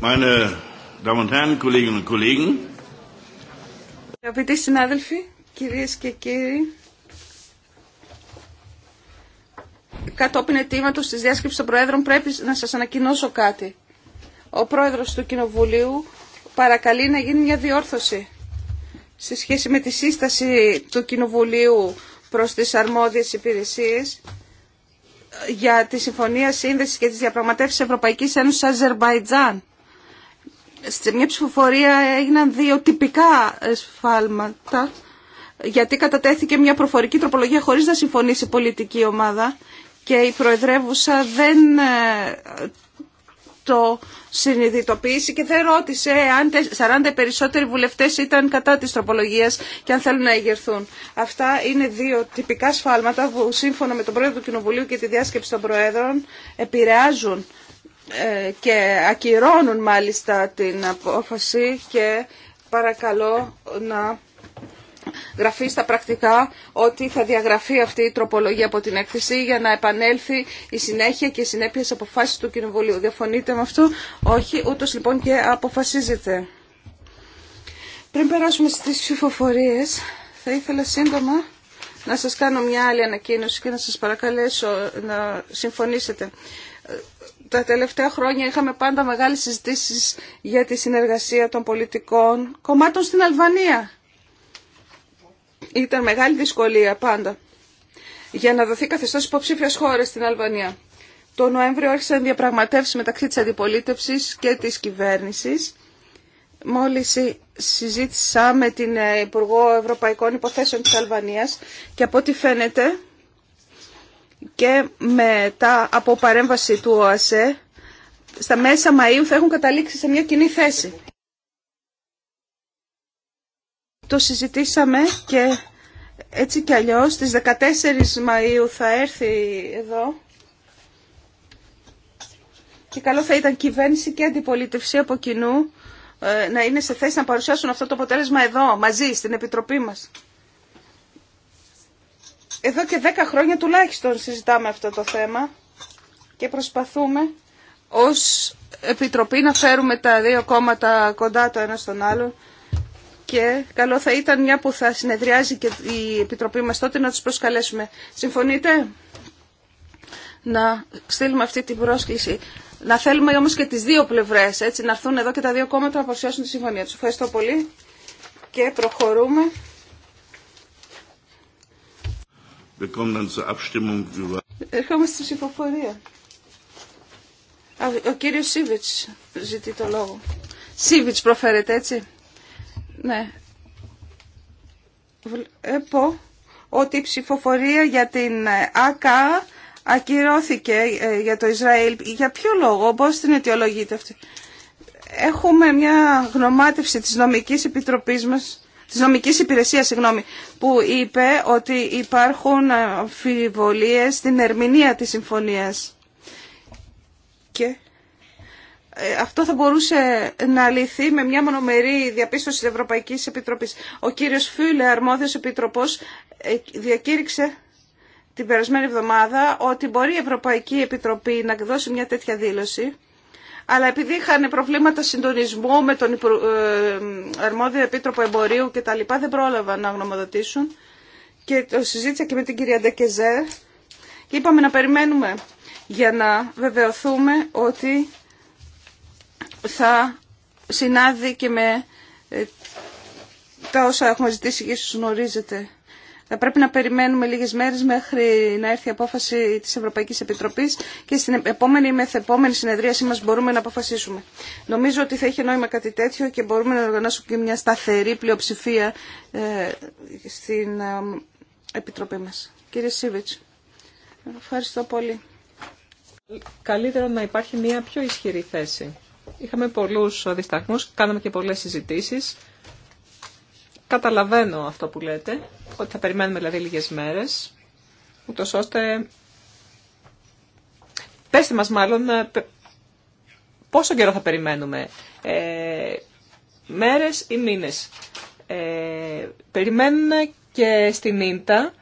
Meine Damen und Herren, und συνάδελφοι, κυρίες και κύριοι, κατόπιν αιτήματος της διάσκεψης των Προέδρων πρέπει να σας ανακοινώσω κάτι. Ο Πρόεδρος του Κοινοβουλίου παρακαλεί να γίνει μια διόρθωση σε σχέση με τη σύσταση του Κοινοβουλίου προς τις αρμόδιες υπηρεσίες για τη Συμφωνία Σύνδεσης και τις Διαπραγματεύσεις Ευρωπαϊκής ένωση Αζερβαϊτζάν σε μια ψηφοφορία έγιναν δύο τυπικά ε, σφάλματα γιατί κατατέθηκε μια προφορική τροπολογία χωρίς να συμφωνήσει η πολιτική ομάδα και η Προεδρεύουσα δεν ε, το συνειδητοποίησε και δεν ρώτησε αν 40 περισσότεροι βουλευτές ήταν κατά της τροπολογίας και αν θέλουν να εγερθούν. Αυτά είναι δύο τυπικά σφάλματα που σύμφωνα με τον Πρόεδρο του Κοινοβουλίου και τη διάσκεψη των Προέδρων επηρεάζουν ε, και ακυρώνουν μάλιστα την απόφαση και παρακαλώ να γραφεί στα πρακτικά ότι θα διαγραφεί αυτή η τροπολογία από την έκθεση για να επανέλθει η συνέχεια και οι συνέπειε αποφάσει του Κοινοβουλίου. Διαφωνείτε με αυτό. Όχι, ούτω λοιπόν και αποφασίζεται. Πριν περάσουμε στις ψηφοφορίε, θα ήθελα σύντομα να σας κάνω μια άλλη ανακοίνωση και να σας παρακαλέσω να συμφωνήσετε τα τελευταία χρόνια είχαμε πάντα μεγάλες συζητήσεις για τη συνεργασία των πολιτικών κομμάτων στην Αλβανία. Ήταν μεγάλη δυσκολία πάντα για να δοθεί καθεστώς υποψήφιας χώρες στην Αλβανία. Το Νοέμβριο άρχισαν διαπραγματεύσει μεταξύ της αντιπολίτευσης και της κυβέρνησης. Μόλις συζήτησα με την ε, Υπουργό Ευρωπαϊκών Υποθέσεων της Αλβανίας και από ό,τι φαίνεται και μετά από παρέμβαση του ΟΑΣΕ στα μέσα Μαΐου θα έχουν καταλήξει σε μια κοινή θέση. Το συζητήσαμε και έτσι κι αλλιώς στις 14 Μαΐου θα έρθει εδώ και καλό θα ήταν κυβέρνηση και αντιπολίτευση από κοινού ε, να είναι σε θέση να παρουσιάσουν αυτό το αποτέλεσμα εδώ μαζί στην Επιτροπή μας. Εδώ και 10 χρόνια τουλάχιστον συζητάμε αυτό το θέμα και προσπαθούμε ως Επιτροπή να φέρουμε τα δύο κόμματα κοντά το ένα στον άλλο και καλό θα ήταν μια που θα συνεδριάζει και η Επιτροπή μας τότε να τους προσκαλέσουμε. Συμφωνείτε να στείλουμε αυτή την πρόσκληση. Να θέλουμε όμως και τις δύο πλευρές, έτσι, να έρθουν εδώ και τα δύο κόμματα να παρουσιάσουν τη συμφωνία τους. Ευχαριστώ πολύ και προχωρούμε. Ερχόμαστε στην ψηφοφορία. Ο κύριος Σίβιτς ζητεί το λόγο. Σίβιτς προφέρεται έτσι. Ναι. Επό ότι η ψηφοφορία για την ε, ΑΚΑ ακυρώθηκε ε, για το Ισραήλ. Για ποιο λόγο, πώς την αιτιολογείται αυτή. Έχουμε μια γνωμάτευση της νομικής επιτροπής μας Τη νομική υπηρεσία, συγγνώμη, που είπε ότι υπάρχουν αμφιβολίες στην ερμηνεία της συμφωνίας. Και ε, αυτό θα μπορούσε να λυθεί με μια μονομερή διαπίστωση της Ευρωπαϊκής Επιτροπής. Ο κύριος Φιούλε, αρμόδιος επιτροπός, ε, διακήρυξε την περασμένη εβδομάδα ότι μπορεί η Ευρωπαϊκή Επιτροπή να δώσει μια τέτοια δήλωση αλλά επειδή είχαν προβλήματα συντονισμού με τον ε, αρμόδιο επίτροπο εμπορίου και τα λοιπά, δεν πρόλαβαν να γνωμοδοτήσουν. Και το συζήτησα και με την κυρία Ντεκεζέρ και είπαμε να περιμένουμε για να βεβαιωθούμε ότι θα συνάδει και με ε, τα όσα έχουμε ζητήσει και ίσως γνωρίζετε. Θα πρέπει να περιμένουμε λίγες μέρες μέχρι να έρθει η απόφαση της Ευρωπαϊκής Επιτροπής και στην επόμενη ή μεθεπόμενη συνεδρίαση μα μπορούμε να αποφασίσουμε. Νομίζω ότι θα είχε νόημα κάτι τέτοιο και μπορούμε να οργανώσουμε και μια σταθερή πλειοψηφία ε, στην ε, Επιτροπή μας. Κύριε Σίβιτ, ευχαριστώ πολύ. Καλύτερο να υπάρχει μια πιο ισχυρή θέση. Είχαμε πολλούς δισταγμούς, κάναμε και πολλές συζητήσεις. Καταλαβαίνω αυτό που λέτε, ότι θα περιμένουμε δηλαδή λίγες μέρες, ούτως ώστε... Πέστε μας μάλλον ε, πόσο καιρό θα περιμένουμε, ε, μέρες ή μήνες. Ε, και στην Ίντα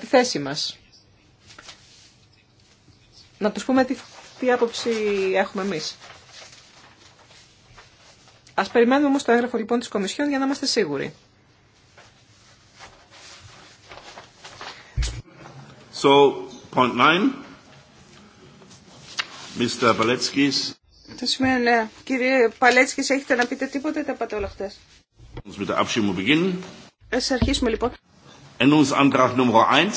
τη θέση μας. Να τους πούμε τι, άποψη έχουμε εμείς. Ας περιμένουμε όμως το έγγραφο λοιπόν της Κομισιόν για να είμαστε σίγουροι. So, point nine. Mr. Baletskis. Το σημείο, ναι. Κύριε Παλέτσκης, έχετε να πείτε τίποτα ή τα πάτε όλα χτες. Ας αρχίσουμε λοιπόν. Änderungsantrag Nummer 1.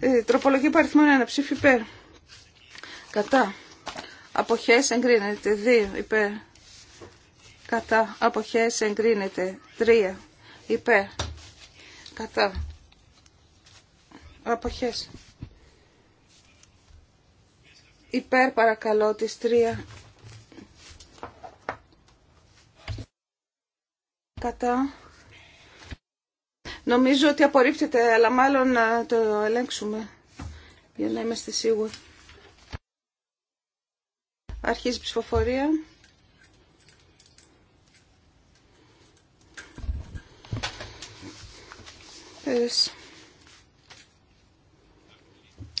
Ε, τροπολογία παριθμών 1. Ψήφι υπέρ. Κατά. Αποχές εγκρίνεται. 2. Υπέρ. Κατά. Αποχές εγκρίνεται. 3. Υπέρ. Κατά. Αποχές Υπέρ παρακαλώ τις τρία. Κατά. Νομίζω ότι απορρίφτεται, αλλά μάλλον να το ελέγξουμε για να είμαστε σίγουροι. Αρχίζει η ψηφοφορία.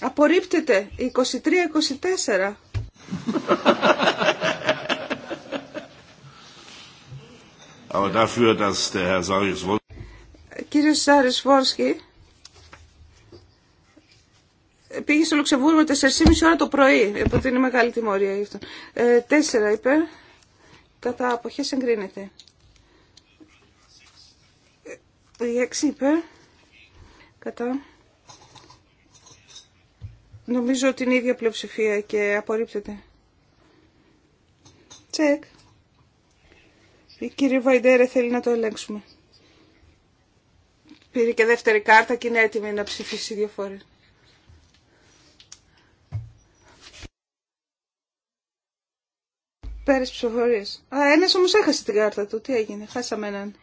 Απορρίπτεται 23-24. Aber dafür, dass der Herr Κύριος πήγε στο Λουξεμβούργο 4,5 ώρα το πρωί, επομένως είναι μεγάλη τιμωρία γι' αυτό. Ε, τέσσερα 4 κατά αποχές εγκρίνεται. 6 ε, είπε, κατά Νομίζω την ίδια πλειοψηφία και απορρίπτεται. Τσεκ. Η κυρία Βαϊντέρε θέλει να το ελέγξουμε. Πήρε και δεύτερη κάρτα και είναι έτοιμη να ψηφίσει δύο φορές. Πέρες ψηφοφορίες. Α, ένας όμως έχασε την κάρτα του. Τι έγινε, χάσαμε έναν.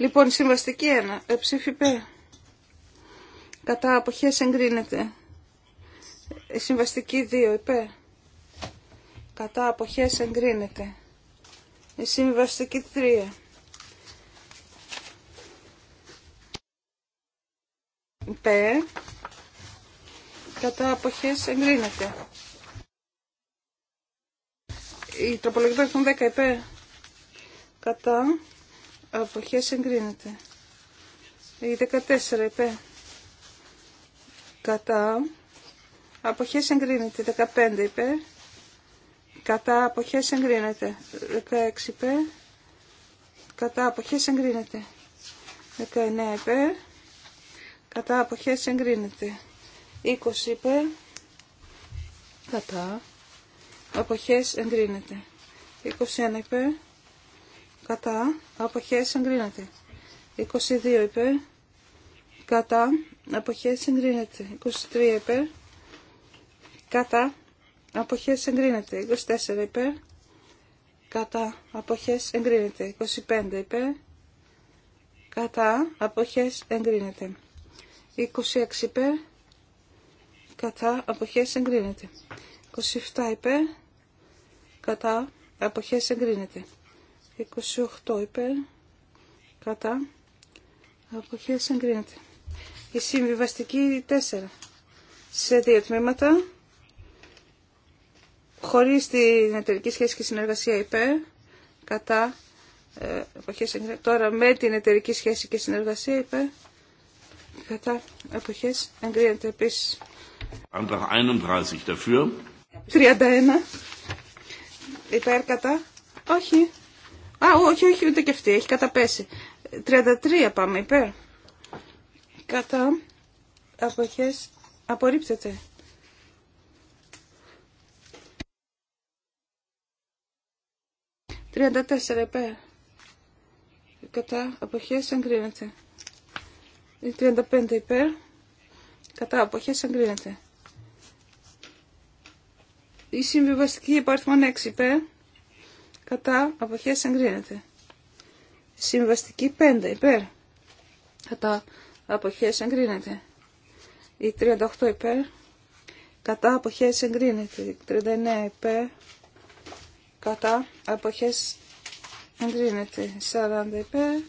Λοιπόν, συμβαστική 1. Ε, ψήφι Κατά αποχές εγκρίνεται. Η ε, συμβαστική 2. υπέ. Ε, Κατά αποχές εγκρίνεται. Η συμβαστική 3. Υπέ. Κατά αποχές εγκρίνεται. Η τροπολογία των 10 υπέ. Κατά αποχές συγκρίνεται. Η 14 είπε. κατά αποχές εγκρίνεται. 15 είπε, κατά αποχές εγκρίνεται. 16 είπε, κατά αποχές συγκρίνεται. 19 είπε, κατά αποχές εγκρίνεται. 20 είπε, κατά αποχές εγκρίνεται. 21 είπε κατά αποχές εγκρίνεται. 22 υπέρ κατά αποχές εγκρίνεται. 23 υπέρ κατά αποχές εγκρίνεται. 24 υπέρ κατά αποχές εγκρίνεται. 25 υπέρ κατά αποχές εγκρίνεται. 26 υπέρ κατά αποχές εγκρίνεται. 27 υπέρ κατά αποχές εγκρίνεται. 28 υπέρ κατά αποχές εγκρίνεται. Η συμβιβαστική 4 σε δύο τμήματα χωρίς την εταιρική σχέση και συνεργασία υπέρ κατά ε, τώρα με την εταιρική σχέση και συνεργασία υπέρ κατά εποχές εγκρίνεται επίσης. 31 31 υπέρ κατά όχι Α, όχι, όχι, ούτε και αυτή. Έχει καταπέσει. 33 πάμε υπέρ. Κατά. Αποχές. Απορρίπτεται. Τριάντα τέσσερα υπέρ. Κατά αποχές εγκρίνεται. Τριάντα πέντε υπέρ. Κατά αποχές εγκρίνεται. Η συμβιβαστική υπάρχει μόνο έξι υπέρ κατά αποχές εγκρίνεται. Συμβαστική 5 υπέρ κατά αποχές εγκρίνεται. Η 38 υπέρ κατά αποχές εγκρίνεται. Η 39 υπέρ κατά αποχές εγκρίνεται. Η 40 υπέρ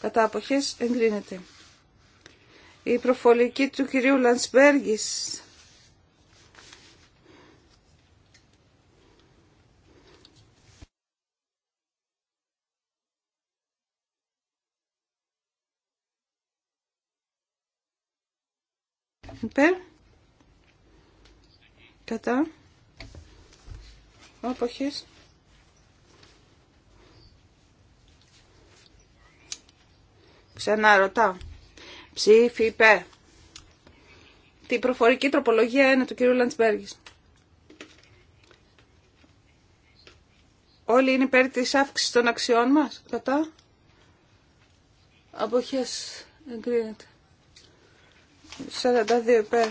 κατά αποχές εγκρίνεται. Η προφορική του κυρίου Λανσμπέργης. Υπέρ. Κατά. Ξανά ρωτάω. Ψήφι υπέρ. Τη προφορική τροπολογία είναι του κύριου Λαντσμπέργης. Όλοι είναι υπέρ της αύξησης των αξιών μας. Κατά. Αποχές εγκρίνεται. 42 υπέρ.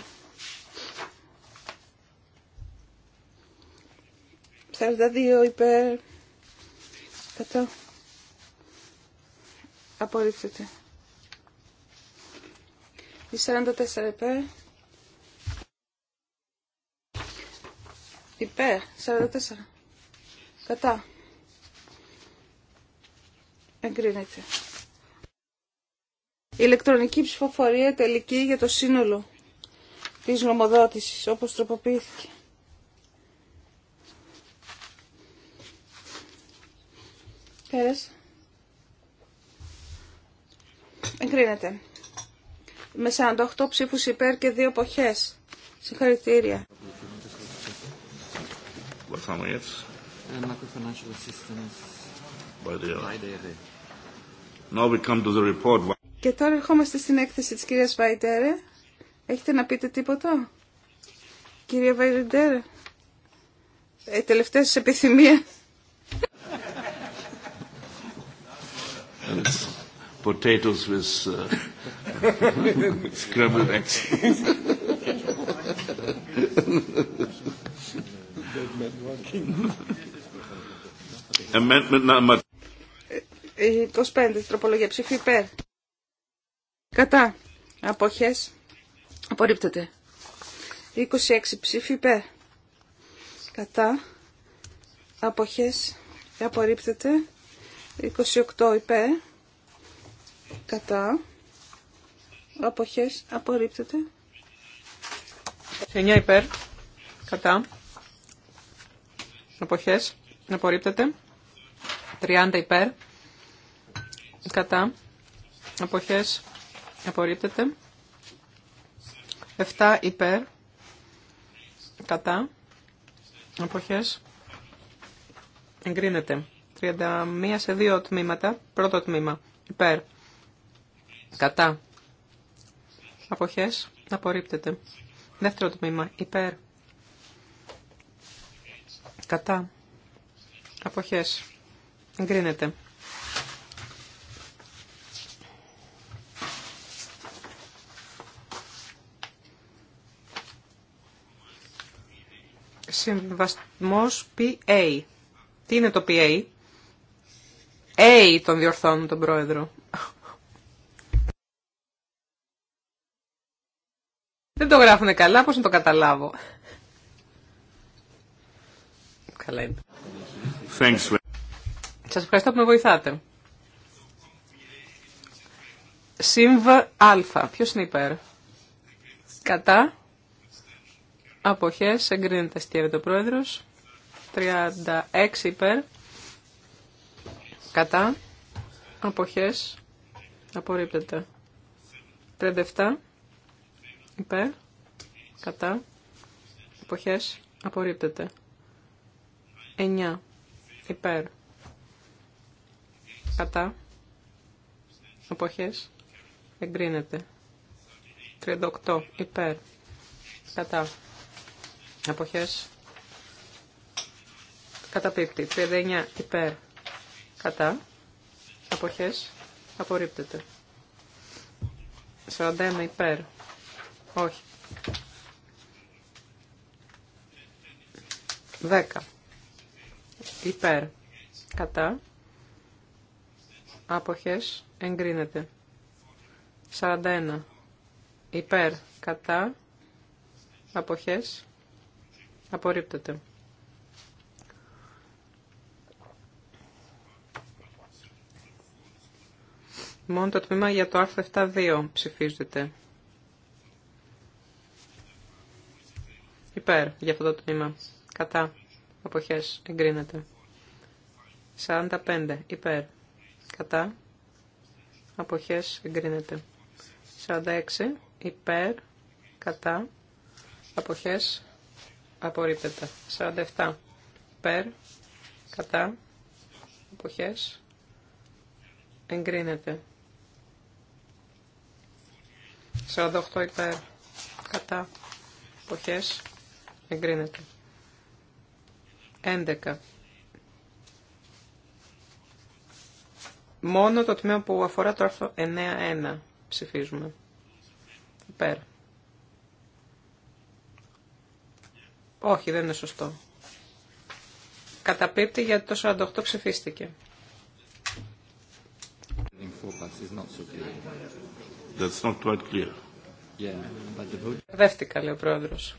42 υπέρ. Κατά. Απορρίπτεται. Η 44 υπέρ. Υπέρ. 44. Κατά. Εγκρίνεται. Ηλεκτρονική ψηφοφορία τελική για το σύνολο της νομοδότησης, όπως τροποποιήθηκε. Πέρασε. Εγκρίνεται. Με 48 ψήφους υπέρ και δύο εποχές. Συγχαρητήρια. Now we come to the report. Και τώρα ερχόμαστε στην έκθεση της κυρίας Βαϊτέρε. Έχετε να πείτε τίποτα, κυρία Βαϊτέρε. Ε, τελευταία σας επιθυμία. Potatoes with uh, scrambled eggs. Amendment number 25, ε, ε, τροπολογία ψηφί Κατά. Αποχές. Απορρίπτεται. 26 ψήφι Κατά. Αποχές. Απορρίπτεται. 28 υπέρ. Κατά. Αποχές. Απορρίπτεται. 9 υπέρ. Κατά. Αποχές. Απορρίπτεται. 30 υπέρ. Κατά. Αποχές απορρίπτεται. 7 υπέρ, κατά, αποχές, εγκρίνεται. 31 σε δύο τμήματα, πρώτο τμήμα, υπέρ, κατά, αποχές, απορρίπτεται. Δεύτερο τμήμα, υπέρ, κατά, αποχές, εγκρίνεται. συμβασμός PA. Τι είναι το PA? A τον διορθώνουν τον πρόεδρο. Δεν το γράφουν καλά, πώς να το καταλάβω. Καλά είναι. Thanks. Σας ευχαριστώ που με βοηθάτε. Σύμβα Α. Ποιος είναι υπέρ. Κατά. Αποχές, εγκρίνεται στήρεται το πρόεδρος. 36 υπέρ. Κατά. Αποχές. Απορρίπτεται. 37 υπέρ. Κατά. Αποχές. Απορρίπτεται. 9 υπέρ. Κατά. Αποχές. Εγκρίνεται. 38 υπέρ. Κατά. Αποχές. Καταπίπτει. 39 υπέρ. Κατά. Αποχές. Απορρίπτεται. 41 υπέρ. Όχι. 10. Υπέρ. Κατά. Άποχες. Εγκρίνεται. 41. Υπέρ. Κατά. Αποχές. Απορρίπτεται. Μόνο το τμήμα για το άρθρο 7.2 ψηφίζεται. Υπέρ για αυτό το τμήμα. Κατά. Αποχές. Εγκρίνεται. 45. Υπέρ. Κατά. Αποχές. Εγκρίνεται. 46. Υπέρ. Κατά. Αποχές απορρίπτεται. 47 υπέρ, κατά, εποχές, εγκρίνεται. 48 υπέρ, κατά, εποχές, εγκρίνεται. 11. Μόνο το τμήμα που αφορά το άρθρο 9.1 ψηφίζουμε. Υπέρ. Όχι, δεν είναι σωστό. Καταπίπτει γιατί το 48 ψηφίστηκε. That's Δεύτηκα, λέει ο πρόεδρος.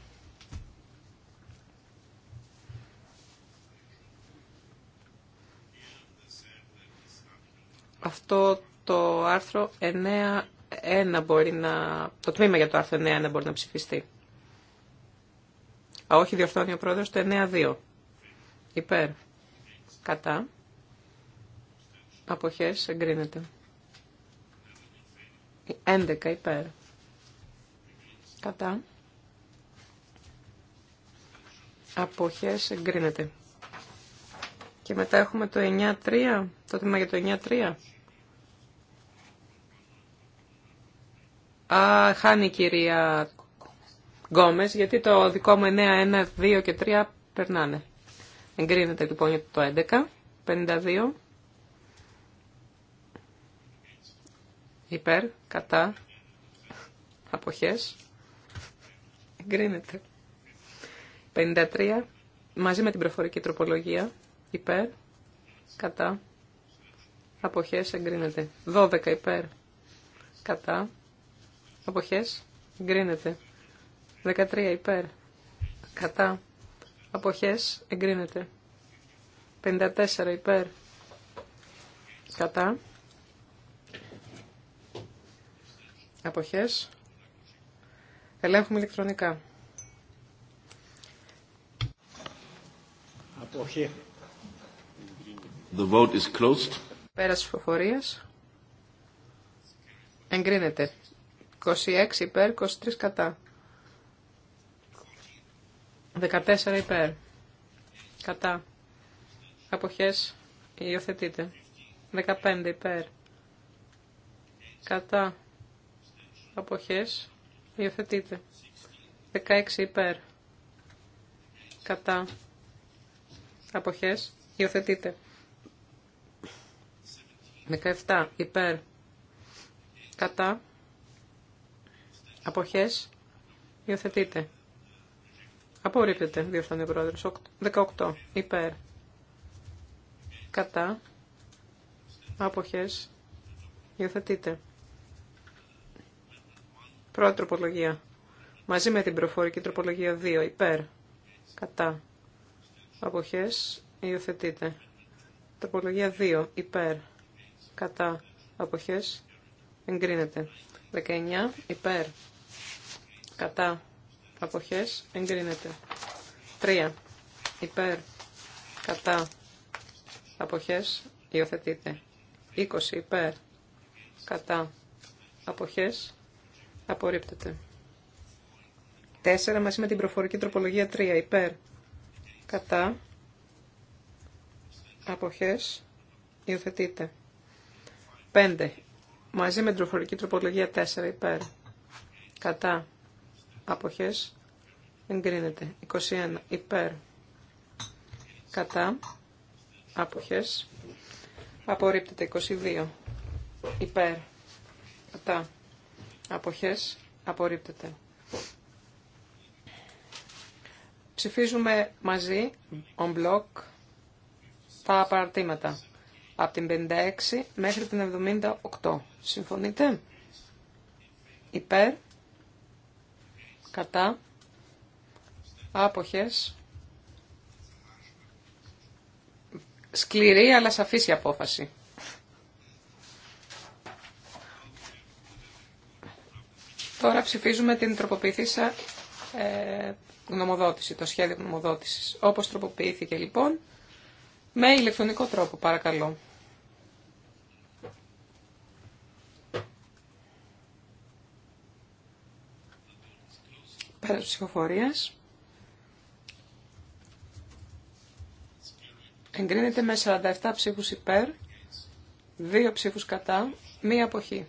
Αυτό το άρθρο 9.1 μπορεί να... Το τμήμα για το άρθρο 9.1 μπορεί να ψηφιστεί. Α, όχι, διορθώνει ο πρόεδρος, το 9-2. Υπέρ. Κατά. Αποχές εγκρίνεται. 11 υπέρ. Κατά. Αποχές εγκρίνεται. Και μετά έχουμε το 9-3, το τμήμα για το 9-3. Α, χάνει η κυρία Γκόμε, γιατί το δικό μου 9, 1, 2 και 3 περνάνε. Εγκρίνεται λοιπόν για το 11, 52. Υπέρ, κατά, αποχές. Εγκρίνεται. 53, μαζί με την προφορική τροπολογία, υπέρ, κατά, αποχές, εγκρίνεται. 12 υπέρ, κατά, αποχές, εγκρίνεται. 13 υπέρ. Κατά. Αποχές εγκρίνεται. 54 υπέρ. Κατά. Αποχές. Ελέγχουμε ηλεκτρονικά. Αποχή. The vote is closed. Εγκρίνεται. 26 υπέρ, 23 κατά. 14 υπέρ. Κατά. Αποχές υιοθετείτε. 15 υπέρ. Κατά. Αποχές υιοθετείτε. 16 υπέρ. Κατά. Αποχές υιοθετείτε. 17 υπέρ. Κατά. Αποχές υιοθετείτε. Απορρίπτεται, διορθώνει ο πρόεδρος. 18. Υπέρ. Κατά. Άποχες. Υιοθετείτε. Πρώτη τροπολογία. Μαζί με την προφορική τροπολογία 2. Υπέρ. Κατά. Αποχές. Υιοθετείτε. Τροπολογία 2. Υπέρ. Κατά. Αποχές. Εγκρίνεται. 19. Υπέρ. Κατά αποχές εγκρίνεται. 3. Υπέρ, κατά, αποχές υιοθετείτε. 20. Υπέρ, κατά, αποχές απορρίπτεται. 4. Μαζί με την προφορική τροπολογία 3. Υπέρ, κατά, αποχές υιοθετείται. 5. Μαζί με την προφορική τροπολογία 4. Υπέρ, κατά, αποχές εγκρίνεται. 21 υπέρ κατά αποχές απορρίπτεται. 22 υπέρ κατά αποχές απορρίπτεται. Ψηφίζουμε μαζί, on block, τα παραρτήματα. Από την 56 μέχρι την 78. Συμφωνείτε? Υπέρ κατά, άποχες, σκληρή αλλά σαφής η απόφαση. Τώρα ψηφίζουμε την τροποποιηθήσα ε, γνωμοδότηση, το σχέδιο γνωμοδότησης. Όπως τροποποιήθηκε λοιπόν, με ηλεκτρονικό τρόπο παρακαλώ. της ψυχοφορίας. Εγκρίνεται με 47 ψήφους υπέρ, 2 ψήφους κατά, μία αποχή.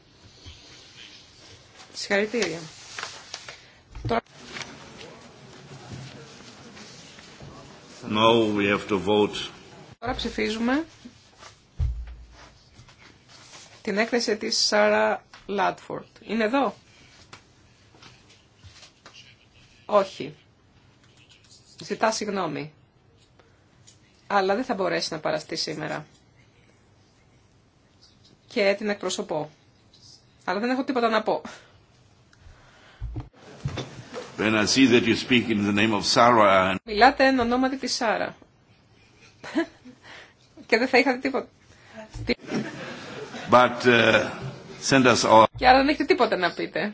Συγχαρητήρια. No, we have to vote. Τώρα ψηφίζουμε την έκθεση της Σάρα Λάτφορντ. Είναι εδώ. Όχι. Ζητά συγγνώμη. Αλλά δεν θα μπορέσει να παραστεί σήμερα. Και την εκπροσωπώ. Αλλά δεν έχω τίποτα να πω. that you speak in the name of Sarah... Μιλάτε εν ονόματι της Σάρα. και δεν θα είχατε τίποτα. But, uh, send us all... Και άρα δεν έχετε τίποτα να πείτε.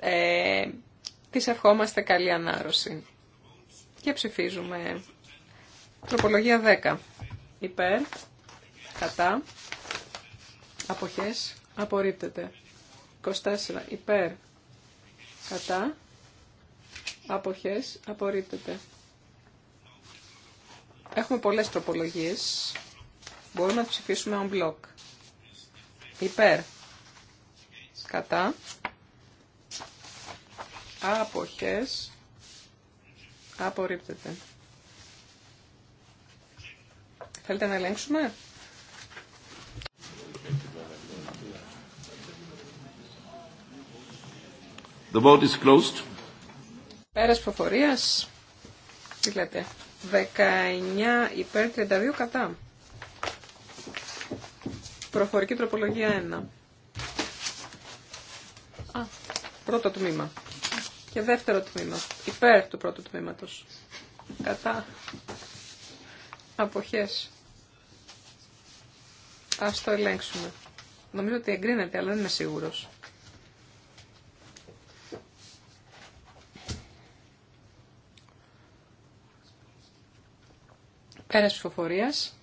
Ε, της ευχόμαστε καλή ανάρρωση. Και ψηφίζουμε. Τροπολογία 10. Υπέρ. Κατά. Αποχές. Απορρίπτεται. 24. Υπέρ. Κατά. Αποχές. Απορρίπτεται. Έχουμε πολλές τροπολογίες. Μπορούμε να ψηφίσουμε on block. Υπέρ. Κατά. Άποχες. Απορρίπτεται. Θέλετε να ελέγξουμε. The vote is closed. Πέρας προφορίας. Τι λέτε. 19 υπέρ 32 κατά. Προφορική τροπολογία 1. Α, πρώτο τμήμα και δεύτερο τμήμα. Υπέρ του πρώτου τμήματος. Κατά. Αποχές. Ας το ελέγξουμε. Νομίζω ότι εγκρίνεται, αλλά δεν είμαι σίγουρος. Πέρας ψηφοφορίας.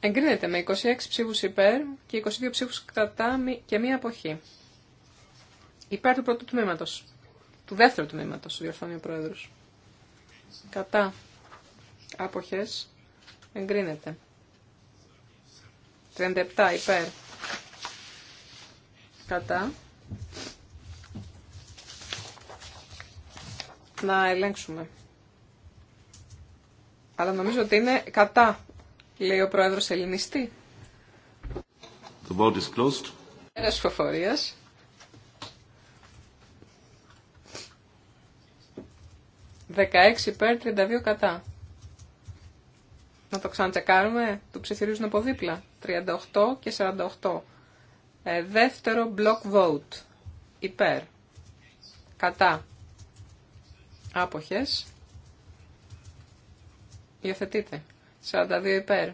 Εγκρίνεται με 26 ψήφους υπέρ και 22 ψήφους κατά και μία αποχή. Υπέρ του πρώτου τμήματο. Του δεύτερου του διορθώνει ο Πρόεδρος. Κατά. Άποχες. Εγκρίνεται. 37 υπέρ. Κατά. Να ελέγξουμε. Αλλά νομίζω ότι είναι κατά, λέει ο Πρόεδρος Ελληνιστή. The vote is 16 υπέρ, 32 κατά. Να το ξανατσεκάρουμε, Του ψηφιρίζουν από δίπλα. 38 και 48. Ε, δεύτερο block vote. Υπέρ. Κατά. Άποχες. Υιοθετείτε. 42 υπέρ.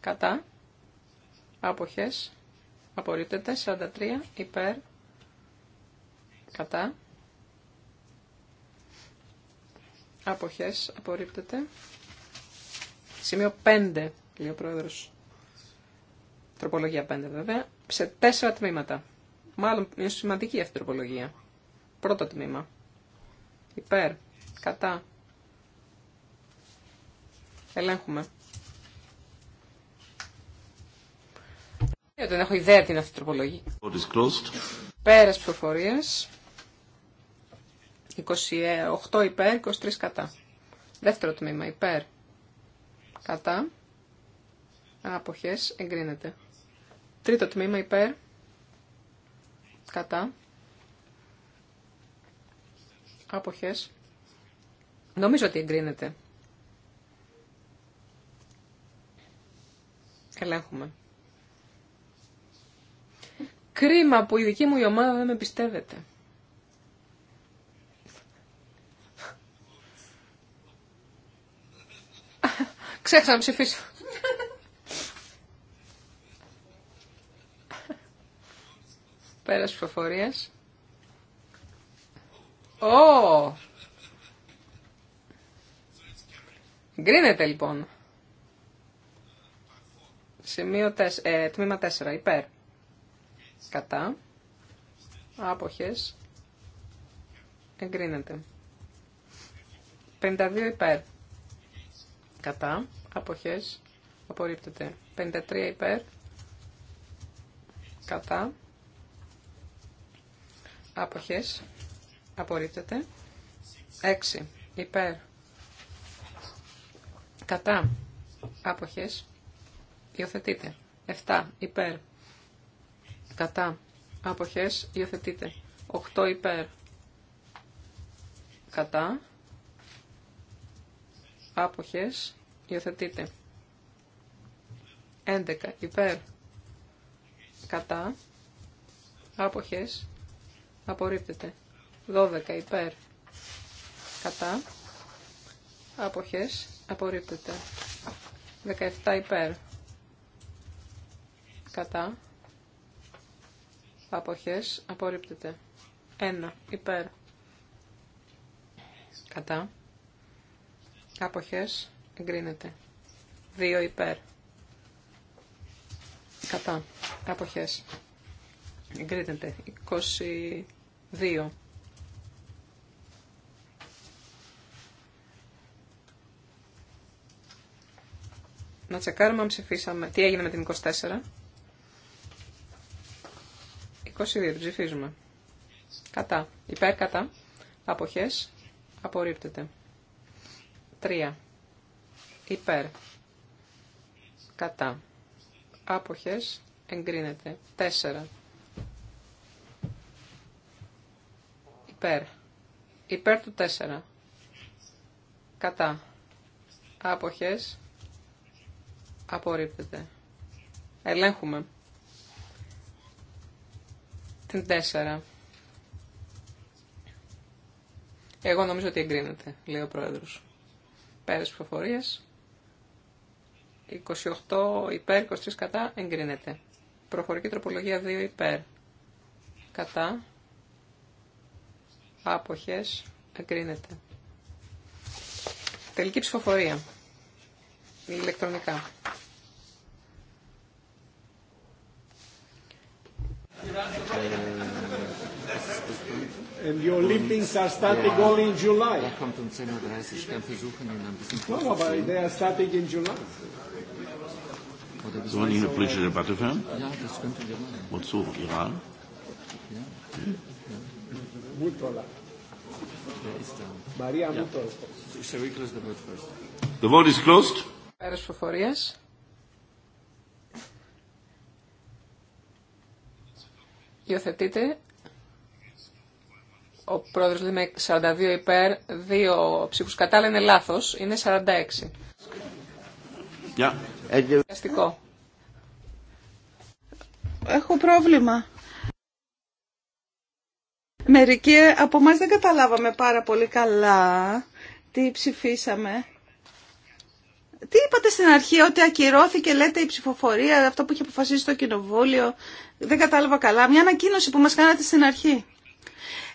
Κατά. Άποχες. Απορρίπτεται. 43 υπέρ. Κατά. Αποχές. Απορρίπτεται. Σημείο 5, λέει ο πρόεδρος. Τροπολογία 5 βέβαια. Σε τέσσερα τμήματα. Μάλλον είναι σημαντική αυτή η τροπολογία. Πρώτο τμήμα. Υπέρ. Κατά. Ελέγχουμε. Ε, δεν έχω ιδέα τι είναι αυτή η τροπολογία. Πέρας πληροφορίες. 28 υπέρ, 23 κατά. Δεύτερο τμήμα υπέρ, κατά. Αποχές εγκρίνεται. Τρίτο τμήμα υπέρ, κατά. Αποχές. Νομίζω ότι εγκρίνεται. Ελέγχουμε. Κρίμα που η δική μου η ομάδα δεν με πιστεύετε. Ξέχασα να ψηφίσω. Πέρας ψηφοφορίας. Ω! Γκρίνεται λοιπόν. Σημείο τεσ... ε, τμήμα 4. Υπέρ. Κατά. Άποχες. Εγκρίνεται. 52 υπέρ κατά, αποχές, απορρίπτεται. 53 υπέρ, κατά, αποχές, απορρίπτεται. 6 υπέρ, κατά, άποχες, υιοθετείται. 7 υπέρ, κατά, άποχες, υιοθετείται. 8 υπέρ, κατά, άποχες, υιοθετείτε. 11 υπέρ, κατά, άποχες, απορρίπτεται. 12 υπέρ, κατά, άποχες, απορρίπτεται. 17 υπέρ, κατά, αποχές, απορρίπτεται. 1 υπέρ, κατά, Αποχές εγκρίνεται. 2 υπέρ. Κατά. Αποχές. Εγκρίνεται. 22. Να τσεκάρουμε αν ψηφίσαμε. Τι έγινε με την 24. 22. Ψηφίζουμε. Κατά. Υπέρ κατά. Αποχές. Απορρίπτεται. 3. Υπέρ. Κατά. Άποχες. Εγκρίνεται. 4. Υπέρ. Υπέρ του 4. Κατά. Άποχες. Απορρίπτεται. Ελέγχουμε. Την 4. Εγώ νομίζω ότι εγκρίνεται, λέει ο πρόεδρος. Πέρες ψηφοφορίες, 28 υπέρ, 23 κατά, εγκρίνεται. Προφορική τροπολογία 2 υπέρ. Κατά. Άποχες, εγκρίνεται. Τελική ψηφοφορία. Ηλεκτρονικά. Ε, And your Olympics are starting only in July. Er ich kann versuchen, ihn ein bisschen No, aber they are starting in July. Sollen wir eine politische Debatte führen? Ja, das könnten wir machen. Wozu? Iran? Ja. Mutola. Der ist da. Maria Mutola. The we close the vote first? The vote is closed. Πέρας προφορίας. Ο πρόεδρος λέει με 42 υπέρ, δύο ψήφους κατά, είναι λάθος, είναι 46. Yeah. Έχω πρόβλημα. Μερικοί από εμά δεν καταλάβαμε πάρα πολύ καλά τι ψηφίσαμε. Τι είπατε στην αρχή, ότι ακυρώθηκε, λέτε, η ψηφοφορία, αυτό που είχε αποφασίσει το κοινοβούλιο. Δεν κατάλαβα καλά. Μια ανακοίνωση που μας κάνατε στην αρχή.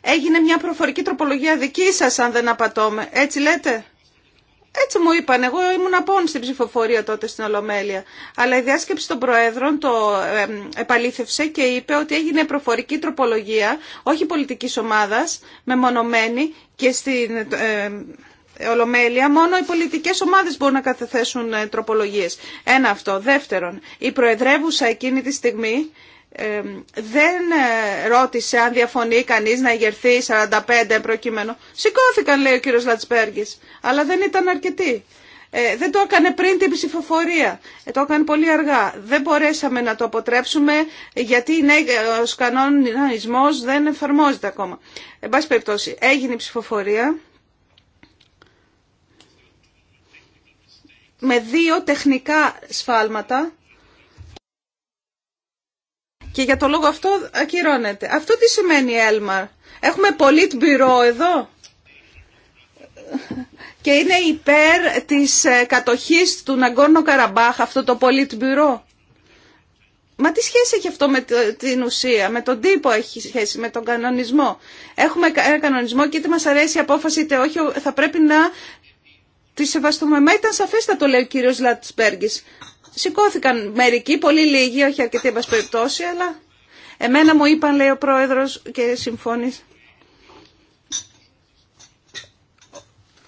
Έγινε μια προφορική τροπολογία δική σας, αν δεν απατώμε. Έτσι λέτε. Έτσι μου είπαν. Εγώ ήμουν απόν στην ψηφοφορία τότε στην Ολομέλεια. Αλλά η διάσκεψη των Προέδρων το επαλήθευσε και είπε ότι έγινε προφορική τροπολογία, όχι πολιτικής ομάδας, μεμονωμένη και στην... Ολομέλεια, μόνο οι πολιτικές ομάδες μπορούν να καταθέσουν ε, τροπολογίες. Ένα αυτό. Δεύτερον, η Προεδρεύουσα εκείνη τη στιγμή δεν ε, ρώτησε αν διαφωνεί κανείς να ηγερθεί 45 προκειμένου. Σηκώθηκαν λέει ο κύριος Λατσπέργης, αλλά δεν ήταν αρκετοί. Ε, δεν το έκανε πριν την ψηφοφορία. Ε, το έκανε πολύ αργά. Δεν μπορέσαμε να το αποτρέψουμε γιατί ο ναι, κανονισμός δεν εφαρμόζεται ακόμα. Εν πάση περιπτώσει, έγινε η ψηφοφορία με δύο τεχνικά σφάλματα και για το λόγο αυτό ακυρώνεται. Αυτό τι σημαίνει, Έλμαρ. Έχουμε πολίτμπυρό εδώ και είναι υπέρ της ε, κατοχής του Ναγκόρνο Καραμπάχ αυτό το πολίτμπυρό. Μα τι σχέση έχει αυτό με την ουσία, με τον τύπο έχει σχέση, με τον κανονισμό. Έχουμε ένα κανονισμό και είτε μας αρέσει η απόφαση είτε όχι, θα πρέπει να τη σεβαστούμε. Μα ήταν σαφές το λέει ο κύριος Λατσπέργης σηκώθηκαν μερικοί, πολύ λίγοι, όχι αρκετοί εν περιπτώσει, αλλά εμένα μου είπαν, λέει ο πρόεδρος και συμφώνησε,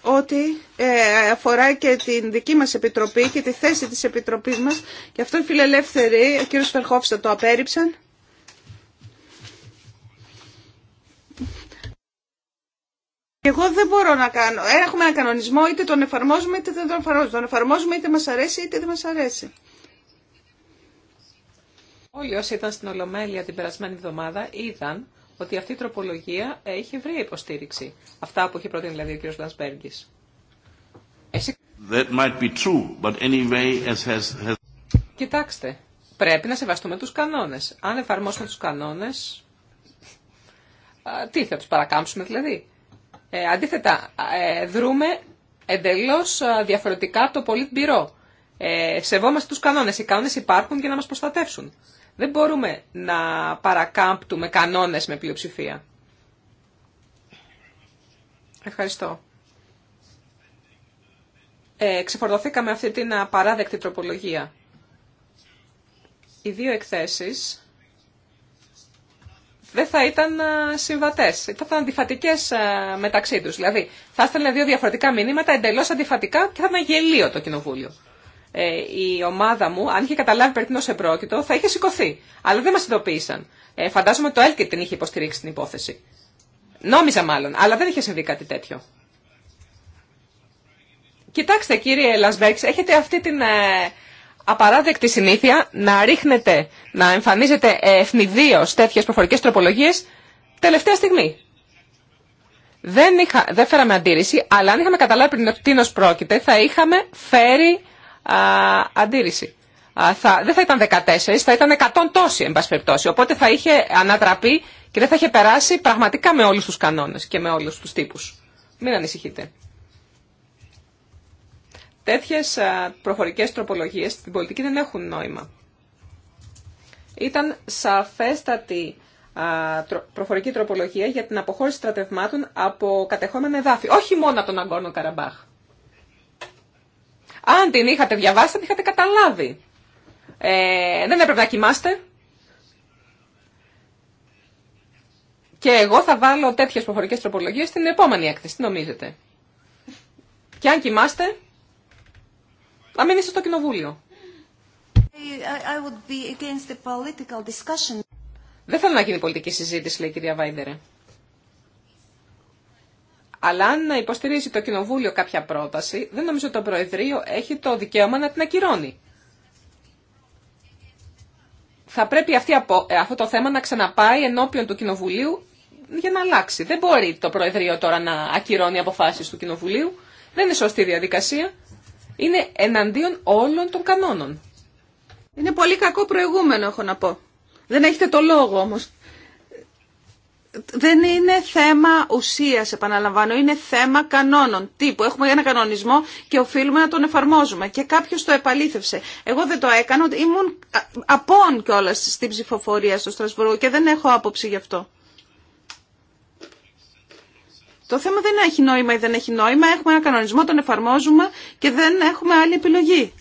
ότι ε, αφορά και την δική μας επιτροπή και τη θέση της επιτροπής μας και αυτό οι φιλελεύθεροι, ο κύριος Φερχόφστα το απέρριψαν Εγώ δεν μπορώ να κάνω. Ε, έχουμε έναν κανονισμό, είτε τον εφαρμόζουμε είτε δεν τον εφαρμόζουμε. Τον εφαρμόζουμε είτε μα αρέσει είτε δεν μα αρέσει. Όλοι όσοι ήταν στην Ολομέλεια την περασμένη εβδομάδα είδαν ότι αυτή η τροπολογία έχει βρει υποστήριξη. Αυτά που είχε προτείνει δηλαδή ο κ. Λανσπέργκης. anyway, has, Κοιτάξτε, πρέπει να σεβαστούμε τους κανόνες. Αν εφαρμόσουμε τους κανόνες, τι θα τους παρακάμψουμε δηλαδή. Ε, αντίθετα, ε, δρούμε εντελώς ε, διαφορετικά το Πολιτμπυρό. Ε, σεβόμαστε τους κανόνες. Οι κανόνες υπάρχουν για να μας προστατεύσουν. Δεν μπορούμε να παρακάμπτουμε κανόνες με πλειοψηφία. Ευχαριστώ. Ε, ξεφορτωθήκαμε αυτή την απαράδεκτη τροπολογία. Οι δύο εκθέσεις δεν θα ήταν ε, συμβατέ. Θα ήταν αντιφατικέ ε, μεταξύ του. Δηλαδή, θα έστελνε δύο διαφορετικά μηνύματα εντελώ αντιφατικά και θα ήταν γελίο το κοινοβούλιο. Ε, η ομάδα μου, αν είχε καταλάβει περί τίνο επρόκειτο, θα είχε σηκωθεί. Αλλά δεν μα ειδοποίησαν. Ε, φαντάζομαι το Έλκετ την είχε υποστηρίξει την υπόθεση. Νόμιζα μάλλον, αλλά δεν είχε συμβεί κάτι τέτοιο. Κοιτάξτε κύριε Λασβέξ, έχετε αυτή την ε, απαράδεκτη συνήθεια να ρίχνετε, να εμφανίζετε ευνηδίω τέτοιε προφορικέ τροπολογίε τελευταία στιγμή. Δεν, είχα, δεν φέραμε αντίρρηση, αλλά αν είχαμε καταλάβει πριν ω πρόκειται, θα είχαμε φέρει α, αντίρρηση. Α, θα, δεν θα ήταν 14, θα ήταν 100 τόσοι, εν πάση περιπτώσει. Οπότε θα είχε ανατραπεί και δεν θα είχε περάσει πραγματικά με όλου του κανόνε και με όλου του τύπου. Μην ανησυχείτε. Τέτοιε προφορικές τροπολογίες στην πολιτική δεν έχουν νόημα. Ήταν σαφέστατη προφορική τροπολογία για την αποχώρηση στρατευμάτων από κατεχόμενα εδάφη, όχι μόνο από τον Αγκόρνο Καραμπάχ. Αν την είχατε διαβάσει, την είχατε καταλάβει. Ε, δεν έπρεπε να κοιμάστε. Και εγώ θα βάλω τέτοιες προφορικές τροπολογίες στην επόμενη έκθεση. Τι νομίζετε. Και αν κοιμάστε, να μην είστε στο κοινοβούλιο. Δεν θέλω να γίνει πολιτική συζήτηση, λέει η κυρία Βάιντερε. Αλλά αν υποστηρίζει το Κοινοβούλιο κάποια πρόταση, δεν νομίζω ότι το Προεδρείο έχει το δικαίωμα να την ακυρώνει. Θα πρέπει ε, αυτό το θέμα να ξαναπάει ενώπιον του Κοινοβουλίου για να αλλάξει. Δεν μπορεί το Προεδρείο τώρα να ακυρώνει αποφάσεις του Κοινοβουλίου. Δεν είναι σωστή διαδικασία είναι εναντίον όλων των κανόνων. Είναι πολύ κακό προηγούμενο, έχω να πω. Δεν έχετε το λόγο όμως. Δεν είναι θέμα ουσίας, επαναλαμβάνω, είναι θέμα κανόνων. Τύπου, έχουμε ένα κανονισμό και οφείλουμε να τον εφαρμόζουμε. Και κάποιος το επαλήθευσε. Εγώ δεν το έκανα, ήμουν απόν κιόλα στην ψηφοφορία στο Στρασβούργο και δεν έχω άποψη γι' αυτό. Το θέμα δεν έχει νόημα ή δεν έχει νόημα. Έχουμε ένα κανονισμό, τον εφαρμόζουμε και δεν έχουμε άλλη επιλογή.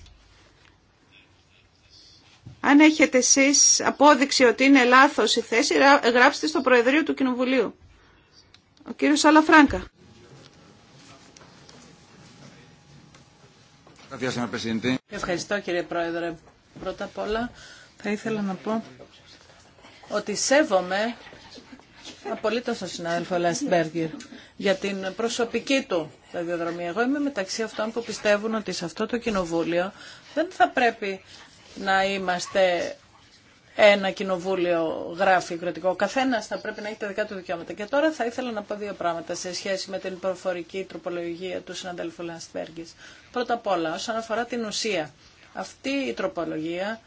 Αν έχετε εσείς απόδειξη ότι είναι λάθος η θέση, γράψτε στο Προεδρείο του Κοινοβουλίου. Ο κύριος Αλαφράγκα. Ευχαριστώ κύριε Πρόεδρε. Πρώτα απ' όλα θα ήθελα να πω ότι σέβομαι απολύτως τον συνάδελφο για την προσωπική του διαδρομή Εγώ είμαι μεταξύ αυτών που πιστεύουν ότι σε αυτό το κοινοβούλιο δεν θα πρέπει να είμαστε ένα κοινοβούλιο γράφει κρατικό. Ο καθένα θα πρέπει να έχει τα δικά του δικαιώματα. Και τώρα θα ήθελα να πω δύο πράγματα σε σχέση με την προφορική τροπολογία του συναδέλφου Λανσπέργη. Πρώτα απ' όλα, όσον αφορά την ουσία. Αυτή η τροπολογία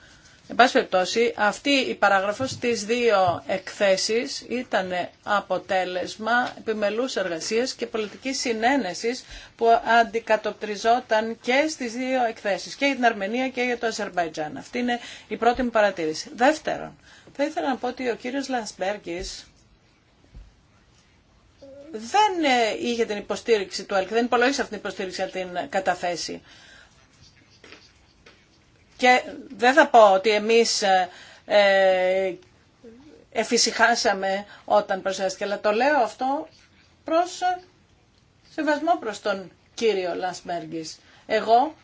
Εν πάση περιπτώσει, αυτή η παράγραφος στις δύο εκθέσεις ήταν αποτέλεσμα επιμελούς εργασίας και πολιτικής συνένεσης που αντικατοπτριζόταν και στις δύο εκθέσεις, και για την Αρμενία και για το Αζερβαϊτζάν. Αυτή είναι η πρώτη μου παρατήρηση. Δεύτερον, θα ήθελα να πω ότι ο κύριος Λανσμπέργκης δεν είχε την υποστήριξη του ΕΛΚ, δεν υπολογίσε αυτή την υποστήριξη να την καταθέση. Και δεν θα πω ότι εμείς ε, ε, εφησυχάσαμε όταν προσέστηκε, αλλά το λέω αυτό προς ε, σεβασμό προς τον κύριο Λασμέργης. Εγώ,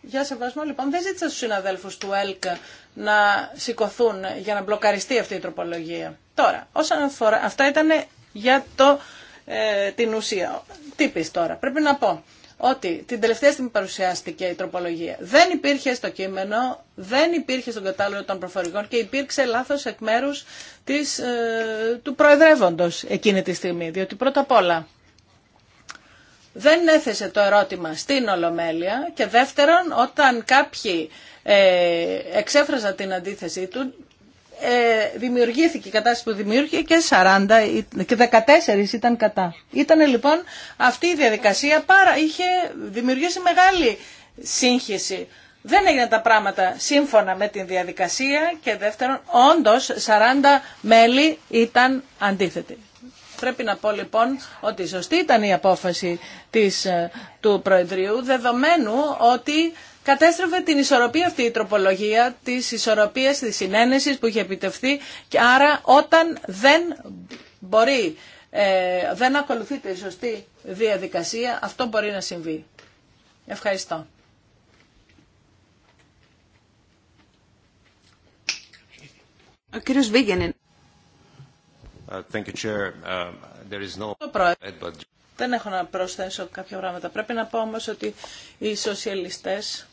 για σεβασμό λοιπόν, δεν ζήτησα στους συναδέλφους του ΕΛΚ να σηκωθούν για να μπλοκαριστεί αυτή η τροπολογία. Τώρα, όσον αφορά, αυτά ήταν για το, την ουσία. πεις τώρα, πρέπει να πω ότι την τελευταία στιγμή παρουσιάστηκε η τροπολογία. Δεν υπήρχε στο κείμενο, δεν υπήρχε στον κατάλογο των προφορικών και υπήρξε λάθος εκ μέρους ε, του προεδρεύοντος εκείνη τη στιγμή. Διότι πρώτα απ' όλα δεν έθεσε το ερώτημα στην Ολομέλεια και δεύτερον όταν κάποιοι ε, εξέφραζαν την αντίθεσή του ε, δημιουργήθηκε η κατάσταση που δημιούργηκε και 40 και 14 ήταν κατά. Ήταν λοιπόν αυτή η διαδικασία πάρα, είχε δημιουργήσει μεγάλη σύγχυση. Δεν έγιναν τα πράγματα σύμφωνα με την διαδικασία και δεύτερον, όντως 40 μέλη ήταν αντίθετοι. Πρέπει να πω λοιπόν ότι σωστή ήταν η απόφαση της, ε, του Προεδρίου, δεδομένου ότι κατέστρεφε την ισορροπία αυτή η τροπολογία της ισορροπίας της συνένεσης που είχε επιτευχθεί και άρα όταν δεν μπορεί, ε, δεν ακολουθείται η σωστή διαδικασία, αυτό μπορεί να συμβεί. Ευχαριστώ. Ο κύριος uh, um, Δεν έχω να προσθέσω κάποια πράγματα. Πρέπει να πω όμως ότι οι σοσιαλιστές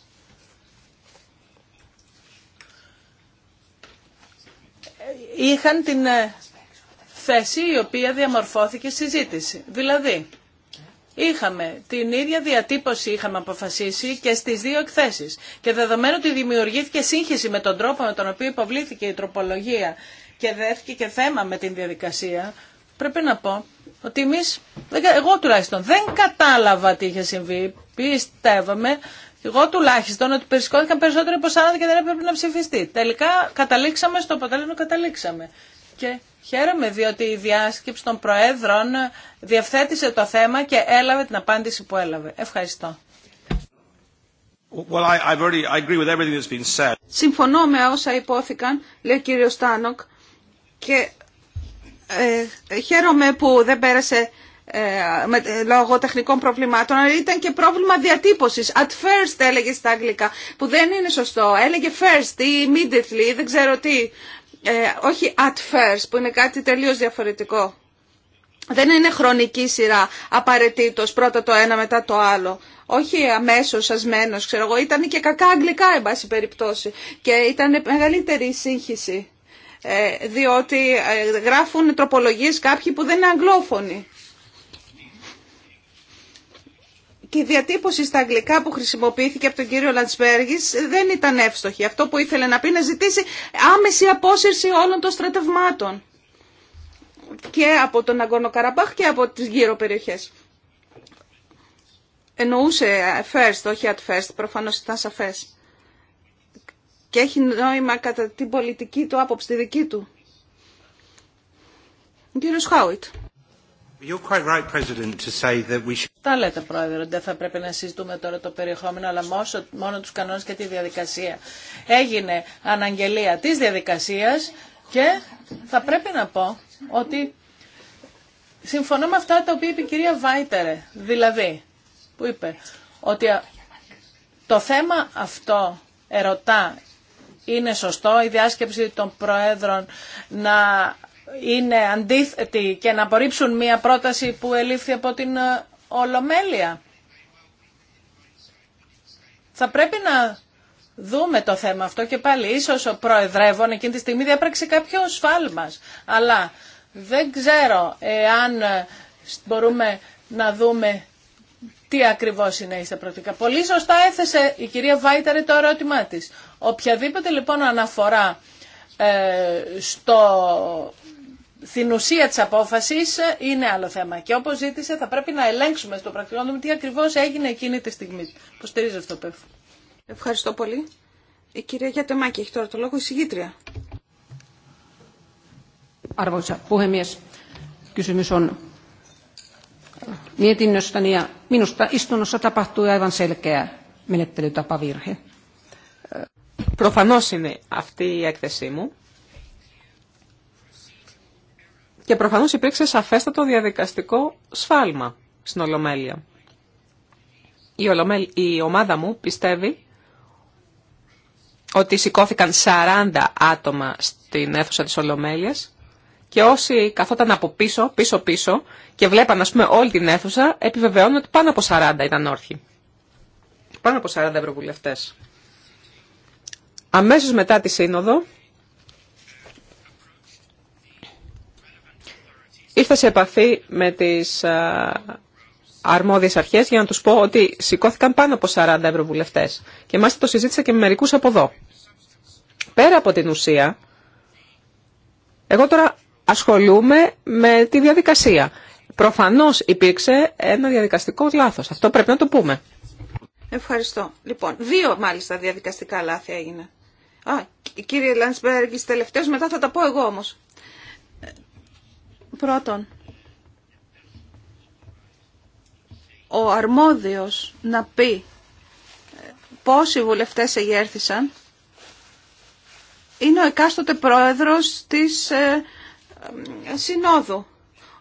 είχαν την ε, θέση η οποία διαμορφώθηκε συζήτηση. Δηλαδή, είχαμε την ίδια διατύπωση είχαμε αποφασίσει και στις δύο εκθέσεις. Και δεδομένου ότι δημιουργήθηκε σύγχυση με τον τρόπο με τον οποίο υποβλήθηκε η τροπολογία και δέθηκε θέμα με την διαδικασία, πρέπει να πω ότι εμεί, εγώ τουλάχιστον, δεν κατάλαβα τι είχε συμβεί. πιστεύομαι, εγώ τουλάχιστον ότι περισκόθηκαν περισσότερο από 40 και δεν έπρεπε να ψηφιστεί. Τελικά καταλήξαμε στο αποτέλεσμα καταλήξαμε. Και χαίρομαι διότι η διάσκεψη των Προέδρων διευθέτησε το θέμα και έλαβε την απάντηση που έλαβε. Ευχαριστώ. Συμφωνώ με όσα υπόθηκαν, λέει ο κύριος Τάνοκ, και ε, χαίρομαι που δεν πέρασε ε, λόγω τεχνικών προβλημάτων, αλλά ήταν και πρόβλημα διατύπωση. At first έλεγε στα αγγλικά, που δεν είναι σωστό. Έλεγε first ή immediately, δεν ξέρω τι. Ε, όχι at first, που είναι κάτι τελείως διαφορετικό. Δεν είναι χρονική σειρά απαραίτητο πρώτα το ένα μετά το άλλο. Όχι αμέσως ασμένο, ξέρω εγώ. Ήταν και κακά αγγλικά, εν πάση περιπτώσει. Και ήταν μεγαλύτερη η σύγχυση. Ε, διότι ε, γράφουν τροπολογίε κάποιοι που δεν είναι αγγλόφωνοι και η διατύπωση στα αγγλικά που χρησιμοποιήθηκε από τον κύριο Λαντσπέργη δεν ήταν εύστοχη. Αυτό που ήθελε να πει να ζητήσει άμεση απόσυρση όλων των στρατευμάτων και από τον Αγκόνο Καραμπάχ και από τις γύρω περιοχές. Εννοούσε first, όχι at first, προφανώς ήταν σαφές. Και έχει νόημα κατά την πολιτική του άποψη, τη δική του. Ο κύριος Χάουιτ. Τα λέτε, Πρόεδρε, δεν θα πρέπει να συζητούμε τώρα το περιεχόμενο, αλλά μόνο, μόνο τους κανόνες και τη διαδικασία. Έγινε αναγγελία της διαδικασίας και θα πρέπει να πω ότι συμφωνώ με αυτά τα οποία είπε η κυρία Βάιτερε, δηλαδή, που είπε, ότι το θέμα αυτό ερωτά είναι σωστό η διάσκεψη των Προέδρων να είναι αντίθετοι και να απορρίψουν μία πρόταση που ελήφθη από την ε, Ολομέλεια. Θα πρέπει να δούμε το θέμα αυτό και πάλι ίσως ο Προεδρεύων εκείνη τη στιγμή διαπράξει κάποιο σφάλμα, Αλλά δεν ξέρω εάν ε, μπορούμε να δούμε τι ακριβώς είναι η σταπρωτικά. Πολύ σωστά έθεσε η κυρία Βάιταρη το ερώτημά της. Οποιαδήποτε λοιπόν αναφορά ε, στο στην ουσία τη απόφαση είναι άλλο θέμα. Και όπω ζήτησε θα πρέπει να ελέγξουμε στο πρακτικό να τι ακριβώς έγινε εκείνη τη στιγμή. Υποστηρίζω αυτό που Ευχαριστώ πολύ. Η κυρία Γιατεμάκη έχει τώρα το λόγο, η συγγήτρια. Arvoisa puhemies, kysymys on aivan selkeä menettelytapavirhe. Προφανώς είναι αυτή η έκθεσή μου και προφανώς υπήρξε σαφέστατο διαδικαστικό σφάλμα στην Ολομέλεια. Η, η ομάδα μου πιστεύει ότι σηκώθηκαν 40 άτομα στην αίθουσα της Ολομέλειας και όσοι καθόταν από πίσω, πίσω-πίσω και βλέπαν ας πούμε όλη την αίθουσα επιβεβαιώνουν ότι πάνω από 40 ήταν όρθιοι. Πάνω από 40 ευρωβουλευτές. Αμέσως μετά τη σύνοδο Ήρθα σε επαφή με τις αρμόδιες αρχές για να τους πω ότι σηκώθηκαν πάνω από 40 ευρωβουλευτές και μάλιστα το συζήτησα και με μερικούς από εδώ. Πέρα από την ουσία, εγώ τώρα ασχολούμαι με τη διαδικασία. Προφανώς υπήρξε ένα διαδικαστικό λάθος. Αυτό πρέπει να το πούμε. Ευχαριστώ. Λοιπόν, δύο μάλιστα διαδικαστικά λάθη έγινε. Α, κύριε Λανσπέργης τελευταίος, μετά θα τα πω εγώ όμως. Πρώτον, ο αρμόδιος να πει ε, πόσοι βουλευτές εγέρθησαν είναι ο εκάστοτε πρόεδρος της ε, ε, Συνόδου,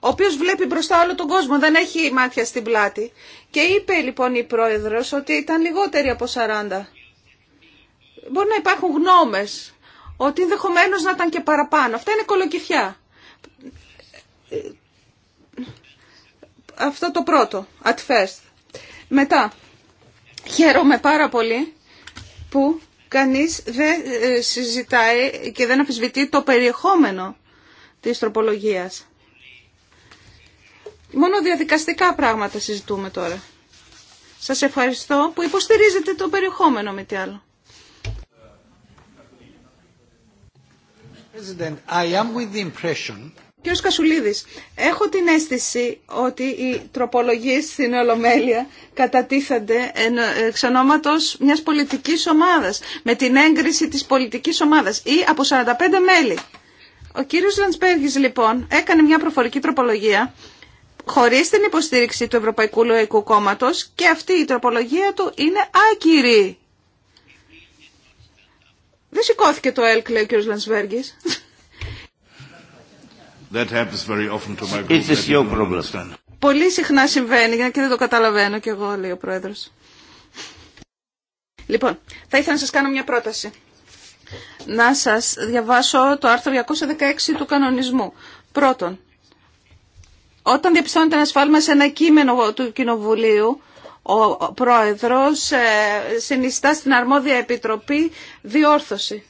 ο οποίος βλέπει μπροστά όλο τον κόσμο, δεν έχει μάτια στην πλάτη. Και είπε λοιπόν η πρόεδρος ότι ήταν λιγότεροι από 40. Μπορεί να υπάρχουν γνώμες ότι ενδεχομένω να ήταν και παραπάνω. Αυτά είναι κολοκυθιά. Ε, αυτό το πρώτο, at first. Μετά, χαίρομαι πάρα πολύ που κανείς δεν ε, συζητάει και δεν αφισβητεί το περιεχόμενο της τροπολογίας. Μόνο διαδικαστικά πράγματα συζητούμε τώρα. Σας ευχαριστώ που υποστηρίζετε το περιεχόμενο με τι άλλο. President, I am with the Κύριος Κασουλίδης, έχω την αίσθηση ότι οι τροπολογίες στην Ολομέλεια κατατίθενται εξ ονόματος μιας πολιτικής ομάδας, με την έγκριση της πολιτικής ομάδας ή από 45 μέλη. Ο κύριος Λαντσπέργης λοιπόν έκανε μια προφορική τροπολογία χωρίς την υποστήριξη του Ευρωπαϊκού Λαϊκού Κόμματος και αυτή η τροπολογία του ευρωπαικου λοικου κομματος και αυτη άκυρη. Δεν σηκώθηκε το ΕΛΚ, λέει ο Πολύ συχνά συμβαίνει και δεν το καταλαβαίνω κι εγώ, λέει ο πρόεδρο. Λοιπόν, θα ήθελα να σας κάνω μια πρόταση. Να σας διαβάσω το άρθρο 216 του κανονισμού. Πρώτον, όταν διαπιστώνεται ένα σφάλμα σε ένα κείμενο του Κοινοβουλίου, ο Πρόεδρος ε, συνιστά στην αρμόδια επιτροπή διόρθωση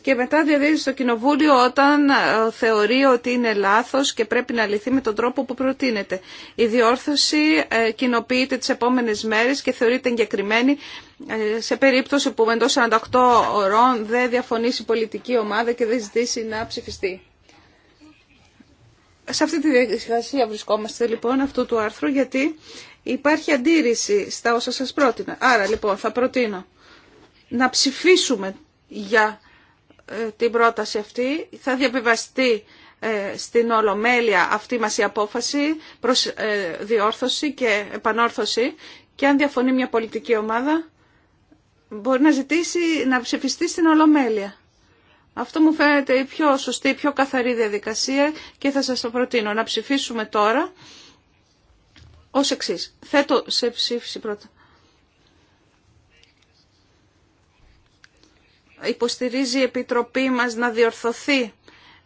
και μετά διαδίδει στο Κοινοβούλιο όταν ε, θεωρεί ότι είναι λάθος και πρέπει να λυθεί με τον τρόπο που προτείνεται. Η διόρθωση ε, κοινοποιείται τις επόμενες μέρες και θεωρείται εγκεκριμένη ε, σε περίπτωση που εντός 48 ωρών δεν διαφωνήσει η πολιτική ομάδα και δεν ζητήσει να ψηφιστεί. Σε αυτή τη διαδικασία βρισκόμαστε λοιπόν αυτού του άρθρου γιατί υπάρχει αντίρρηση στα όσα σας πρότεινα. Άρα λοιπόν θα προτείνω να ψηφίσουμε για την πρόταση αυτή. Θα διαβιβαστεί ε, στην Ολομέλεια αυτή μας η απόφαση προς ε, διόρθωση και επανόρθωση και αν διαφωνεί μια πολιτική ομάδα μπορεί να ζητήσει να ψηφιστεί στην Ολομέλεια. Αυτό μου φαίνεται η πιο σωστή, η πιο καθαρή διαδικασία και θα σας το προτείνω να ψηφίσουμε τώρα ως εξής. Θέτω σε ψήφιση πρώτα υποστηρίζει η Επιτροπή μας να διορθωθεί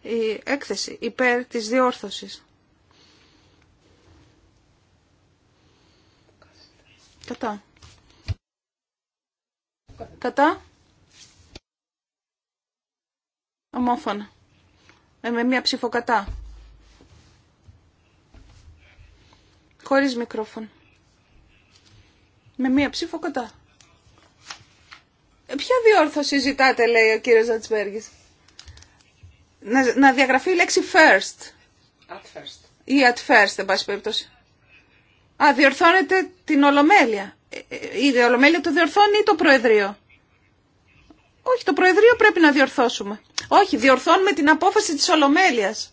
η έκθεση υπέρ της διόρθωσης. Κατά. Κατά. Ομόφωνα. Ε, με μία ψήφο κατά. Χωρίς μικρόφωνο. Με μία ψήφο κατά. Ποια διόρθωση ζητάτε, λέει ο κύριος Ζατσμπέργης. Να, διαγραφεί η λέξη first. At first. Ή at first, εν πάση περίπτωση. Α, διορθώνεται την Ολομέλεια. Ε, ε, η Ολομέλεια το διορθώνει ή το Προεδρείο. Όχι, το Προεδρείο πρέπει να διορθώσουμε. Όχι, διορθώνουμε την απόφαση της Ολομέλειας.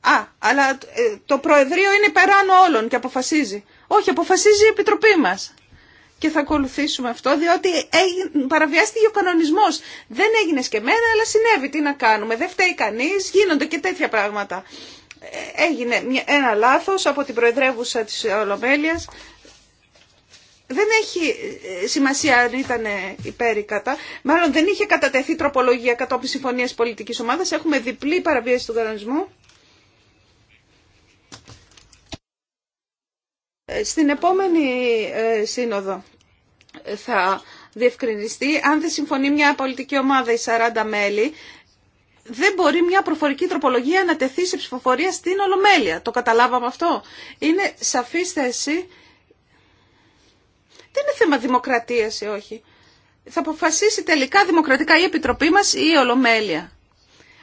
Α, αλλά ε, το Προεδρείο είναι υπεράνω όλων και αποφασίζει. Όχι, αποφασίζει η Επιτροπή μας και θα ακολουθήσουμε αυτό, διότι παραβιάστηκε ο κανονισμό. Δεν έγινε σκεμμένα, αλλά συνέβη. Τι να κάνουμε, δεν φταίει κανεί, γίνονται και τέτοια πράγματα. Ε, έγινε ένα λάθο από την Προεδρεύουσα τη Ολομέλεια. Δεν έχει ε, σημασία αν ήταν υπέρ Μάλλον δεν είχε κατατεθεί τροπολογία κατόπιν συμφωνία πολιτική ομάδα. Έχουμε διπλή παραβίαση του κανονισμού. Στην επόμενη ε, σύνοδο θα διευκρινιστεί αν δεν συμφωνεί μια πολιτική ομάδα η 40 μέλη δεν μπορεί μια προφορική τροπολογία να τεθεί σε ψηφοφορία στην Ολομέλεια. Το καταλάβαμε αυτό. Είναι σαφη θέση. Δεν είναι θέμα δημοκρατίας ή όχι. Θα αποφασίσει τελικά δημοκρατικά η Επιτροπή μας ή η Ολομέλεια.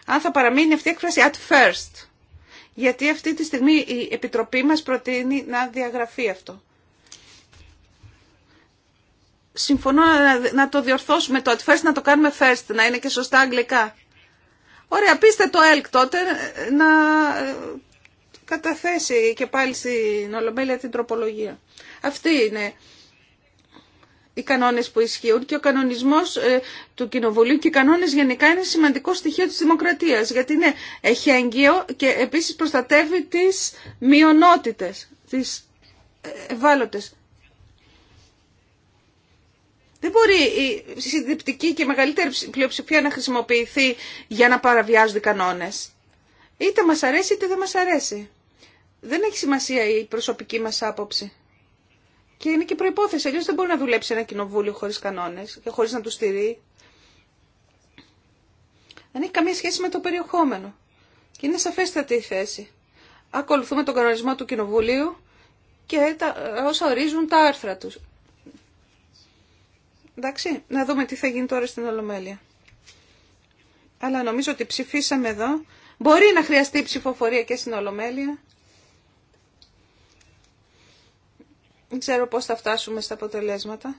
Αν θα παραμείνει αυτή η έκφραση at first γιατί αυτή τη στιγμή η Επιτροπή μας προτείνει να διαγραφεί αυτό. Συμφωνώ να το διορθώσουμε το at να το κάνουμε first, να είναι και σωστά αγγλικά. Ωραία, πείστε το ΕΛΚ τότε να ε, καταθέσει και πάλι στην Ολομέλεια την τροπολογία. Αυτή είναι οι κανόνες που ισχύουν και ο κανονισμός ε, του Κοινοβουλίου και οι κανόνες γενικά είναι σημαντικό στοιχείο της δημοκρατίας γιατί είναι εχέγγυο και επίσης προστατεύει τις μειονότητες, τις ευάλωτες. Δεν μπορεί η συνδυπτική και μεγαλύτερη πλειοψηφία να χρησιμοποιηθεί για να παραβιάζονται οι κανόνες. Είτε μας αρέσει είτε δεν μας αρέσει. Δεν έχει σημασία η προσωπική μας άποψη. Και είναι και προπόθεση. Αλλιώ δεν μπορεί να δουλέψει ένα κοινοβούλιο χωρί κανόνε και χωρί να του στηρεί. Δεν έχει καμία σχέση με το περιεχόμενο. Και είναι σαφέστατη η θέση. Ακολουθούμε τον κανονισμό του κοινοβουλίου και όσα ορίζουν τα άρθρα τους. Εντάξει, να δούμε τι θα γίνει τώρα στην Ολομέλεια. Αλλά νομίζω ότι ψηφίσαμε εδώ. Μπορεί να χρειαστεί ψηφοφορία και στην Ολομέλεια. Δεν ξέρω πώς θα φτάσουμε στα αποτελέσματα.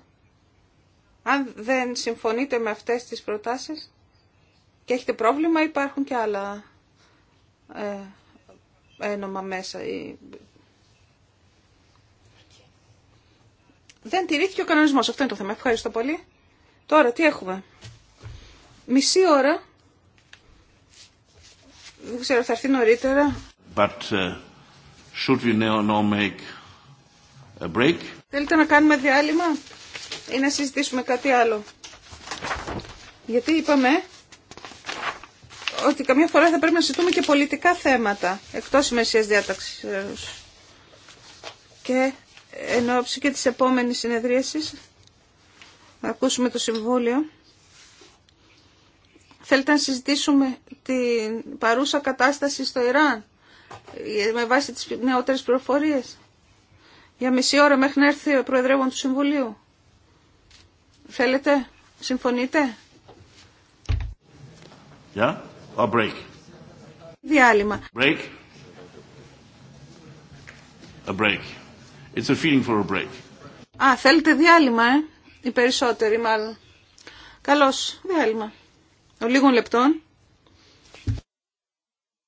Αν δεν συμφωνείτε με αυτές τις προτάσεις και έχετε πρόβλημα, υπάρχουν και άλλα ε, ένομα μέσα. Δεν τηρήθηκε ο κανονισμός. Αυτό είναι το θέμα. Ευχαριστώ πολύ. Τώρα τι έχουμε. Μισή ώρα. Δεν ξέρω, θα έρθει νωρίτερα. But, uh, should we now make a break. Θέλετε να κάνουμε διάλειμμα ή να συζητήσουμε κάτι άλλο. Γιατί είπαμε ότι καμιά φορά θα πρέπει να συζητούμε και πολιτικά θέματα εκτός ημερησίας διάταξης. Και εν και της επόμενης συνεδρίασης να ακούσουμε το Συμβούλιο. Θέλετε να συζητήσουμε την παρούσα κατάσταση στο Ιράν με βάση τις νεότερες πληροφορίες για μισή ώρα μέχρι να έρθει ο Προεδρεύων του Συμβουλίου. Θέλετε, συμφωνείτε. Yeah, break. Διάλειμμα. Break. A break. It's a feeling for a break. Α, θέλετε διάλειμμα, ε. Οι περισσότεροι μάλλον. Καλώς, διάλειμμα. Ο λίγων λεπτών.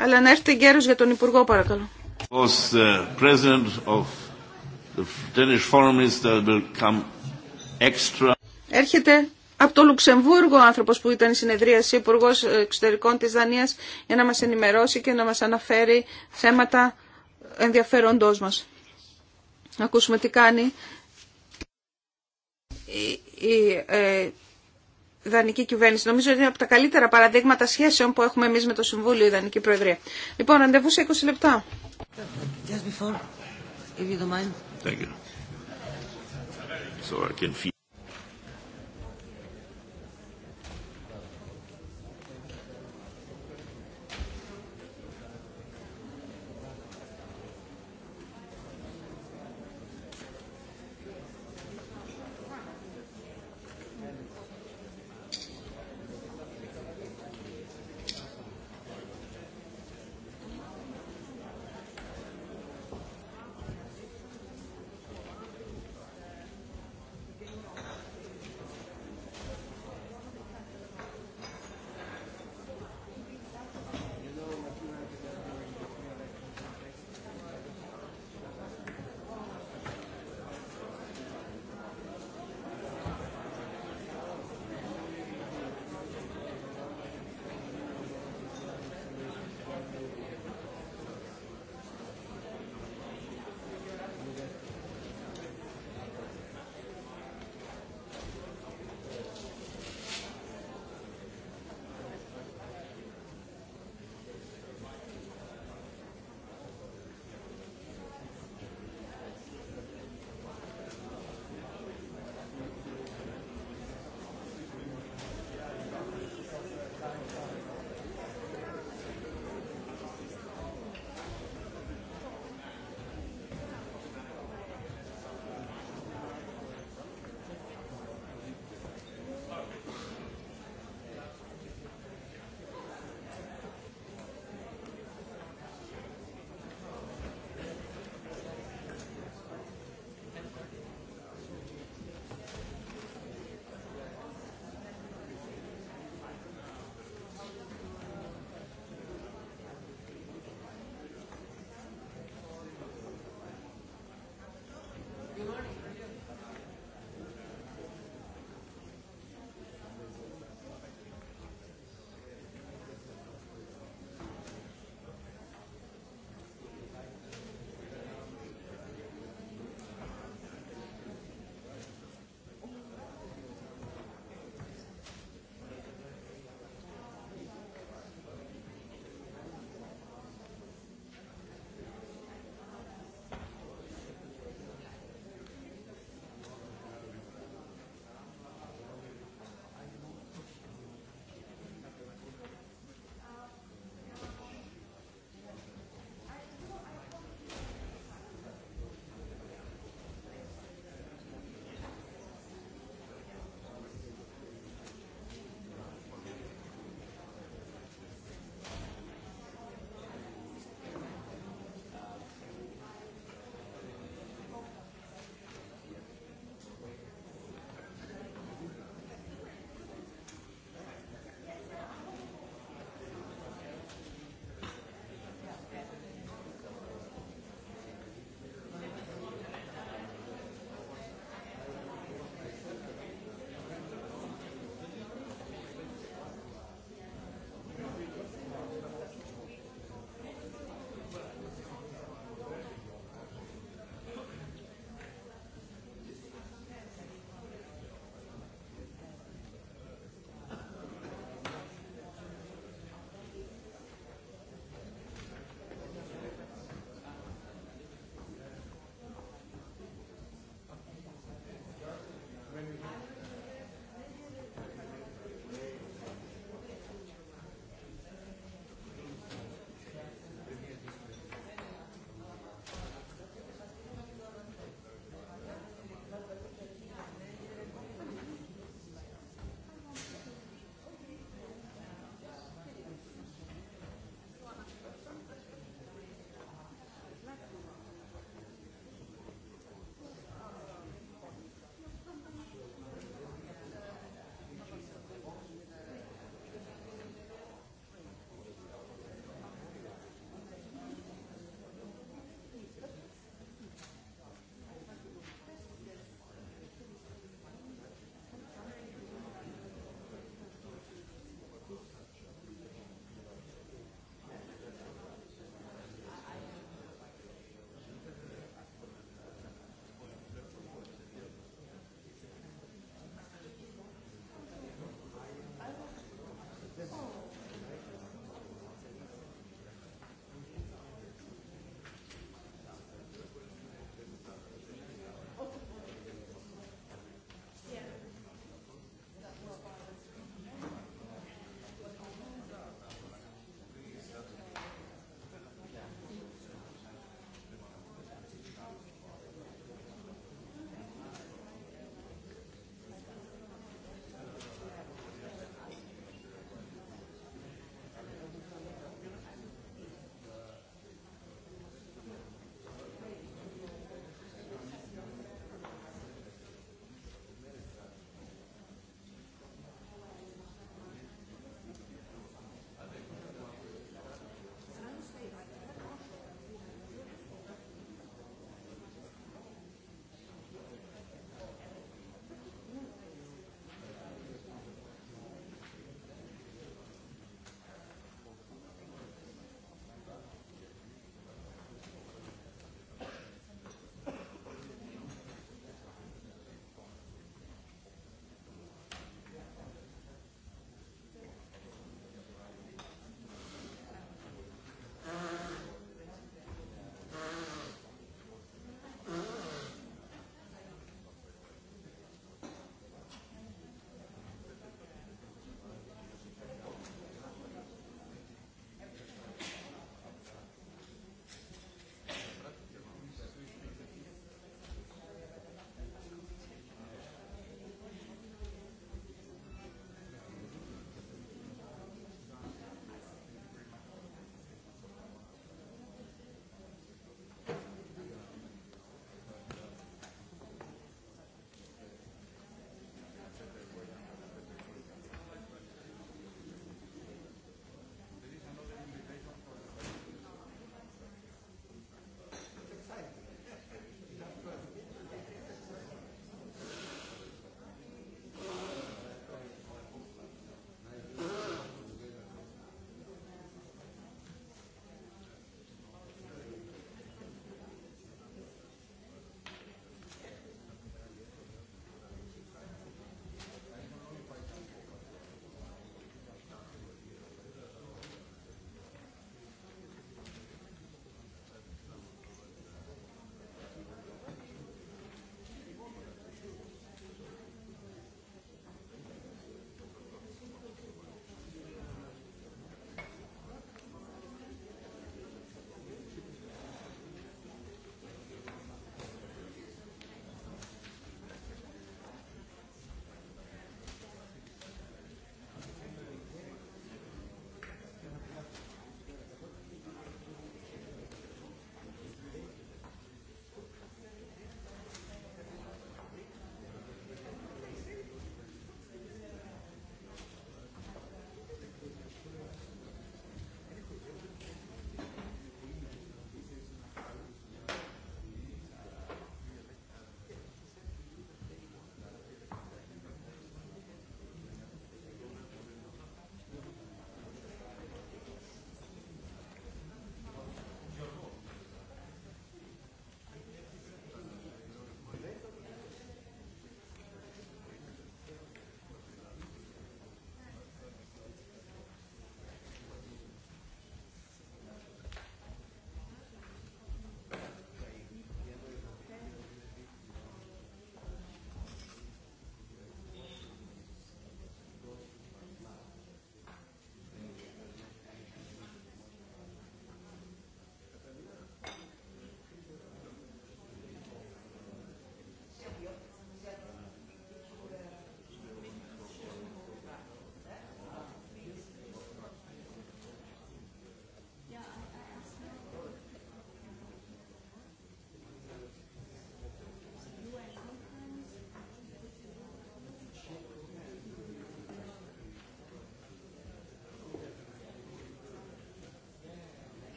Αλλά να έρθει γέρος για τον Υπουργό, παρακαλώ. the ε, president of Έρχεται από το Λουξεμβούργο ο άνθρωπος που ήταν η συνεδρίαση υπουργό Εξωτερικών της Δανίας για να μας ενημερώσει και να μας αναφέρει θέματα ενδιαφέροντός μας. Να ακούσουμε τι κάνει η, η ε, δανική κυβέρνηση. Νομίζω ότι είναι από τα καλύτερα παραδείγματα σχέσεων που έχουμε εμείς με το Συμβούλιο η Δανική Προεδρία. Λοιπόν, ραντεβού σε 20 λεπτά. Just before, if Thank you. So I can feel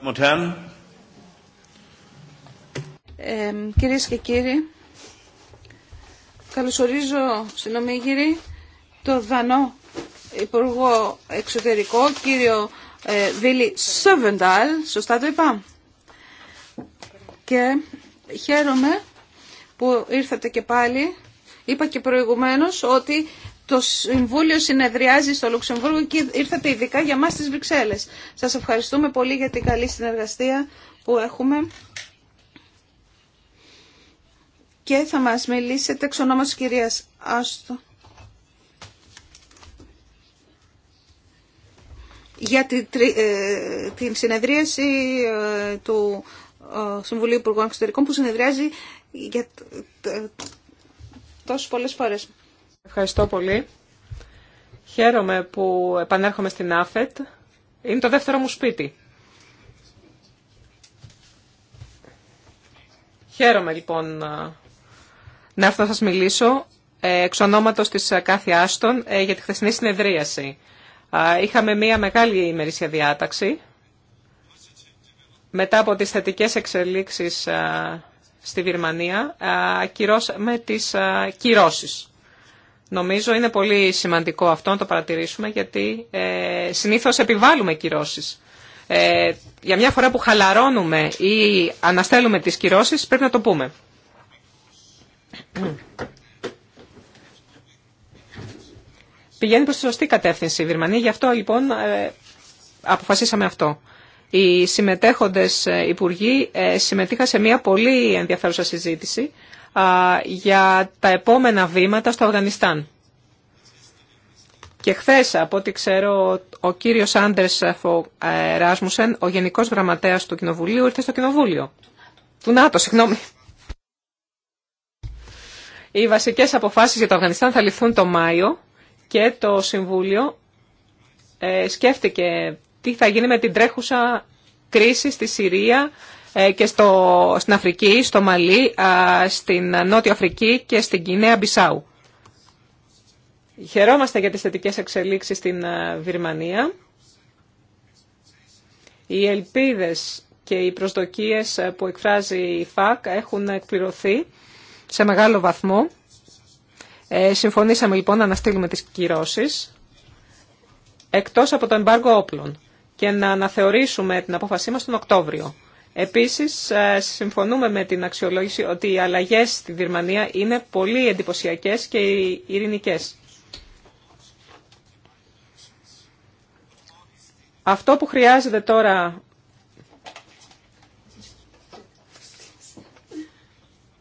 Κυρίε κυρίες και κύριοι, καλωσορίζω στην Ομίγυρη το Δανό Υπουργό Εξωτερικό, κύριο ε, Βίλι Σεβεντάλ, σωστά το είπα. Και χαίρομαι που ήρθατε και πάλι. Είπα και προηγουμένως ότι το Συμβούλιο συνεδριάζει στο Λουξεμβούργο και ήρθατε ειδικά για μας στις Βρυξέλλες. Σας ευχαριστούμε πολύ για την καλή συνεργασία που έχουμε. Και θα μας μιλήσετε εξ ονόματος κυρίας Άστο. Για ε, την, συνεδρίαση ε, του ε, Συμβουλίου Υπουργών Εξωτερικών που συνεδριάζει για τόσες πολλές φορές. Ευχαριστώ πολύ. Χαίρομαι που επανέρχομαι στην ΑΦΕΤ. Είναι το δεύτερο μου σπίτι. Χαίρομαι λοιπόν να έρθω να σας μιλήσω ε, εξ ονόματος της Κάθη Άστον ε, για τη χθεσινή συνεδρίαση. Είχαμε μία μεγάλη ημερήσια διάταξη. Μετά από τις θετικές εξελίξεις στη Βυρμανία, ακυρώσαμε τις κυρώσεις. Νομίζω είναι πολύ σημαντικό αυτό να το παρατηρήσουμε γιατί ε, συνήθως επιβάλλουμε κυρώσεις. Ε, για μια φορά που χαλαρώνουμε ή αναστέλουμε τις κυρώσεις πρέπει να το πούμε. Πηγαίνει προς τη σωστή κατεύθυνση η γι' αυτό λοιπόν ε, αποφασίσαμε αυτό. Οι συμμετέχοντες ε, υπουργοί συμμετείχαν σε μια πολύ ενδιαφέρουσα συζήτηση για τα επόμενα βήματα στο Αφγανιστάν. Και χθε, από ό,τι ξέρω, ο κύριος άντρες ε, Ράσμουσεν, ο Γενικός Γραμματέας του Κοινοβουλίου, ήρθε στο Κοινοβούλιο. Του ΝΑΤΟ, συγγνώμη. Οι βασικές αποφάσεις για το Αφγανιστάν θα ληφθούν το Μάιο και το Συμβούλιο ε, σκέφτηκε τι θα γίνει με την τρέχουσα κρίση στη Συρία, ε, και στο, στην Αφρική, στο Μαλί, στην Νότια Αφρική και στην Κινέα Μπισάου. Χαιρόμαστε για τις θετικέ εξελίξεις στην Βυρμανία. Οι ελπίδες και οι προσδοκίες που εκφράζει η ΦΑΚ έχουν εκπληρωθεί σε μεγάλο βαθμό. Ε, συμφωνήσαμε λοιπόν να αναστείλουμε τις κυρώσεις εκτός από το εμπάργο όπλων και να αναθεωρήσουμε την απόφασή μας τον Οκτώβριο. Επίσης, ε, συμφωνούμε με την αξιολόγηση ότι οι αλλαγές στη Γερμανία είναι πολύ εντυπωσιακές και ειρηνικές. Αυτό που χρειάζεται τώρα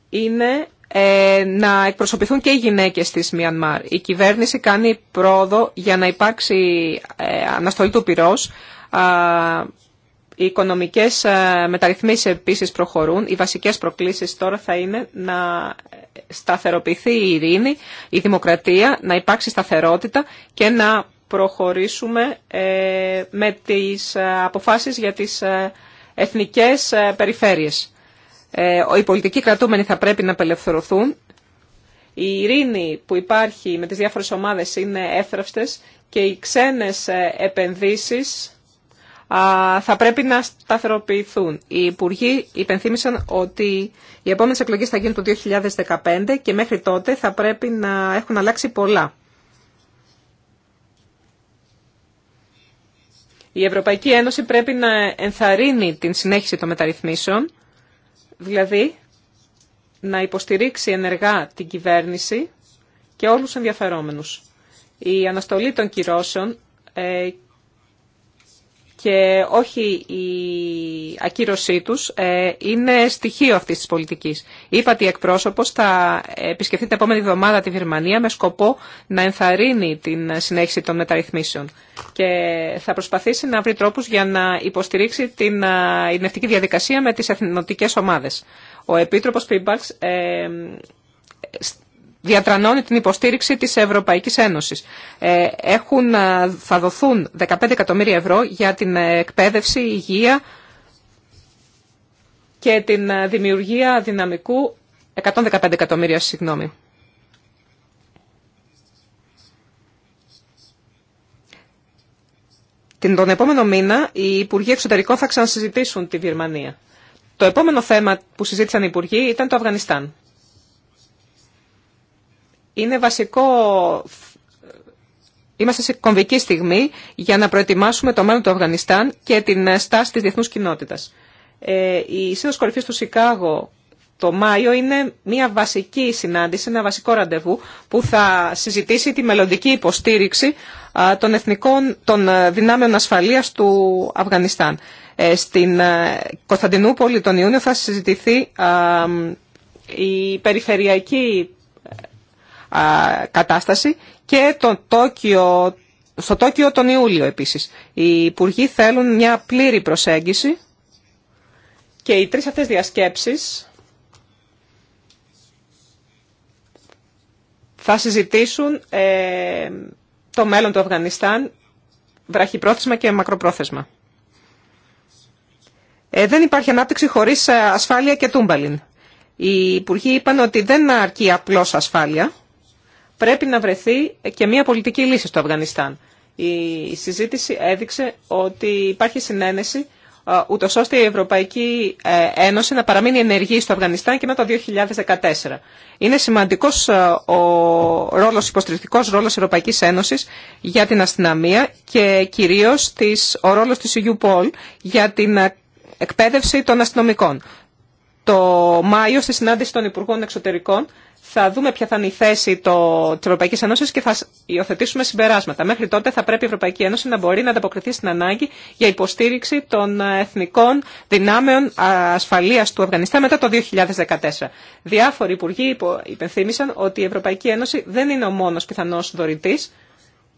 είναι ε, να εκπροσωπηθούν και οι γυναίκες της Μιανμάρ. Η κυβέρνηση κάνει πρόοδο για να υπάρξει ε, αναστολή του πυρός οι οικονομικές ε, μεταρρυθμίσεις επίσης προχωρούν. Οι βασικές προκλήσεις τώρα θα είναι να σταθεροποιηθεί η ειρήνη, η δημοκρατία, να υπάρξει σταθερότητα και να προχωρήσουμε ε, με τις ε, αποφάσεις για τις εθνικές περιφέρειες. Οι πολιτικοί κρατούμενοι θα πρέπει να απελευθερωθούν. Η ειρήνη που υπάρχει με τις διάφορες ομάδες είναι και οι ξένες επενδύσεις θα πρέπει να σταθεροποιηθούν. Οι υπουργοί υπενθύμησαν ότι οι επόμενες εκλογές θα γίνουν το 2015 και μέχρι τότε θα πρέπει να έχουν αλλάξει πολλά. Η Ευρωπαϊκή Ένωση πρέπει να ενθαρρύνει την συνέχιση των μεταρρυθμίσεων, δηλαδή να υποστηρίξει ενεργά την κυβέρνηση και όλους τους ενδιαφερόμενους. Η αναστολή των κυρώσεων ε, και όχι η ακύρωσή τους ε, είναι στοιχείο αυτής της πολιτικής. Είπα ότι εκπρόσωπος θα επισκεφθεί την επόμενη εβδομάδα τη Βερμανία με σκοπό να ενθαρρύνει την συνέχιση των μεταρρυθμίσεων και θα προσπαθήσει να βρει τρόπους για να υποστηρίξει την ειρηνευτική διαδικασία με τις εθνοτικές ομάδες. Ο Επίτροπος Πίμπαξ ε, διατρανώνει την υποστήριξη της Ευρωπαϊκής Ένωσης. Ε, έχουν, ε, θα δοθούν 15 εκατομμύρια ευρώ για την ε, εκπαίδευση, υγεία και την δημιουργία δυναμικού 115 εκατομμύρια, συγγνώμη. Την τον επόμενο μήνα οι Υπουργοί Εξωτερικών θα ξανασυζητήσουν τη Βιρμανία. Το επόμενο θέμα που συζήτησαν οι Υπουργοί ήταν το Αφγανιστάν είναι βασικό... Είμαστε σε κομβική στιγμή για να προετοιμάσουμε το μέλλον του Αφγανιστάν και την ε, στάση της διεθνούς κοινότητας. Ε, η σύνδεση Κορυφής του Σικάγο το Μάιο είναι μια βασική συνάντηση, ένα βασικό ραντεβού που θα συζητήσει τη μελλοντική υποστήριξη των, εθνικών, των ε, δυνάμεων ασφαλείας του Αφγανιστάν. Στην Κωνσταντινούπολη τον Ιούνιο θα συζητηθεί η περιφερειακή κατάσταση και το Τόκιο, στο Τόκιο τον Ιούλιο επίσης. Οι υπουργοί θέλουν μια πλήρη προσέγγιση και οι τρεις αυτές διασκέψεις θα συζητήσουν ε, το μέλλον του Αφγανιστάν βραχυπρόθεσμα και μακροπρόθεσμα. Ε, δεν υπάρχει ανάπτυξη χωρίς ε, ασφάλεια και τούμπαλιν. Οι υπουργοί είπαν ότι δεν αρκεί απλώς ασφάλεια, πρέπει να βρεθεί και μια πολιτική λύση στο Αφγανιστάν. Η συζήτηση έδειξε ότι υπάρχει συνένεση ε, ούτω ώστε η Ευρωπαϊκή ε, Ένωση να παραμείνει ενεργή στο Αφγανιστάν και μετά το 2014. Είναι σημαντικό ε, ο ρόλος, υποστηρικτικό ρόλο Ευρωπαϊκή Ένωση για την αστυναμία και κυρίω ο ρόλο τη EUPOL για την εκπαίδευση των αστυνομικών. Το Μάιο, στη συνάντηση των Υπουργών Εξωτερικών, θα δούμε ποια θα είναι η θέση τη ευρωπαϊκή Ένωση και θα υιοθετήσουμε συμπεράσματα. Μέχρι τότε θα πρέπει η Ευρωπαϊκή Ένωση να μπορεί να ανταποκριθεί στην ανάγκη για υποστήριξη των ε, εθνικών δυνάμεων ασφαλείας του Αφγανιστάν μετά το 2014. Διάφοροι υπουργοί υπενθύμησαν ότι η Ευρωπαϊκή Ένωση δεν είναι ο μόνο πιθανό δωρητή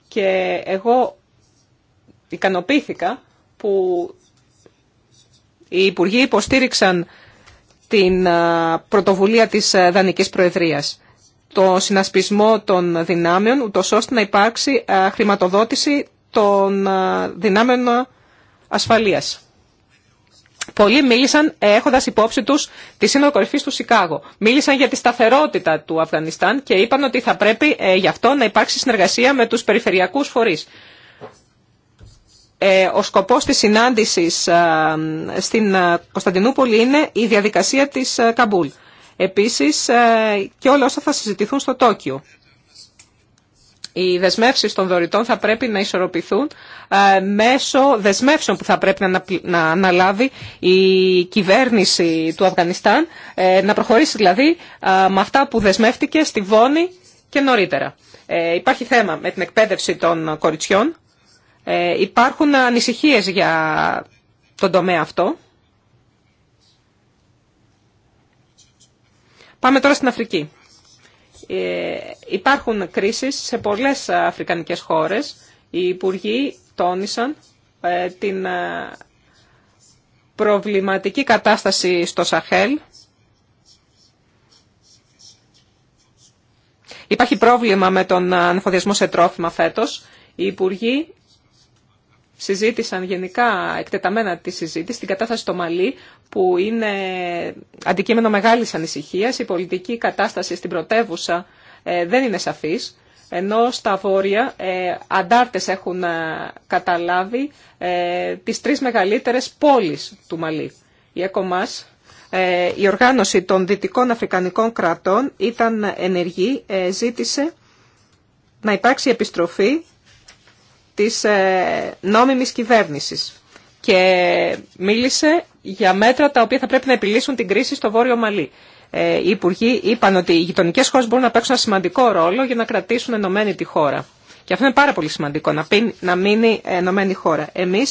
και εγώ ικανοποιήθηκα που οι υπουργοί υποστήριξαν την πρωτοβουλία της ε, Δανικής Προεδρίας, το συνασπισμό των δυνάμεων, ούτως ώστε να υπάρξει χρηματοδότηση των δυνάμεων ασφαλείας. Πολλοί μίλησαν έχοντας υπόψη τους τη Σύνοδο Κορυφής του Σικάγο. Μίλησαν για τη σταθερότητα του Αφγανιστάν και είπαν ότι θα πρέπει ε, γι' αυτό να υπάρξει συνεργασία με τους περιφερειακούς φορείς. Ε, ο σκοπός της συνάντησης ε, στην ε, Κωνσταντινούπολη είναι η διαδικασία της Καμπούλ. Επίσης και όλα όσα θα συζητηθούν στο Τόκιο. Οι δεσμεύσεις των δωρητών θα πρέπει να ισορροπηθούν μέσω δεσμεύσεων που θα πρέπει να αναλάβει η κυβέρνηση του Αφγανιστάν, να προχωρήσει δηλαδή με αυτά που δεσμεύτηκε στη Βόνη και νωρίτερα. Υπάρχει θέμα με την εκπαίδευση των κοριτσιών ε, υπάρχουν ανησυχίες για τον τομέα αυτό. Πάμε τώρα στην Αφρική. Ε, υπάρχουν κρίσεις σε πολλές αφρικανικές χώρες. Οι υπουργοί τόνισαν ε, την προβληματική κατάσταση στο Σαχέλ. Υπάρχει πρόβλημα με τον ανεφοδιασμό σε τρόφιμα φέτος. Οι υπουργοί συζήτησαν γενικά εκτεταμένα τη συζήτηση, στην κατάσταση στο Μαλί, που είναι αντικείμενο μεγάλης ανησυχίας. Η πολιτική κατάσταση στην πρωτεύουσα ε, δεν είναι σαφής, ενώ στα βόρεια ε, αντάρτες έχουν ε, καταλάβει τις τρεις μεγαλύτερες πόλεις του Μαλί. Η ΕΚΟΜΑΣ, η οργάνωση των Δυτικών Αφρικανικών κρατών, ήταν ενεργή, ζήτησε να υπάρξει επιστροφή της ε, νόμιμης κυβέρνησης και μίλησε για μέτρα τα οποία θα πρέπει να επιλύσουν την κρίση στο Βόρειο Μαλί. Ε, οι υπουργοί είπαν ότι οι γειτονικέ χώρε μπορούν να παίξουν ένα σημαντικό ρόλο για να κρατήσουν ενωμένη τη χώρα. Και αυτό είναι πάρα πολύ σημαντικό, να, πει, να μείνει ενωμένη η χώρα. Εμεί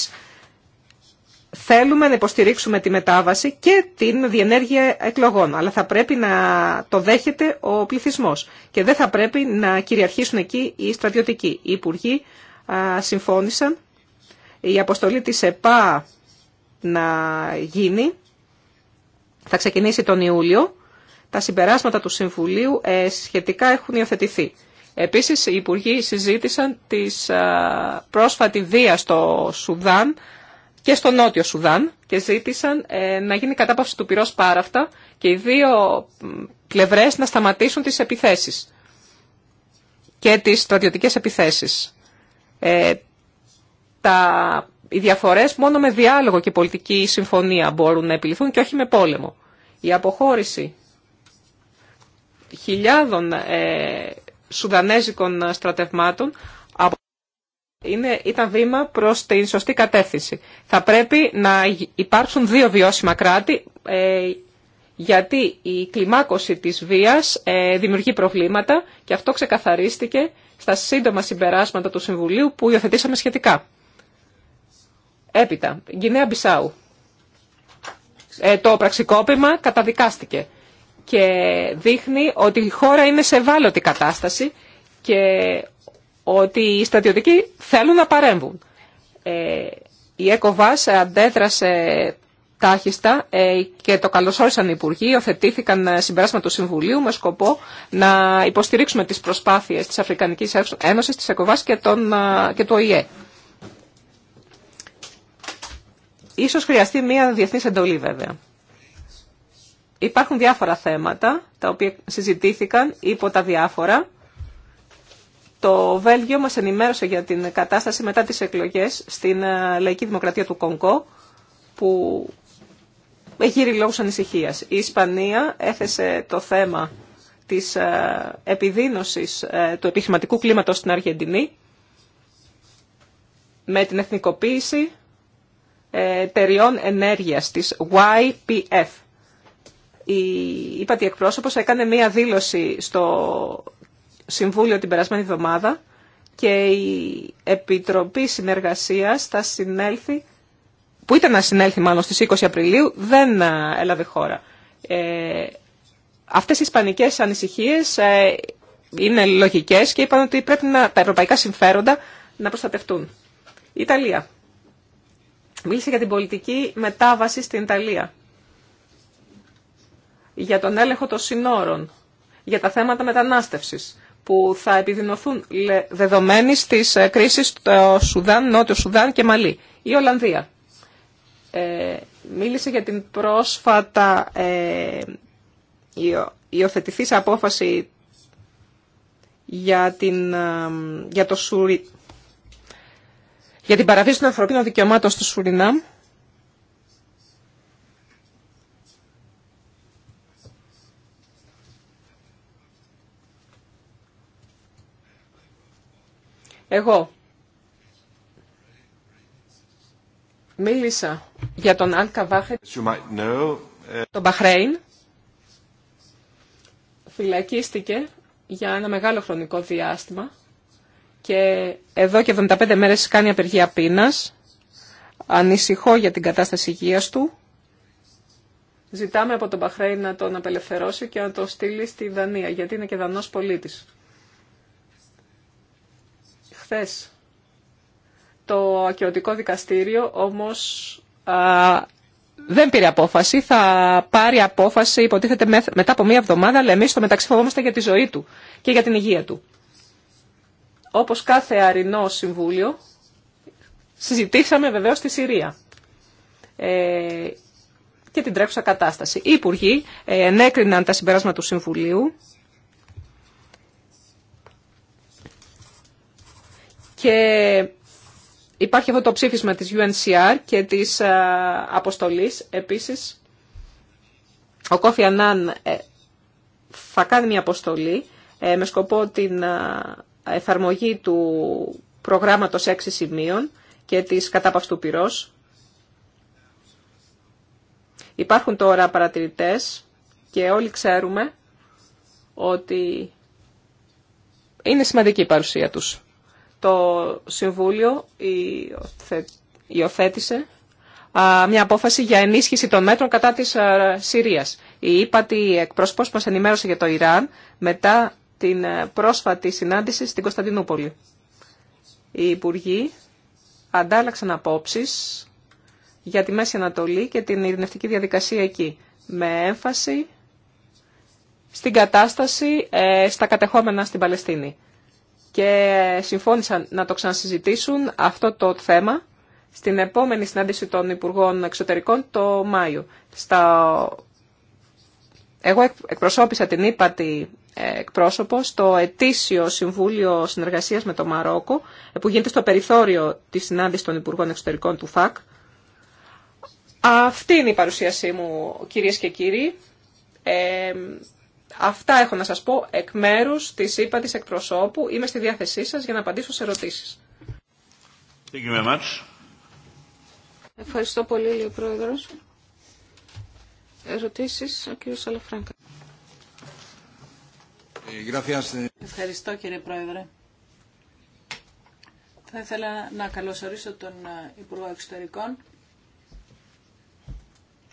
θέλουμε να υποστηρίξουμε τη μετάβαση και την διενέργεια εκλογών. Αλλά θα πρέπει να το δέχεται ο πληθυσμό. Και δεν θα πρέπει να κυριαρχήσουν εκεί οι στρατιωτικοί. Οι συμφώνησαν η αποστολή της ΕΠΑ να γίνει. Θα ξεκινήσει τον Ιούλιο. Τα συμπεράσματα του Συμβουλίου ε, σχετικά έχουν υιοθετηθεί. Επίσης, οι Υπουργοί συζήτησαν της πρόσφατη βία στο Σουδάν και στο Νότιο Σουδάν και ζήτησαν ε, να γίνει κατάπαυση του πυρός πάραφτα και οι δύο πλευρές να σταματήσουν τις επιθέσεις και τις στρατιωτικές επιθέσεις. Ε, τα, οι διαφορές μόνο με διάλογο και πολιτική συμφωνία μπορούν να επιληθούν και όχι με πόλεμο. Η αποχώρηση χιλιάδων ε, Σουδανέζικων στρατευμάτων είναι, ήταν βήμα προς την σωστή κατεύθυνση. Θα πρέπει να υπάρξουν δύο βιώσιμα κράτη ε, γιατί η κλιμάκωση της βίας ε, δημιουργεί προβλήματα και αυτό ξεκαθαρίστηκε στα σύντομα συμπεράσματα του Συμβουλίου που υιοθετήσαμε σχετικά. Έπειτα, Γκινέα Μπισάου. Ε, το πραξικόπημα καταδικάστηκε και δείχνει ότι η χώρα είναι σε ευάλωτη κατάσταση και ότι οι στρατιωτικοί θέλουν να παρέμβουν. Ε, η ΕΚΟΒΑΣ αντέδρασε τάχιστα ε, και το καλωσόρισαν οι Υπουργοί, οθετήθηκαν ε, συμπεράσματα του Συμβουλίου με σκοπό να υποστηρίξουμε τις προσπάθειες της Αφρικανικής Ένωσης, της ΕΚΟΒΑΣ και, τον, ε, και του ΟΗΕ. Ίσως χρειαστεί μία διεθνής εντολή βέβαια. Υπάρχουν διάφορα θέματα τα οποία συζητήθηκαν υπό τα διάφορα. Το Βέλγιο μας ενημέρωσε για την κατάσταση μετά τις εκλογές στην Λαϊκή Δημοκρατία του Κονγκό που γύρει λόγους ανησυχίας. Η Ισπανία έθεσε το θέμα της ε, επιδίνωσης ε, του επιχειρηματικού κλίματος στην Αργεντινή με την εθνικοποίηση ε, εταιριών ενέργειας της YPF. Η ύπατη εκπρόσωπος έκανε μία δήλωση στο Συμβούλιο την περασμένη εβδομάδα και η Επιτροπή Συνεργασίας θα συνέλθει που ήταν να συνέλθει μάλλον στις 20 Απριλίου, δεν ε, έλαβε χώρα. Ε, αυτές οι ισπανικές ανησυχίες ε, είναι λογικές και είπαν ότι πρέπει να, τα ευρωπαϊκά συμφέροντα να προστατευτούν. Η Ιταλία. Μίλησε για την πολιτική μετάβαση στην Ιταλία. Για τον έλεγχο των συνόρων. Για τα θέματα μετανάστευσης που θα επιδεινωθούν δεδομένοι της ε, κρίσης στο Σουδάν, Νότιο Σουδάν και Μαλή. Η Ολλανδία. Ε, μίλησε για την πρόσφατα ε, υιοθετηθής απόφαση για την, ε, για, το Σουρι... για την παραβίαση των ανθρωπίνων δικαιωμάτων στο Σουρινάμ. Εγώ Μίλησα για τον Αλ Καβάχερ, ε, τον Μπαχρέιν. Φυλακίστηκε για ένα μεγάλο χρονικό διάστημα και εδώ και 75 μέρες κάνει απεργία πείνας. Ανησυχώ για την κατάσταση υγείας του. Ζητάμε από τον Μπαχρέιν να τον απελευθερώσει και να τον στείλει στη Δανία, γιατί είναι και δανός πολίτης. Χθες το ακαιωτικό δικαστήριο όμως α, δεν πήρε απόφαση. Θα πάρει απόφαση, υποτίθεται, μετά από μία εβδομάδα, αλλά εμείς στο μεταξύ φοβόμαστε για τη ζωή του και για την υγεία του. Όπως κάθε αρινό συμβούλιο, συζητήσαμε βεβαίως στη Συρία. Ε, και την τρέχουσα κατάσταση. Οι Υπουργοί ε, ενέκριναν τα συμπεράσματα του Συμβουλίου και Υπάρχει αυτό το ψήφισμα της UNCR και της ε, αποστολής. Επίσης, ο Κόφι Ανάν ε, θα κάνει μια αποστολή ε, με σκοπό την εφαρμογή του προγράμματος έξι σημείων και της κατάπαυσης του πυρός. Υπάρχουν τώρα παρατηρητές και όλοι ξέρουμε ότι είναι σημαντική η παρουσία τους το Συμβούλιο υιοθέτησε μια απόφαση για ενίσχυση των μέτρων κατά της Συρίας. Η ύπατη εκπρόσωπος μας ενημέρωσε για το Ιράν μετά την ε, πρόσφατη συνάντηση στην Κωνσταντινούπολη. Οι Υπουργοί αντάλλαξαν απόψεις για τη Μέση Ανατολή και την ειρηνευτική διαδικασία εκεί, με έμφαση στην κατάσταση ε, στα κατεχόμενα στην Παλαιστίνη και συμφώνησαν να το ξανασυζητήσουν αυτό το θέμα στην επόμενη συνάντηση των Υπουργών Εξωτερικών το Μάιο. Στα... Εγώ εκπροσώπησα την ύπατη ε, εκπρόσωπο στο ετήσιο Συμβούλιο Συνεργασίας με το Μαρόκο που γίνεται στο περιθώριο της συνάντησης των Υπουργών Εξωτερικών του ΦΑΚ. Αυτή είναι η παρουσίασή μου κυρίες και κύριοι. Ε, Αυτά έχω να σας πω εκ μέρους της ΥΠΑ εκπροσώπου. Είμαι στη διάθεσή σας για να απαντήσω σε ερωτήσεις. Ευχαριστώ πολύ, λέει ο Πρόεδρος. Ερωτήσεις, ο κύριος Αλαφράγκα. Ε, ε. Ευχαριστώ, κύριε Πρόεδρε. Θα ήθελα να καλωσορίσω τον ε, Υπουργό Εξωτερικών.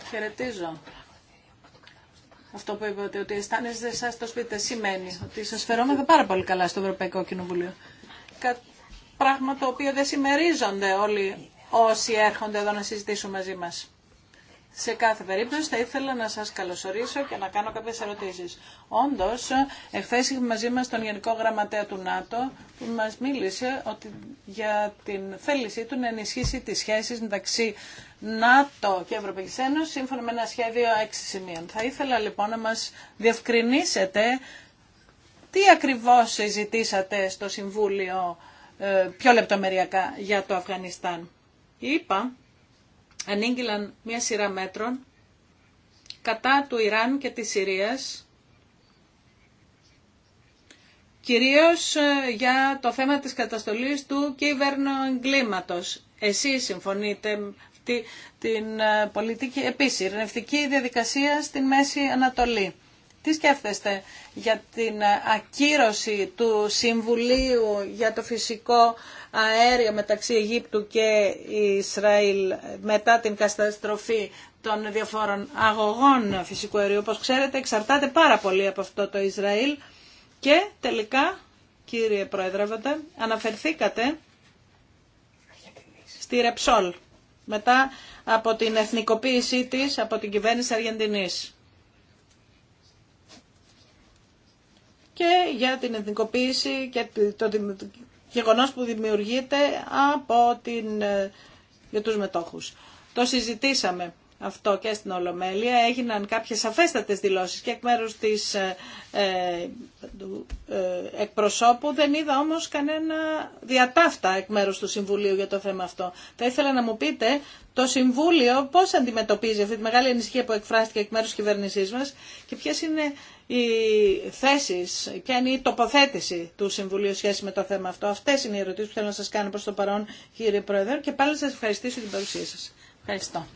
Χαιρετίζω αυτό που είπατε, ότι αισθάνεστε εσά το σπίτι σημαίνει ότι σα φερόμαστε πάρα πολύ καλά στο Ευρωπαϊκό Κοινοβούλιο. Κα... Πράγμα το οποίο δεν συμμερίζονται όλοι όσοι έρχονται εδώ να συζητήσουν μαζί μας. Σε κάθε περίπτωση θα ήθελα να σας καλωσορίσω και να κάνω κάποιες ερωτήσεις. Όντως, εχθές είχαμε μαζί μας τον Γενικό Γραμματέα του ΝΑΤΟ που μας μίλησε ότι για την θέλησή του να ενισχύσει τις σχέσεις μεταξύ ΝΑΤΟ και Ευρωπαϊκής Ένωσης σύμφωνα με ένα σχέδιο έξι σημείων. Θα ήθελα λοιπόν να μας διευκρινίσετε τι ακριβώς συζητήσατε στο Συμβούλιο ε, πιο λεπτομεριακά για το Αφγανιστάν. Είπα ανήγγυλαν μια σειρά μέτρων κατά του Ιράν και της Συρίας, κυρίως ε, για το θέμα της καταστολής του κύβερνο εγκλήματος. Εσείς συμφωνείτε αυτή την ε, πολιτική επίσης ειρηνευτική διαδικασία στην Μέση Ανατολή. Τι σκέφτεστε για την ε, ακύρωση του Συμβουλίου για το φυσικό αέριο μεταξύ Αιγύπτου και Ισραήλ μετά την καταστροφή των διαφόρων αγωγών φυσικού αερίου, όπως ξέρετε, εξαρτάται πάρα πολύ από αυτό το Ισραήλ. Και τελικά, κύριε Πρόεδρε, αναφερθήκατε στη Ρεψόλ μετά από την εθνικοποίησή της από την κυβέρνηση Αργεντινής. Και για την εθνικοποίηση και το γεγονός που δημιουργείται από την, ε, για τους μετόχους. Το συζητήσαμε αυτό και στην Ολομέλεια. Έγιναν κάποιες σαφέστατες δηλώσεις και εκ μέρους της ε, ε, ε, εκπροσώπου. Δεν είδα όμως κανένα διατάφτα εκ μέρους του Συμβουλίου για το θέμα αυτό. Θα ήθελα να μου πείτε το Συμβούλιο πώς αντιμετωπίζει αυτή τη μεγάλη ανησυχία που εκφράστηκε εκ μέρους της κυβέρνησής μας και ποιες είναι οι θέσεις και αν η τοποθέτηση του Συμβουλίου σχέση με το θέμα αυτό. Αυτές είναι οι ερωτήσεις που θέλω να σας κάνω προς το παρόν κύριε Πρόεδρε και πάλι σας ευχαριστήσω την παρουσία σας. Ευχαριστώ.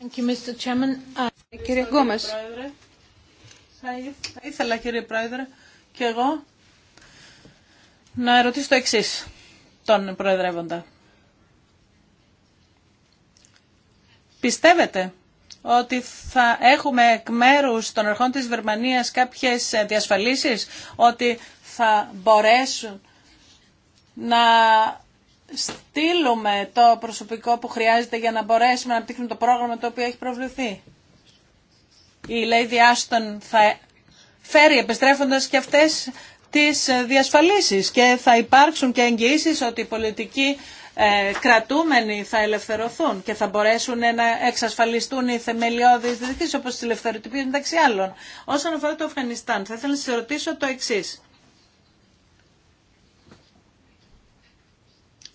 Thank uh, Κύριε Γκόμες. Θα ήθελα κύριε Πρόεδρε και εγώ να ερωτήσω το εξή τον Προεδρεύοντα. Πιστεύετε ότι θα έχουμε εκ μέρου των αρχών της Βερμανίας κάποιες διασφαλίσεις ότι θα μπορέσουν να στείλουμε το προσωπικό που χρειάζεται για να μπορέσουμε να αναπτύξουμε το πρόγραμμα το οποίο έχει προβληθεί. Η Lady Ashton θα φέρει επιστρέφοντας και αυτές τις διασφαλίσεις και θα υπάρξουν και εγγυήσει ότι οι πολιτικοί ε, κρατούμενοι θα ελευθερωθούν και θα μπορέσουν να εξασφαλιστούν οι θεμελιώδεις διδικήσεις όπως τις ελευθεροτυπίες μεταξύ άλλων. Όσον αφορά το Αφγανιστάν, θα ήθελα να σας ρωτήσω το εξής.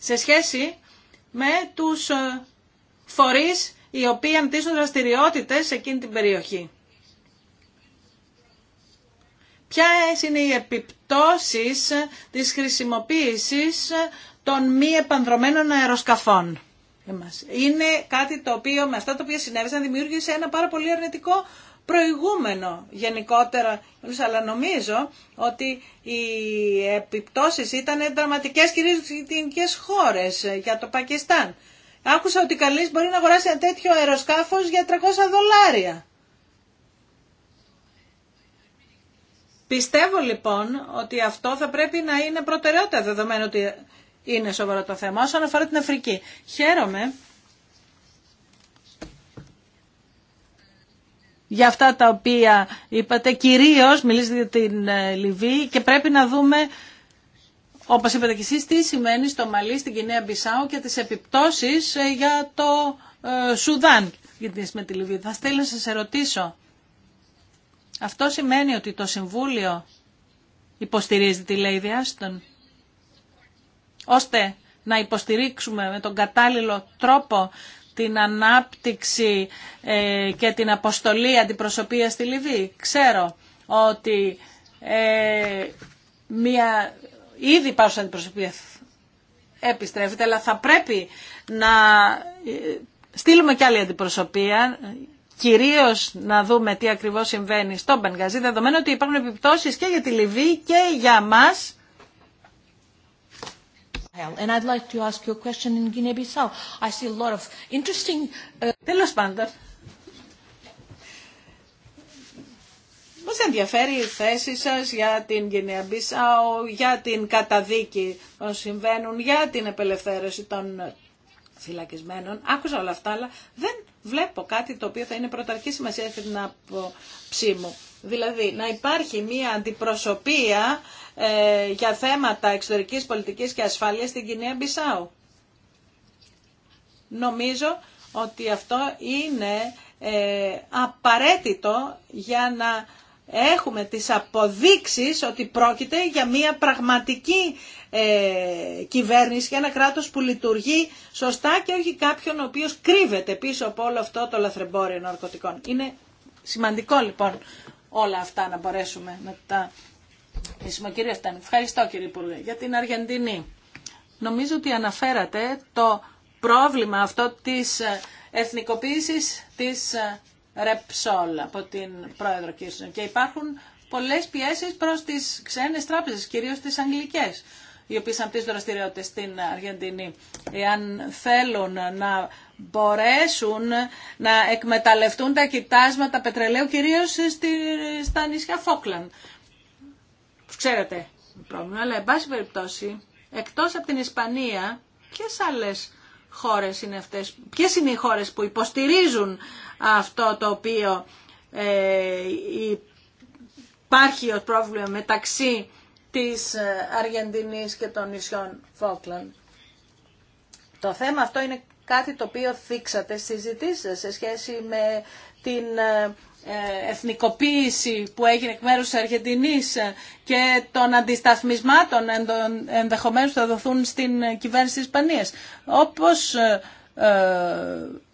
σε σχέση με τους ε, φορείς οι οποίοι αντίσουν δραστηριότητε σε εκείνη την περιοχή. Ποια είναι οι επιπτώσεις της χρησιμοποίησης των μη επανδρομένων αεροσκαφών. Είναι κάτι το οποίο με αυτά τα οποία συνέβησαν δημιούργησε ένα πάρα πολύ αρνητικό προηγούμενο γενικότερα, αλλά νομίζω ότι οι επιπτώσεις ήταν δραματικές κυρίως στις γειτονικές χώρες για το Πακιστάν. Άκουσα ότι καλής μπορεί να αγοράσει ένα τέτοιο αεροσκάφος για 300 δολάρια. Πιστεύω λοιπόν ότι αυτό θα πρέπει να είναι προτεραιότητα δεδομένου ότι είναι σοβαρό το θέμα. Όσον αφορά την Αφρική, χαίρομαι για αυτά τα οποία είπατε. Κυρίως μιλήσετε για την ε, Λιβύη και πρέπει να δούμε, όπως είπατε και εσείς, τι σημαίνει στο Μαλί, στην Κινέα Μπισάου και τις επιπτώσεις ε, για το ε, Σουδάν με τη Λιβύη. Θα στέλνω να σας ερωτήσω. Αυτό σημαίνει ότι το Συμβούλιο υποστηρίζει τη Λέιδη Άστον, ώστε να υποστηρίξουμε με τον κατάλληλο τρόπο την ανάπτυξη ε, και την αποστολή αντιπροσωπεία στη Λιβύη. Ξέρω ότι ε, μια ήδη υπάρχουσα αντιπροσωπεία επιστρέφεται, αλλά θα πρέπει να ε, στείλουμε κι άλλη αντιπροσωπεία, κυρίως να δούμε τι ακριβώς συμβαίνει στο Μπενγκαζί, δεδομένου ότι υπάρχουν επιπτώσεις και για τη Λιβύη και για μας Τέλος πάντων, μας ενδιαφέρει η θέση σας για την Guinea-Bissau, για την καταδίκη των συμβαίνουν, για την απελευθέρωση των φυλακισμένων. Άκουσα όλα αυτά, αλλά δεν βλέπω κάτι το οποίο θα είναι πρωταρχή σημασία την άποψή μου. Δηλαδή, να υπάρχει μια αντιπροσωπεία ε, για θέματα εξωτερικής πολιτικής και ασφάλειας στην Κινέα Μπισάου. Νομίζω ότι αυτό είναι ε, απαραίτητο για να έχουμε τις αποδείξεις ότι πρόκειται για μια πραγματική ε, κυβέρνηση και ένα κράτος που λειτουργεί σωστά και όχι κάποιον ο οποίος κρύβεται πίσω από όλο αυτό το λαθρεμπόριο ναρκωτικών. Είναι σημαντικό λοιπόν όλα αυτά να μπορέσουμε να τα κύριε Ευχαριστώ κύριε Υπουργέ. Για την Αργεντινή. Νομίζω ότι αναφέρατε το πρόβλημα αυτό της ε, εθνικοποίησης της ε, Ρεψόλ από την πρόεδρο Κίρσον και υπάρχουν πολλές πιέσεις προς τις ξένες τράπεζες, κυρίως τις αγγλικές οι οποίες τις δραστηριότητε στην Αργεντινή. Εάν θέλουν να μπορέσουν να εκμεταλλευτούν τα κοιτάσματα πετρελαίου κυρίως στα νησιά Φόκλαν. Ξέρετε πρόβλημα, αλλά εν πάση περιπτώσει, εκτός από την Ισπανία, ποιες άλλες χώρες είναι αυτές, ποιες είναι οι χώρες που υποστηρίζουν αυτό το οποίο ε, υπάρχει ως πρόβλημα μεταξύ της ε, Αργεντινής και των νησιών Φόκλαν. Το θέμα αυτό είναι κάτι το οποίο θίξατε στις συζητήσεις σε σχέση με την ε, ε, εθνικοποίηση που έγινε εκ μέρους της Αργεντινής και των αντισταθμισμάτων ενδεχομένως θα δοθούν στην κυβέρνηση της Ισπανίας. Όπως ε, ε,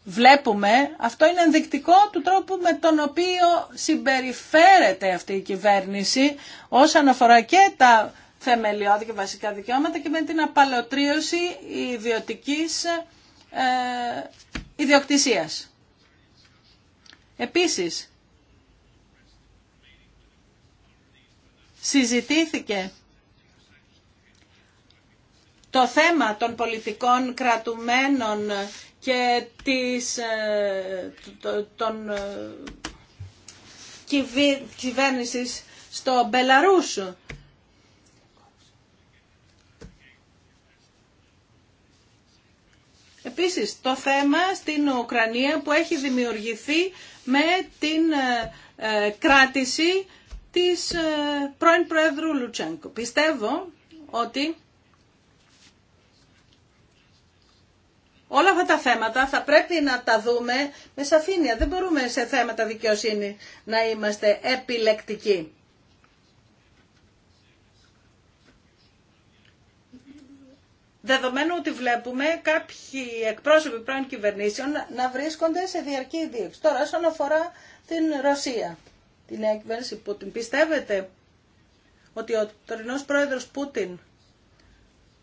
βλέπουμε, αυτό είναι ενδεικτικό του τρόπου με τον οποίο συμπεριφέρεται αυτή η κυβέρνηση όσον αφορά και τα θεμελιώδη και βασικά δικαιώματα και με την απαλωτρίωση ιδιωτικής ε, ιδιοκτησίας. Επίσης, συζητήθηκε το θέμα των πολιτικών κρατουμένων και της, ε, των ε, κυβέρνησης στο Μπελαρούσου. Επίσης, το θέμα στην Ουκρανία που έχει δημιουργηθεί με την ε, κράτηση της ε, πρώην Προέδρου Λουτσένκο. Πιστεύω ότι όλα αυτά τα θέματα θα πρέπει να τα δούμε με σαφήνεια. Δεν μπορούμε σε θέματα δικαιοσύνη να είμαστε επιλεκτικοί. Δεδομένου ότι βλέπουμε κάποιοι εκπρόσωποι πρώην κυβερνήσεων να βρίσκονται σε διαρκή δίωξη. Τώρα, όσον αφορά την Ρωσία τη νέα κυβέρνηση Πούτιν. Πιστεύετε ότι ο τωρινός πρόεδρος Πούτιν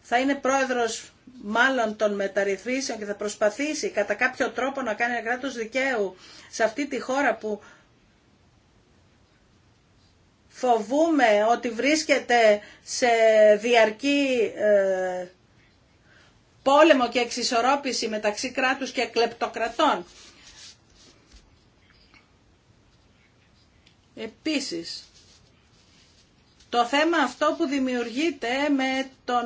θα είναι πρόεδρος μάλλον των μεταρρυθμίσεων και θα προσπαθήσει κατά κάποιο τρόπο να κάνει ένα κράτος δικαίου σε αυτή τη χώρα που φοβούμε ότι βρίσκεται σε διαρκή ε, πόλεμο και εξισορρόπηση μεταξύ κράτους και κλεπτοκρατών. Επίσης, το θέμα αυτό που δημιουργείται με τον,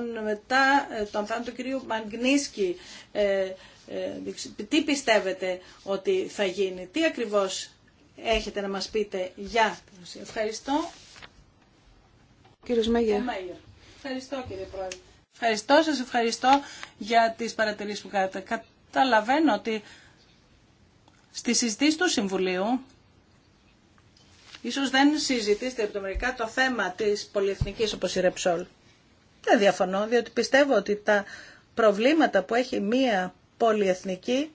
τον θάνατο του κυρίου Μαγνίσκη, ε, ε, τι πιστεύετε ότι θα γίνει, τι ακριβώς έχετε να μας πείτε για την Ευχαριστώ. Κύριος Μέγερ. Ευχαριστώ κύριε Πρόεδρε. Ευχαριστώ, σας ευχαριστώ για τις παρατηρήσεις που κάνετε. Καταλαβαίνω ότι στη συζήτηση του Συμβουλίου Ίσως δεν συζητήσετε επιτομερικά το θέμα της πολυεθνικής όπως η Ρεψόλ. Δεν διαφωνώ, διότι πιστεύω ότι τα προβλήματα που έχει μία πολυεθνική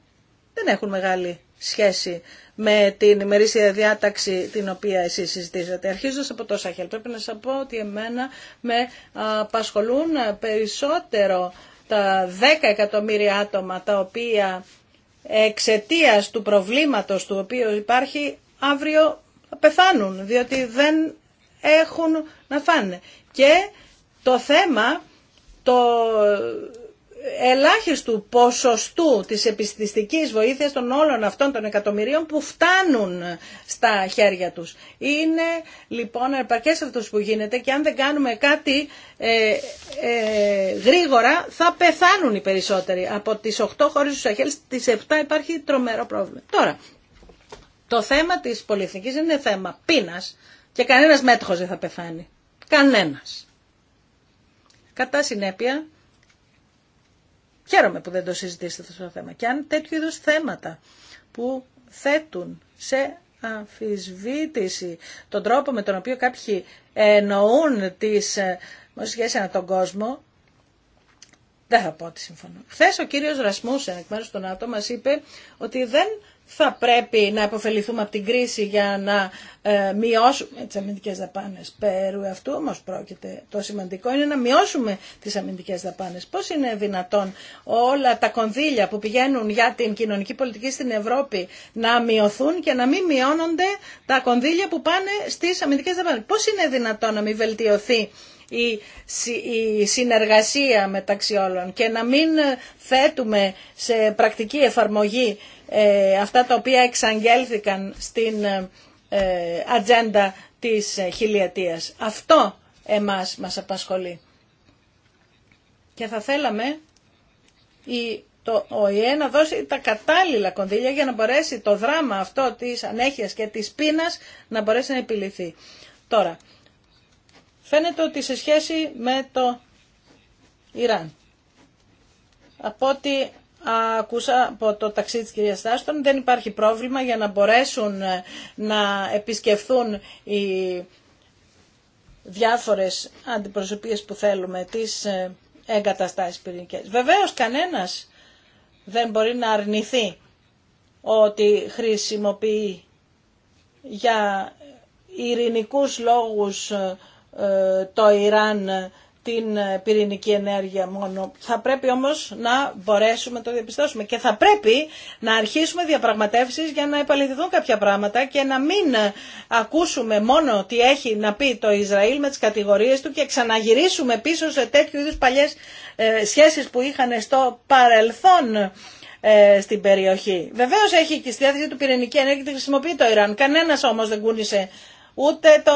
δεν έχουν μεγάλη σχέση με την ημερήσια διάταξη την οποία εσείς συζητήσατε. Αρχίζω από το Σάχελ, πρέπει να σας πω ότι εμένα με απασχολούν περισσότερο τα 10 εκατομμύρια άτομα τα οποία εξαιτία του προβλήματος του οποίου υπάρχει αύριο θα πεθάνουν διότι δεν έχουν να φάνε. Και το θέμα το ελάχιστου ποσοστού της επιστηστικής βοήθειας των όλων αυτών των εκατομμυρίων που φτάνουν στα χέρια τους. Είναι λοιπόν επαρκές αυτός που γίνεται και αν δεν κάνουμε κάτι ε, ε, γρήγορα θα πεθάνουν οι περισσότεροι. Από τις 8 χώρες του Σαχέλ στις 7 υπάρχει τρομερό πρόβλημα. Τώρα, το θέμα της πολυεθνικής είναι θέμα πείνας και κανένας μέτοχος δεν θα πεθάνει. Κανένας. Κατά συνέπεια, χαίρομαι που δεν το συζητήσετε αυτό το θέμα. Και αν τέτοιου είδους θέματα που θέτουν σε αμφισβήτηση τον τρόπο με τον οποίο κάποιοι εννοούν τις ε, σχέσεις ανά τον κόσμο, δεν θα πω ότι συμφωνώ. Χθε ο κύριος Ρασμούσεν, εκ μέρου των άτομων, μα είπε ότι δεν θα πρέπει να αποφεληθούμε από την κρίση για να ε, μειώσουμε τις αμυντικές δαπάνες. Περού αυτού όμως πρόκειται. Το σημαντικό είναι να μειώσουμε τις αμυντικές δαπάνες. Πώς είναι δυνατόν όλα τα κονδύλια που πηγαίνουν για την κοινωνική πολιτική στην Ευρώπη να μειωθούν και να μην μειώνονται τα κονδύλια που πάνε στις αμυντικές δαπάνες. Πώς είναι δυνατόν να μην βελτιωθεί η συνεργασία μεταξύ όλων και να μην θέτουμε σε πρακτική εφαρμογή ε, αυτά τα οποία εξαγγέλθηκαν στην ε, ατζέντα της ε, χιλιατίας. Αυτό εμάς μας απασχολεί. Και θα θέλαμε η, το ΟΗΕ να δώσει τα κατάλληλα κονδύλια για να μπορέσει το δράμα αυτό της ανέχειας και της πείνας να μπορέσει να επιληθεί. Τώρα, Φαίνεται ότι σε σχέση με το Ιράν. Από ό,τι ακούσα από το ταξίδι της κυρίας Στάστον, δεν υπάρχει πρόβλημα για να μπορέσουν ε, να επισκεφθούν οι διάφορες αντιπροσωπείες που θέλουμε, τις ε, εγκαταστάσεις πυρηνικές. Βεβαίως κανένας δεν μπορεί να αρνηθεί ότι χρησιμοποιεί για ειρηνικούς λόγους ε, το Ιράν την πυρηνική ενέργεια μόνο. Θα πρέπει όμως να μπορέσουμε να το διαπιστώσουμε και θα πρέπει να αρχίσουμε διαπραγματεύσεις για να επαληθευτούν κάποια πράγματα και να μην ακούσουμε μόνο τι έχει να πει το Ισραήλ με τις κατηγορίες του και ξαναγυρίσουμε πίσω σε τέτοιου είδους παλιές ε, σχέσεις που είχαν στο παρελθόν ε, στην περιοχή. Βεβαίως έχει και στη διάθεση του πυρηνική ενέργεια τη χρησιμοποιεί το Ιράν. Κανένας όμως δεν κούνησε ούτε το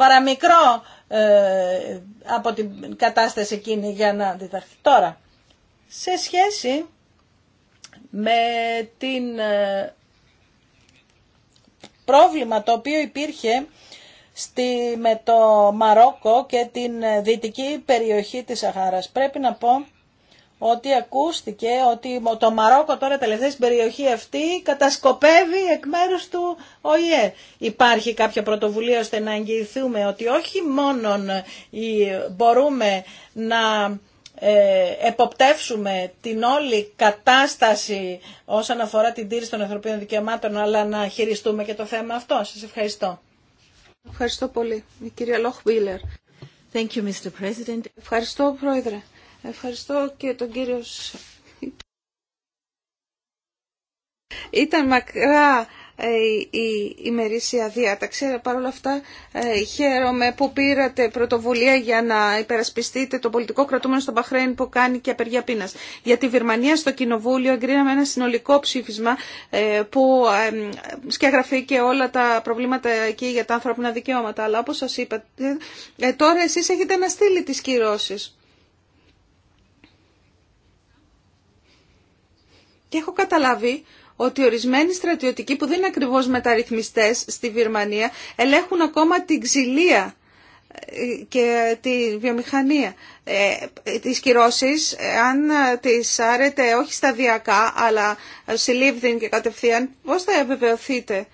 παραμικρό ε, από την κατάσταση εκείνη για να διδαχθεί. Τώρα, σε σχέση με την ε, πρόβλημα το οποίο υπήρχε στη, με το Μαρόκο και την ε, δυτική περιοχή της Σαχάρας. Πρέπει να πω ότι ακούστηκε ότι το Μαρόκο τώρα τελευταία στην περιοχή αυτή κατασκοπεύει εκ μέρους του ΟΗΕ. Υπάρχει κάποια πρωτοβουλία ώστε να εγγυηθούμε ότι όχι μόνον ε, μπορούμε να ε, εποπτεύσουμε την όλη κατάσταση όσον αφορά την τήρηση των ανθρωπίνων δικαιωμάτων, αλλά να χειριστούμε και το θέμα αυτό. Σας ευχαριστώ. Ευχαριστώ πολύ. κυρία Λόχ Thank Ευχαριστώ, Πρόεδρε. Ευχαριστώ και τον κύριο Ήταν μακρά ε, η ημερήσια διάταξη, αλλά παρόλα αυτά ε, χαίρομαι που πήρατε πρωτοβουλία για να υπερασπιστείτε το πολιτικό κρατούμενο στον Παχρέν που κάνει και απεργία πείνας. Για τη Βυρμανία στο Κοινοβούλιο εγκρίναμε ένα συνολικό ψήφισμα ε, που σκιαγραφεί και όλα τα προβλήματα εκεί για τα ανθρώπινα δικαιώματα. Αλλά όπως σας είπα, τώρα εσείς έχετε αναστείλει τις κυρώσεις. Και έχω καταλάβει ότι ορισμένοι στρατιωτικοί που δεν είναι ακριβώς μεταρρυθμιστές στη Βυρμανία ελέγχουν ακόμα την ξυλία ε, και τη βιομηχανία. Ε, τις κυρώσεις, αν τις άρετε όχι σταδιακά αλλά συλλήφθην και κατευθείαν, πώς θα επιβεβαιωθείτε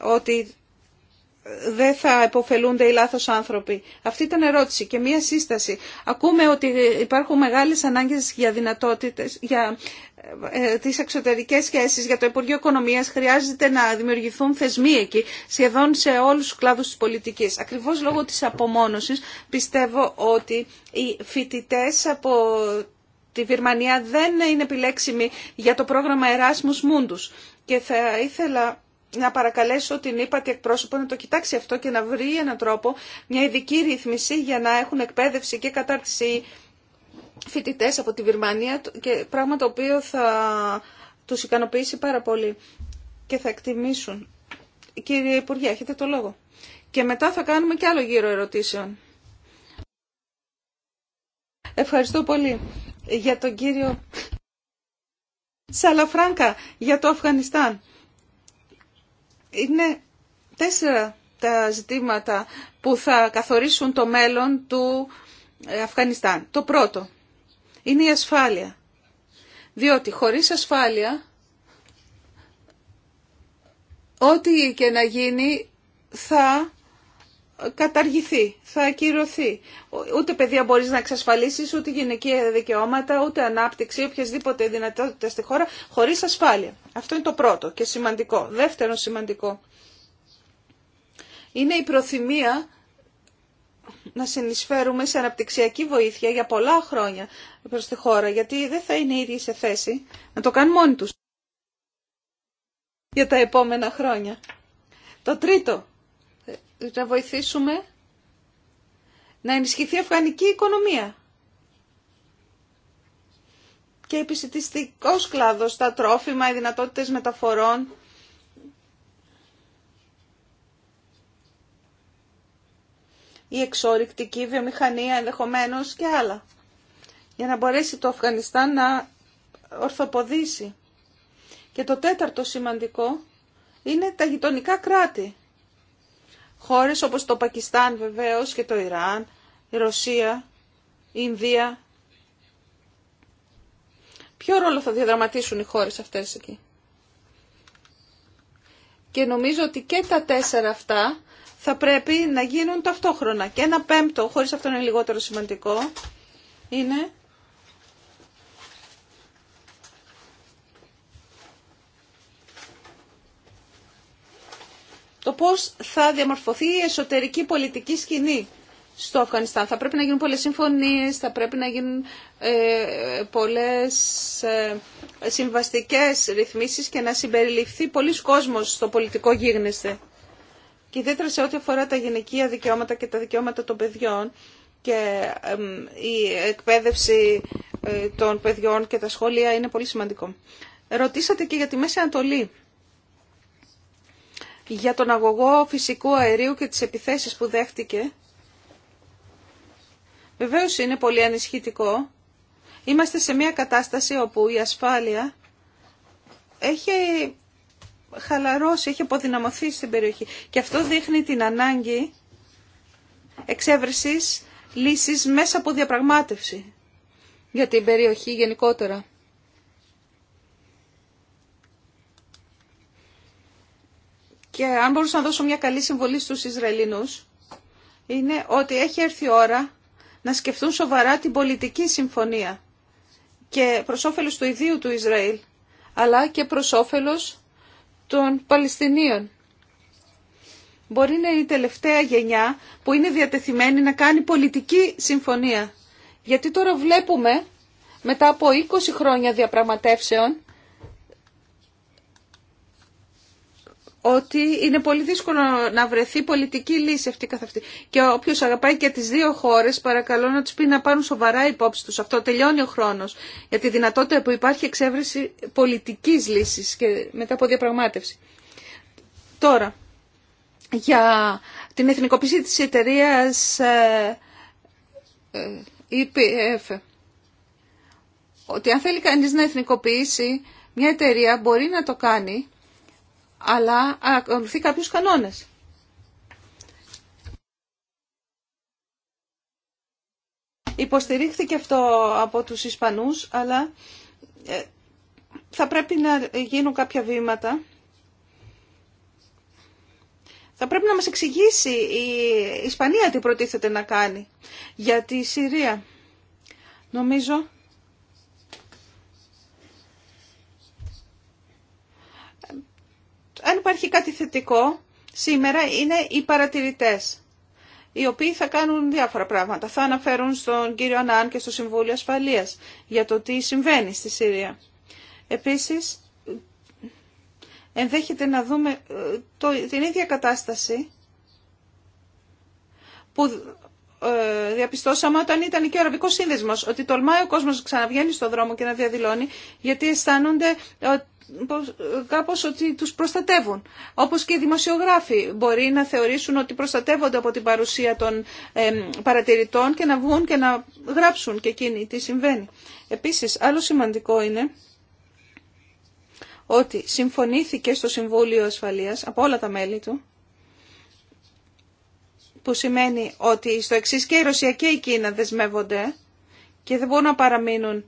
ότι δεν θα υποφελούνται οι λάθος άνθρωποι. Αυτή ήταν ερώτηση και μία σύσταση. Ακούμε ότι υπάρχουν μεγάλες ανάγκες για δυνατότητες, για ε, ε, τις εξωτερικές σχέσεις, για το Υπουργείο Οικονομίας. Χρειάζεται να δημιουργηθούν θεσμοί εκεί, σχεδόν σε όλους τους κλάδους της πολιτικής. Ακριβώς λόγω της απομόνωσης πιστεύω ότι οι φοιτητέ από τη Βυρμανία δεν είναι επιλέξιμοι για το πρόγραμμα Erasmus Mundus. Και θα ήθελα να παρακαλέσω την ύπατη εκπρόσωπο να το κοιτάξει αυτό και να βρει έναν τρόπο, μια ειδική ρύθμιση για να έχουν εκπαίδευση και κατάρτιση φοιτητέ από τη Βυρμανία και πράγμα το οποίο θα τους ικανοποιήσει πάρα πολύ και θα εκτιμήσουν. Κύριε Υπουργέ, έχετε το λόγο. Και μετά θα κάνουμε και άλλο γύρο ερωτήσεων. Ευχαριστώ πολύ για τον κύριο Σαλαφράνκα για το Αφγανιστάν. Είναι τέσσερα τα ζητήματα που θα καθορίσουν το μέλλον του ε, Αφγανιστάν. Το πρώτο είναι η ασφάλεια. Διότι χωρίς ασφάλεια, ό,τι και να γίνει θα καταργηθεί, θα ακυρωθεί. Ούτε παιδεία μπορείς να εξασφαλίσεις, ούτε γυναικεία δικαιώματα, ούτε ανάπτυξη, οποιασδήποτε δυνατότητα στη χώρα, χωρίς ασφάλεια. Αυτό είναι το πρώτο και σημαντικό. Δεύτερο σημαντικό είναι η προθυμία να συνεισφέρουμε σε αναπτυξιακή βοήθεια για πολλά χρόνια προς τη χώρα, γιατί δεν θα είναι οι ίδιοι σε θέση να το κάνουν μόνοι τους για τα επόμενα χρόνια. Το τρίτο να βοηθήσουμε να ενισχυθεί η αφγανική οικονομία. Και επιστημιστικός κλάδος, τα τρόφιμα, οι δυνατότητες μεταφορών. Η εξορρυκτική βιομηχανία ενδεχομένω και άλλα. Για να μπορέσει το Αφγανιστάν να ορθοποδήσει. Και το τέταρτο σημαντικό είναι τα γειτονικά κράτη. Χώρες όπως το Πακιστάν βεβαίως και το Ιράν, η Ρωσία, η Ινδία. Ποιο ρόλο θα διαδραματίσουν οι χώρες αυτές εκεί. Και νομίζω ότι και τα τέσσερα αυτά θα πρέπει να γίνουν ταυτόχρονα. Και ένα πέμπτο, χωρίς αυτό είναι λιγότερο σημαντικό, είναι το πώς θα διαμορφωθεί η εσωτερική πολιτική σκηνή στο Αφγανιστάν. Θα πρέπει να γίνουν πολλές συμφωνίες, θα πρέπει να γίνουν ε, πολλές ε, συμβαστικές ρυθμίσεις και να συμπεριληφθεί πολλοί κόσμος στο πολιτικό γίγνεσθε. Και ιδιαίτερα σε ό,τι αφορά τα γυναικεία δικαιώματα και τα δικαιώματα των παιδιών και η εκπαίδευση ε, των παιδιών και τα σχόλια είναι πολύ σημαντικό. Ρωτήσατε και για τη Μέση Ανατολή για τον αγωγό φυσικού αερίου και τις επιθέσεις που δέχτηκε. Βεβαίως είναι πολύ ανισχυτικό. Είμαστε σε μια κατάσταση όπου η ασφάλεια έχει χαλαρώσει, έχει αποδυναμωθεί στην περιοχή. Και αυτό δείχνει την ανάγκη εξέβρεσης λύσης μέσα από διαπραγμάτευση για την περιοχή γενικότερα. και αν μπορούσα να δώσω μια καλή συμβολή στους Ισραηλινούς, είναι ότι έχει έρθει η ώρα να σκεφτούν σοβαρά την πολιτική συμφωνία και προς όφελος του ιδίου του Ισραήλ, αλλά και προς όφελος των Παλαιστινίων. Μπορεί να είναι η τελευταία γενιά που είναι διατεθειμένη να κάνει πολιτική συμφωνία. Γιατί τώρα βλέπουμε, μετά από 20 χρόνια διαπραγματεύσεων, ότι είναι πολύ δύσκολο να βρεθεί πολιτική λύση αυτή καθ' αυτή. Και όποιο αγαπάει και τις δύο χώρες παρακαλώ να τους πει να πάρουν σοβαρά υπόψη τους. Αυτό τελειώνει ο χρόνος για τη δυνατότητα που υπάρχει εξέβρεση πολιτικής λύσης και μετά από διαπραγμάτευση. Τώρα, για την εθνικοποίηση τη εταιρεία ε, ε, EPF. Ότι αν θέλει κανεί να εθνικοποιήσει μια εταιρεία μπορεί να το κάνει αλλά ακολουθεί κάποιους κανόνες. Υποστηρίχθηκε αυτό από τους Ισπανούς, αλλά ε, θα πρέπει να γίνουν κάποια βήματα. Θα πρέπει να μας εξηγήσει η Ισπανία τι προτίθεται να κάνει για τη Συρία. Νομίζω Αν υπάρχει κάτι θετικό, σήμερα είναι οι παρατηρητές, οι οποίοι θα κάνουν διάφορα πράγματα. Θα αναφέρουν στον κύριο Ανάν και στο Συμβούλιο Ασφαλείας για το τι συμβαίνει στη Συρία. Επίσης, ενδέχεται να δούμε ε, το, την ίδια κατάσταση που ε, διαπιστώσαμε όταν ήταν και ο Αραβικό Σύνδεσμο, ότι τολμάει ο κόσμο ξαναβγαίνει στον δρόμο και να διαδηλώνει, γιατί αισθάνονται κάπως ότι τους προστατεύουν. Όπως και οι δημοσιογράφοι μπορεί να θεωρήσουν ότι προστατεύονται από την παρουσία των παρατηρητών και να βγουν και να γράψουν και εκείνοι τι συμβαίνει. Επίσης, άλλο σημαντικό είναι ότι συμφωνήθηκε στο Συμβούλιο Ασφαλείας από όλα τα μέλη του που σημαίνει ότι στο εξή και η Ρωσία και η Κίνα δεσμεύονται και δεν μπορούν να παραμείνουν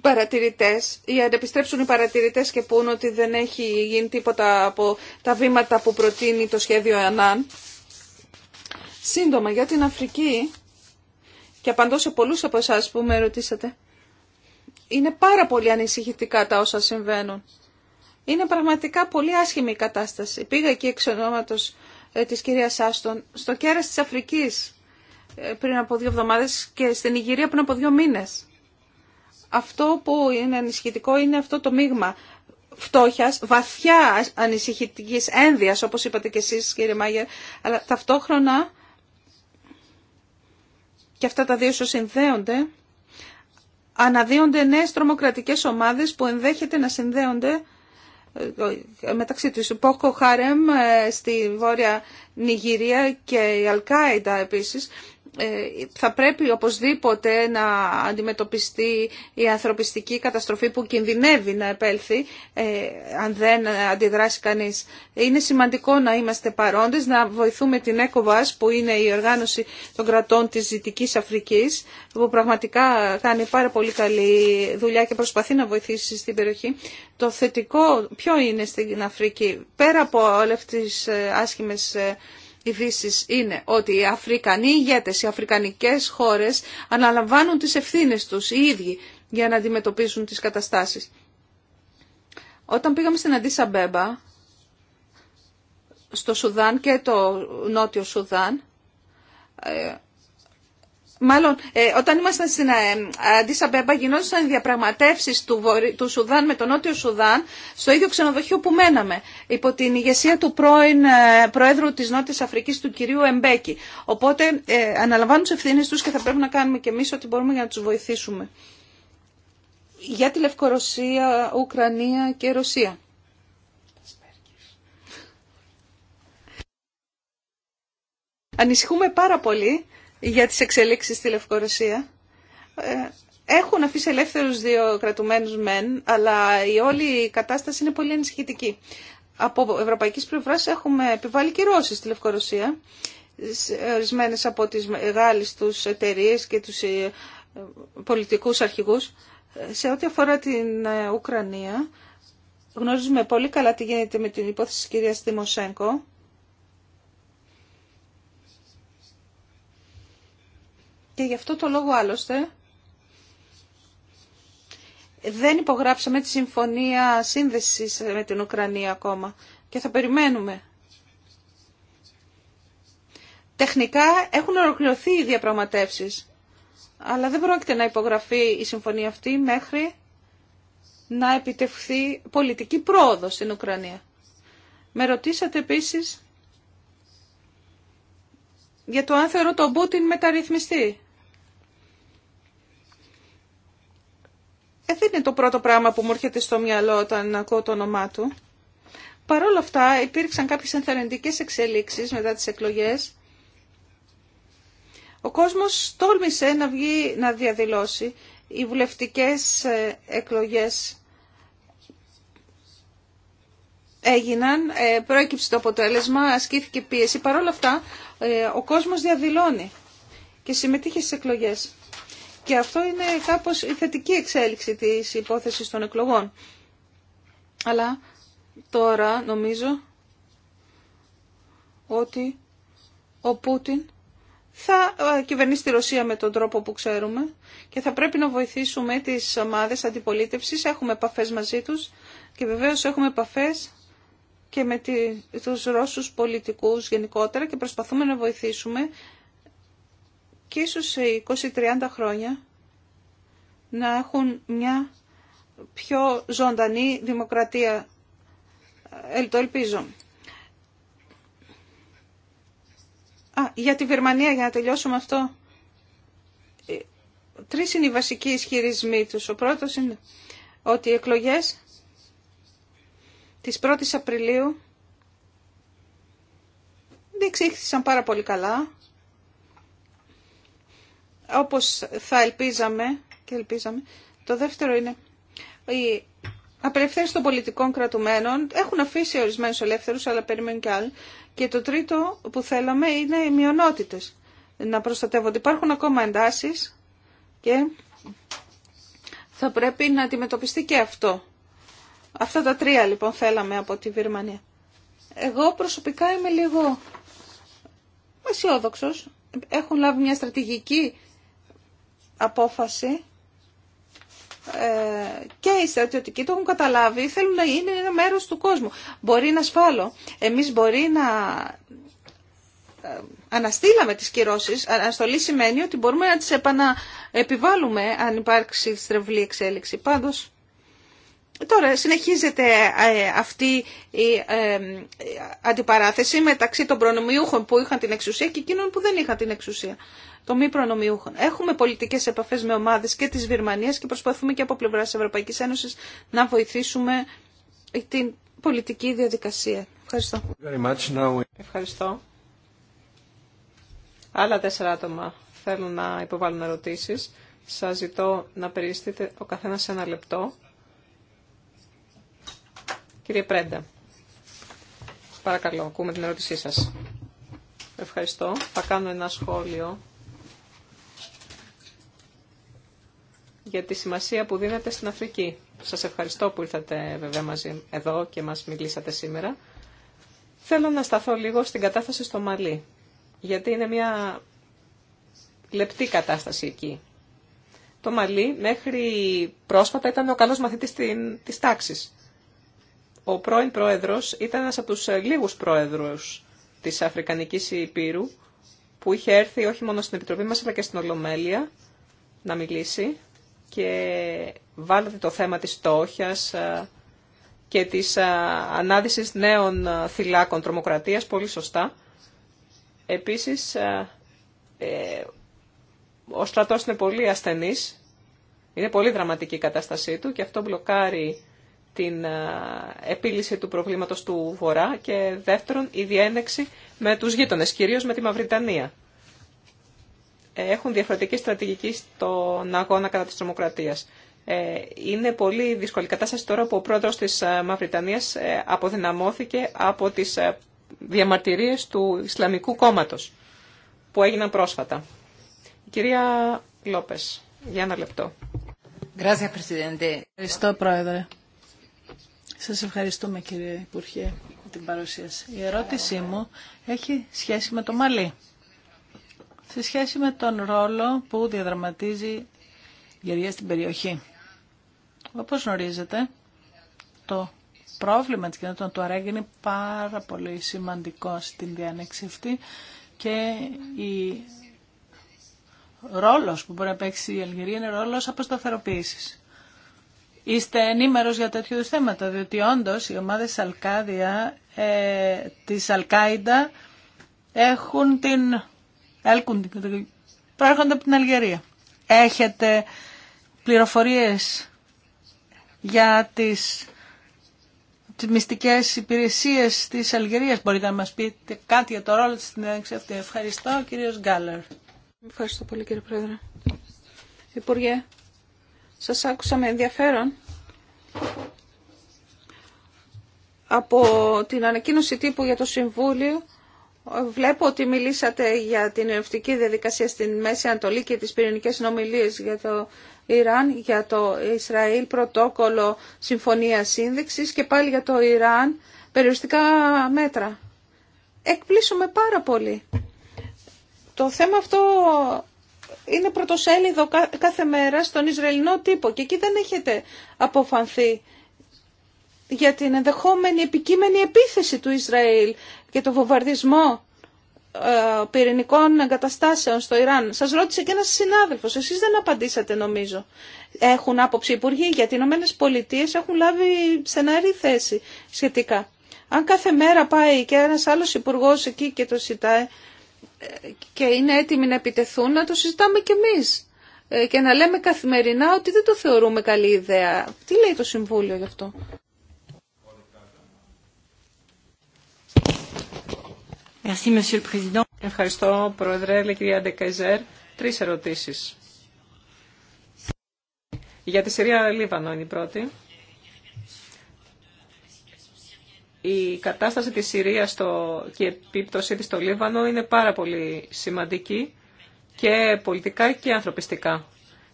παρατηρητές ή αν επιστρέψουν οι παρατηρητές και πούν ότι δεν έχει γίνει τίποτα από τα βήματα που προτείνει το σχέδιο ανάν. Σύντομα για την Αφρική και απαντώ σε πολλούς από εσά που με ρωτήσατε. Είναι πάρα πολύ ανησυχητικά τα όσα συμβαίνουν. Είναι πραγματικά πολύ άσχημη η κατάσταση. Πήγα εκεί εξ ονόματος ε, της κυρίας Άστον στο κέρας της Αφρικής ε, πριν από δύο εβδομάδες και στην Ιγυρία πριν από δύο μήνες. Αυτό που είναι ανησυχητικό είναι αυτό το μείγμα φτώχειας, βαθιά ανησυχητικής ένδυας, όπως είπατε και εσείς κύριε Μάγερ, αλλά ταυτόχρονα και αυτά τα δύο συνδέονται, αναδύονται νέες τρομοκρατικές ομάδες που ενδέχεται να συνδέονται ε, μεταξύ τους Πόκο Χάρεμ ε, στη Βόρεια Νιγηρία και η Αλκάιντα επίσης ε, θα πρέπει οπωσδήποτε να αντιμετωπιστεί η ανθρωπιστική καταστροφή που κινδυνεύει να επέλθει ε, αν δεν αντιδράσει κανείς. Είναι σημαντικό να είμαστε παρόντες, να βοηθούμε την ΕΚΟΒΑΣ που είναι η οργάνωση των κρατών της Δυτικής Αφρικής που πραγματικά κάνει πάρα πολύ καλή δουλειά και προσπαθεί να βοηθήσει στην περιοχή. Το θετικό ποιο είναι στην Αφρική πέρα από όλες τις ε, άσχημες ειδήσει είναι ότι οι Αφρικανοί ηγέτες, οι Αφρικανικές χώρες αναλαμβάνουν τις ευθύνες τους οι ίδιοι για να αντιμετωπίσουν τις καταστάσεις. Όταν πήγαμε στην Αντίσα Μπέμπα, στο Σουδάν και το Νότιο Σουδάν, ε, Μάλλον, ε, όταν ήμασταν στην Αντισαμπέμπα ε, γινόντουσαν διαπραγματεύσεις του, του Σουδάν με τον Νότιο Σουδάν στο ίδιο ξενοδοχείο που μέναμε, υπό την ηγεσία του πρώην ε, Προέδρου της Νότιας Αφρικής, του κυρίου Εμπέκη. Οπότε, ε, αναλαμβάνουν τι ευθύνες τους και θα πρέπει να κάνουμε και εμείς ό,τι μπορούμε για να τους βοηθήσουμε. Για τη Λευκορωσία, Ουκρανία και Ρωσία. Ανησυχούμε πάρα πολύ για τις εξελίξεις στη Λευκορωσία. Ε, έχουν αφήσει ελεύθερους δύο κρατουμένους μεν, αλλά η όλη κατάσταση είναι πολύ ενισχυτική. Από ευρωπαϊκής πλευράς έχουμε επιβάλει κυρώσεις στη Λευκορωσία, ορισμένες από τις μεγάλες τους εταιρείες και τους ε, πολιτικούς αρχηγούς. Σε ό,τι αφορά την ε, Ουκρανία, γνωρίζουμε πολύ καλά τι γίνεται με την υπόθεση της κυρίας Δημοσέγκο Και γι' αυτό το λόγο άλλωστε δεν υπογράψαμε τη συμφωνία σύνδεσης με την Ουκρανία ακόμα και θα περιμένουμε. Τεχνικά έχουν ολοκληρωθεί οι διαπραγματεύσεις, αλλά δεν πρόκειται να υπογραφεί η συμφωνία αυτή μέχρι να επιτευχθεί πολιτική πρόοδος στην Ουκρανία. Με ρωτήσατε επίσης για το αν θεωρώ τον Πούτιν μεταρρυθμιστή. ε, δεν είναι το πρώτο πράγμα που μου έρχεται στο μυαλό όταν ακούω το όνομά του. Παρ' όλα αυτά υπήρξαν κάποιες ενθαρρυντικές εξελίξεις μετά τις εκλογές. Ο κόσμος τόλμησε να βγει να διαδηλώσει. Οι βουλευτικές ε, εκλογές έγιναν, ε, πρόεκυψε το αποτέλεσμα, ασκήθηκε πίεση. Παρ' όλα αυτά ε, ο κόσμος διαδηλώνει και συμμετείχε στις εκλογές. Και αυτό είναι κάπως η θετική εξέλιξη της υπόθεσης των εκλογών. Αλλά τώρα νομίζω ότι ο Πούτιν θα ε, κυβερνήσει τη Ρωσία με τον τρόπο που ξέρουμε και θα πρέπει να βοηθήσουμε τις ομάδες αντιπολίτευσης. Έχουμε επαφές μαζί τους και βεβαίως έχουμε επαφές και με τους Ρώσους πολιτικούς γενικότερα και προσπαθούμε να βοηθήσουμε και ίσως σε 20-30 χρόνια να έχουν μια πιο ζωντανή δημοκρατία. Ε, το ελπίζω. Α, για τη Βερμανία, για να τελειώσουμε αυτό. Ε, τρεις είναι οι βασικοί ισχυρισμοί τους. Ο πρώτος είναι ότι οι εκλογές της 1ης Απριλίου δεν εξήχθησαν πάρα πολύ καλά όπως θα ελπίζαμε και ελπίζαμε. Το δεύτερο είναι η απελευθέρωση των πολιτικών κρατουμένων. Έχουν αφήσει ορισμένους ελεύθερους, αλλά περιμένουν κι άλλοι. Και το τρίτο που θέλαμε είναι οι μειονότητες να προστατεύονται. Υπάρχουν ακόμα εντάσεις και θα πρέπει να αντιμετωπιστεί και αυτό. Αυτά τα τρία λοιπόν θέλαμε από τη Βυρμανία. Εγώ προσωπικά είμαι λίγο αισιόδοξο. Έχουν λάβει μια στρατηγική απόφαση ε, και οι στρατιωτικοί το έχουν καταλάβει, θέλουν να είναι ένα μέρος του κόσμου. Μπορεί να σφάλω. Εμείς μπορεί να ε, αναστήλαμε τις κυρώσεις. Αναστολή σημαίνει ότι μπορούμε να τις επαναεπιβάλλουμε αν υπάρξει στρεβλή εξέλιξη. Πάντως, Τώρα συνεχίζεται ε, αυτή η ε, αντιπαράθεση μεταξύ των προνομιούχων που είχαν την εξουσία και εκείνων που δεν είχαν την εξουσία, το μη προνομιούχων. Έχουμε πολιτικές επαφές με ομάδες και της Βυρμανίας και προσπαθούμε και από πλευρά της Ευρωπαϊκής Ένωσης να βοηθήσουμε την πολιτική διαδικασία. Ευχαριστώ. Ευχαριστώ. Άλλα τέσσερα άτομα θέλουν να υποβάλουν ερωτήσεις. Σας ζητώ να περιοριστείτε ο καθένας ένα λεπτό Κύριε Πρέντα, παρακαλώ, ακούμε την ερώτησή σας. Ευχαριστώ. Θα κάνω ένα σχόλιο για τη σημασία που δίνετε στην Αφρική. Σας ευχαριστώ που ήρθατε βέβαια μαζί εδώ και μας μιλήσατε σήμερα. Θέλω να σταθώ λίγο στην κατάσταση στο Μαλί, γιατί είναι μια λεπτή κατάσταση εκεί. Το Μαλί μέχρι πρόσφατα ήταν ο καλός μαθητής της τάξης. Ο πρώην πρόεδρος ήταν ένας από τους ε, λίγους πρόεδρους της Αφρικανικής Υπήρου που είχε έρθει όχι μόνο στην Επιτροπή μας αλλά και στην Ολομέλεια να μιλήσει και βάλατε το θέμα της στόχιας ε, και της ε, ανάδυσης νέων θυλάκων τρομοκρατίας πολύ σωστά. Επίσης, ο στρατός είναι πολύ ασθενής, είναι πολύ δραματική η κατάστασή του και αυτό μπλοκάρει την επίλυση του προβλήματος του Βορρά και δεύτερον η διένεξη με τους γείτονες, κυρίως με τη Μαυριτανία. Έχουν διαφορετική στρατηγική στον αγώνα κατά της τρομοκρατίας. Ε, είναι πολύ δύσκολη κατάσταση τώρα που ο πρόεδρος της Μαυριτανίας ε, αποδυναμώθηκε από τις διαμαρτυρίες του Ισλαμικού κόμματος που έγιναν πρόσφατα. κυρία Λόπες, για ένα λεπτό. Ευχαριστώ, Πρόεδρε. Σας ευχαριστούμε κύριε Υπουργέ για την παρουσίαση. Η ερώτησή μου έχει σχέση με το Μαλί. Σε σχέση με τον ρόλο που διαδραματίζει η γερία στην περιοχή. Όπως γνωρίζετε, το πρόβλημα της κοινότητας του Αρέγγι είναι πάρα πολύ σημαντικό στην διάνεξη αυτή και η ρόλος που μπορεί να παίξει η Αλγερία είναι ρόλος αποσταθεροποίησης είστε ενήμερο για τέτοιου θέματα, διότι όντω οι ομάδες Αλκάδια, ε, της Αλκάιντα έχουν την... Έλκουν, προέρχονται από την Αλγερία. Έχετε πληροφορίε για τι τις μυστικές υπηρεσίες της Αλγερίας. Μπορείτε να μας πείτε κάτι για το ρόλο της στην αυτή. Ευχαριστώ, κύριος Γκάλερ. Ευχαριστώ πολύ, κύριε Πρόεδρε. Υπουργέ, σας άκουσα με ενδιαφέρον από την ανακοίνωση τύπου για το Συμβούλιο Βλέπω ότι μιλήσατε για την ειρηνευτική διαδικασία στην Μέση Ανατολή και τις πυρηνικές συνομιλίες για το Ιράν, για το Ισραήλ, πρωτόκολλο συμφωνία σύνδεξης και πάλι για το Ιράν, περιοριστικά μέτρα. Εκπλήσουμε πάρα πολύ. Το θέμα αυτό είναι πρωτοσέλιδο κάθε μέρα στον Ισραηλινό τύπο και εκεί δεν έχετε αποφανθεί για την ενδεχόμενη επικείμενη επίθεση του Ισραήλ και το βομβαρδισμό ε, πυρηνικών εγκαταστάσεων στο Ιράν. Σας ρώτησε και ένας συνάδελφος, εσείς δεν απαντήσατε νομίζω. Έχουν άποψη οι υπουργοί γιατί οι Ηνωμένες Πολιτείες έχουν λάβει στεναρή θέση σχετικά. Αν κάθε μέρα πάει και ένας άλλος υπουργός εκεί και το σητάει και είναι έτοιμοι να επιτεθούν να το συζητάμε κι εμείς ε, και να λέμε καθημερινά ότι δεν το θεωρούμε καλή ιδέα. Τι λέει το Συμβούλιο γι' αυτό. Ευχαριστώ, Πρόεδρε, λέει κυρία Ντεκαϊζέρ. Τρεις ερωτήσεις. Για τη Συρία Λίβανο είναι η πρώτη. η κατάσταση της Συρίας στο, και η επίπτωσή της στο Λίβανο είναι πάρα πολύ σημαντική και πολιτικά και ανθρωπιστικά.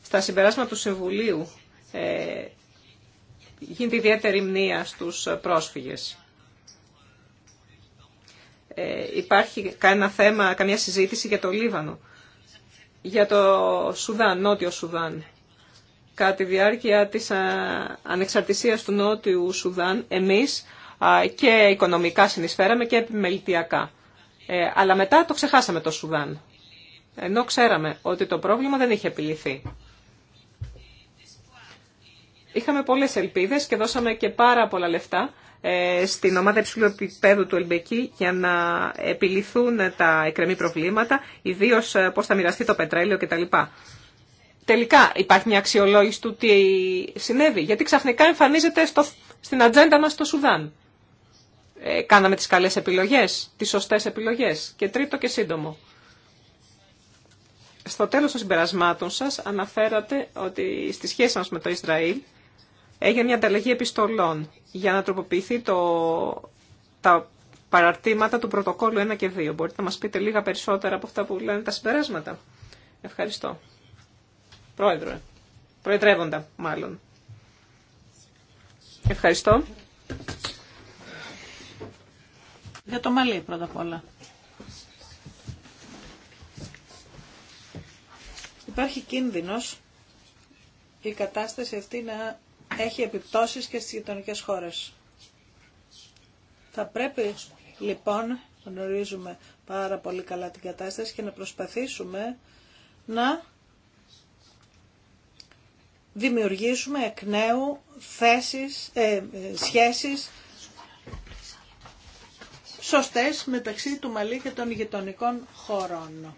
Στα συμπεράσματα του Συμβουλίου ε, γίνεται ιδιαίτερη μνήμα στους πρόσφυγες. Ε, υπάρχει κανένα θέμα, καμιά συζήτηση για το Λίβανο, για το Σουδάν, Νότιο Σουδάν. Κατά τη διάρκεια της ε, ανεξαρτησίας του Νότιου Σουδάν, εμείς και οικονομικά συνεισφέραμε και επιμελητιακά. Ε, αλλά μετά το ξεχάσαμε το Σουδάν. Ενώ ξέραμε ότι το πρόβλημα δεν είχε επιληθεί. Είχαμε πολλές ελπίδες και δώσαμε και πάρα πολλά λεφτά ε, στην ομάδα υψηλού επίπεδου του Ελμπεκή για να επιληθούν τα εκκρεμή προβλήματα, ιδίω ε, πώ θα μοιραστεί το πετρέλαιο κτλ. Τελικά υπάρχει μια αξιολόγηση του τι συνέβη, γιατί ξαφνικά εμφανίζεται στο, στην ατζέντα μας το Σουδάν. Ε, κάναμε τις καλές επιλογές, τις σωστές επιλογές. Και τρίτο και σύντομο. Στο τέλος των συμπερασμάτων σας αναφέρατε ότι στη σχέση μας με το Ισραήλ έγινε μια ανταλλαγή επιστολών για να τροποποιηθεί το, τα παραρτήματα του πρωτοκόλλου 1 και 2. Μπορείτε να μας πείτε λίγα περισσότερα από αυτά που λένε τα συμπεράσματα. Ευχαριστώ. Πρόεδρε. Προεδρεύοντα, μάλλον. Ευχαριστώ. Για το Μαλί πρώτα απ' όλα. Υπάρχει κίνδυνος η κατάσταση αυτή να έχει επιπτώσεις και στις γειτονικές χώρες. Θα πρέπει λοιπόν, γνωρίζουμε πάρα πολύ καλά την κατάσταση και να προσπαθήσουμε να δημιουργήσουμε εκ νέου θέσεις, ε, ε, σχέσεις σωστές μεταξύ του Μαλή και των γειτονικών χωρών.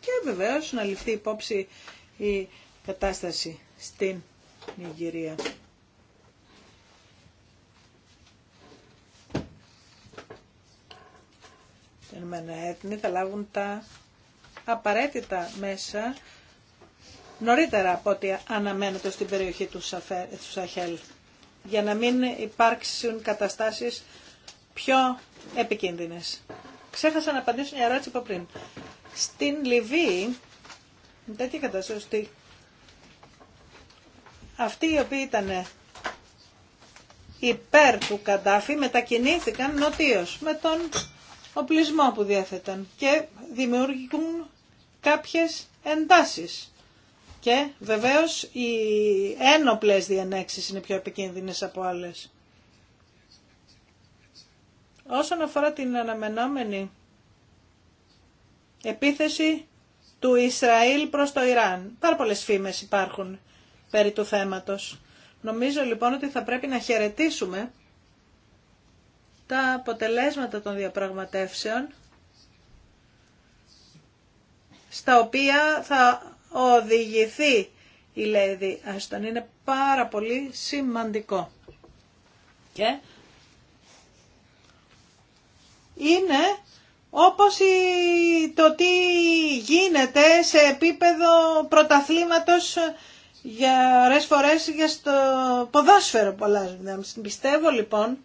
Και βεβαίως να ληφθεί υπόψη η κατάσταση στην Νιγηρία. Ηνωμένα Έθνη θα λάβουν τα απαραίτητα μέσα νωρίτερα από ό,τι αναμένεται στην περιοχή του Σαχέλ για να μην υπάρξουν καταστάσεις πιο επικίνδυνες. Ξέχασα να απαντήσω μια ερώτηση από πριν. Στην Λιβύη, τέτοια κατάσταση, αυτοί οι οποίοι ήταν υπέρ του Καντάφη μετακινήθηκαν νοτίως με τον οπλισμό που διέθεταν και δημιουργούν κάποιες εντάσεις και βεβαίως οι ένοπλες διενέξεις είναι πιο επικίνδυνες από άλλες. Όσον αφορά την αναμενόμενη επίθεση του Ισραήλ προς το Ιράν. Πάρα πολλές φήμες υπάρχουν περί του θέματος. Νομίζω λοιπόν ότι θα πρέπει να χαιρετήσουμε τα αποτελέσματα των διαπραγματεύσεων στα οποία θα οδηγηθεί η Λέιδη Άστον. Είναι πάρα πολύ σημαντικό. Και είναι όπως το τι γίνεται σε επίπεδο πρωταθλήματος για ωραίες φορές για στο ποδόσφαιρο πολλά. Πιστεύω λοιπόν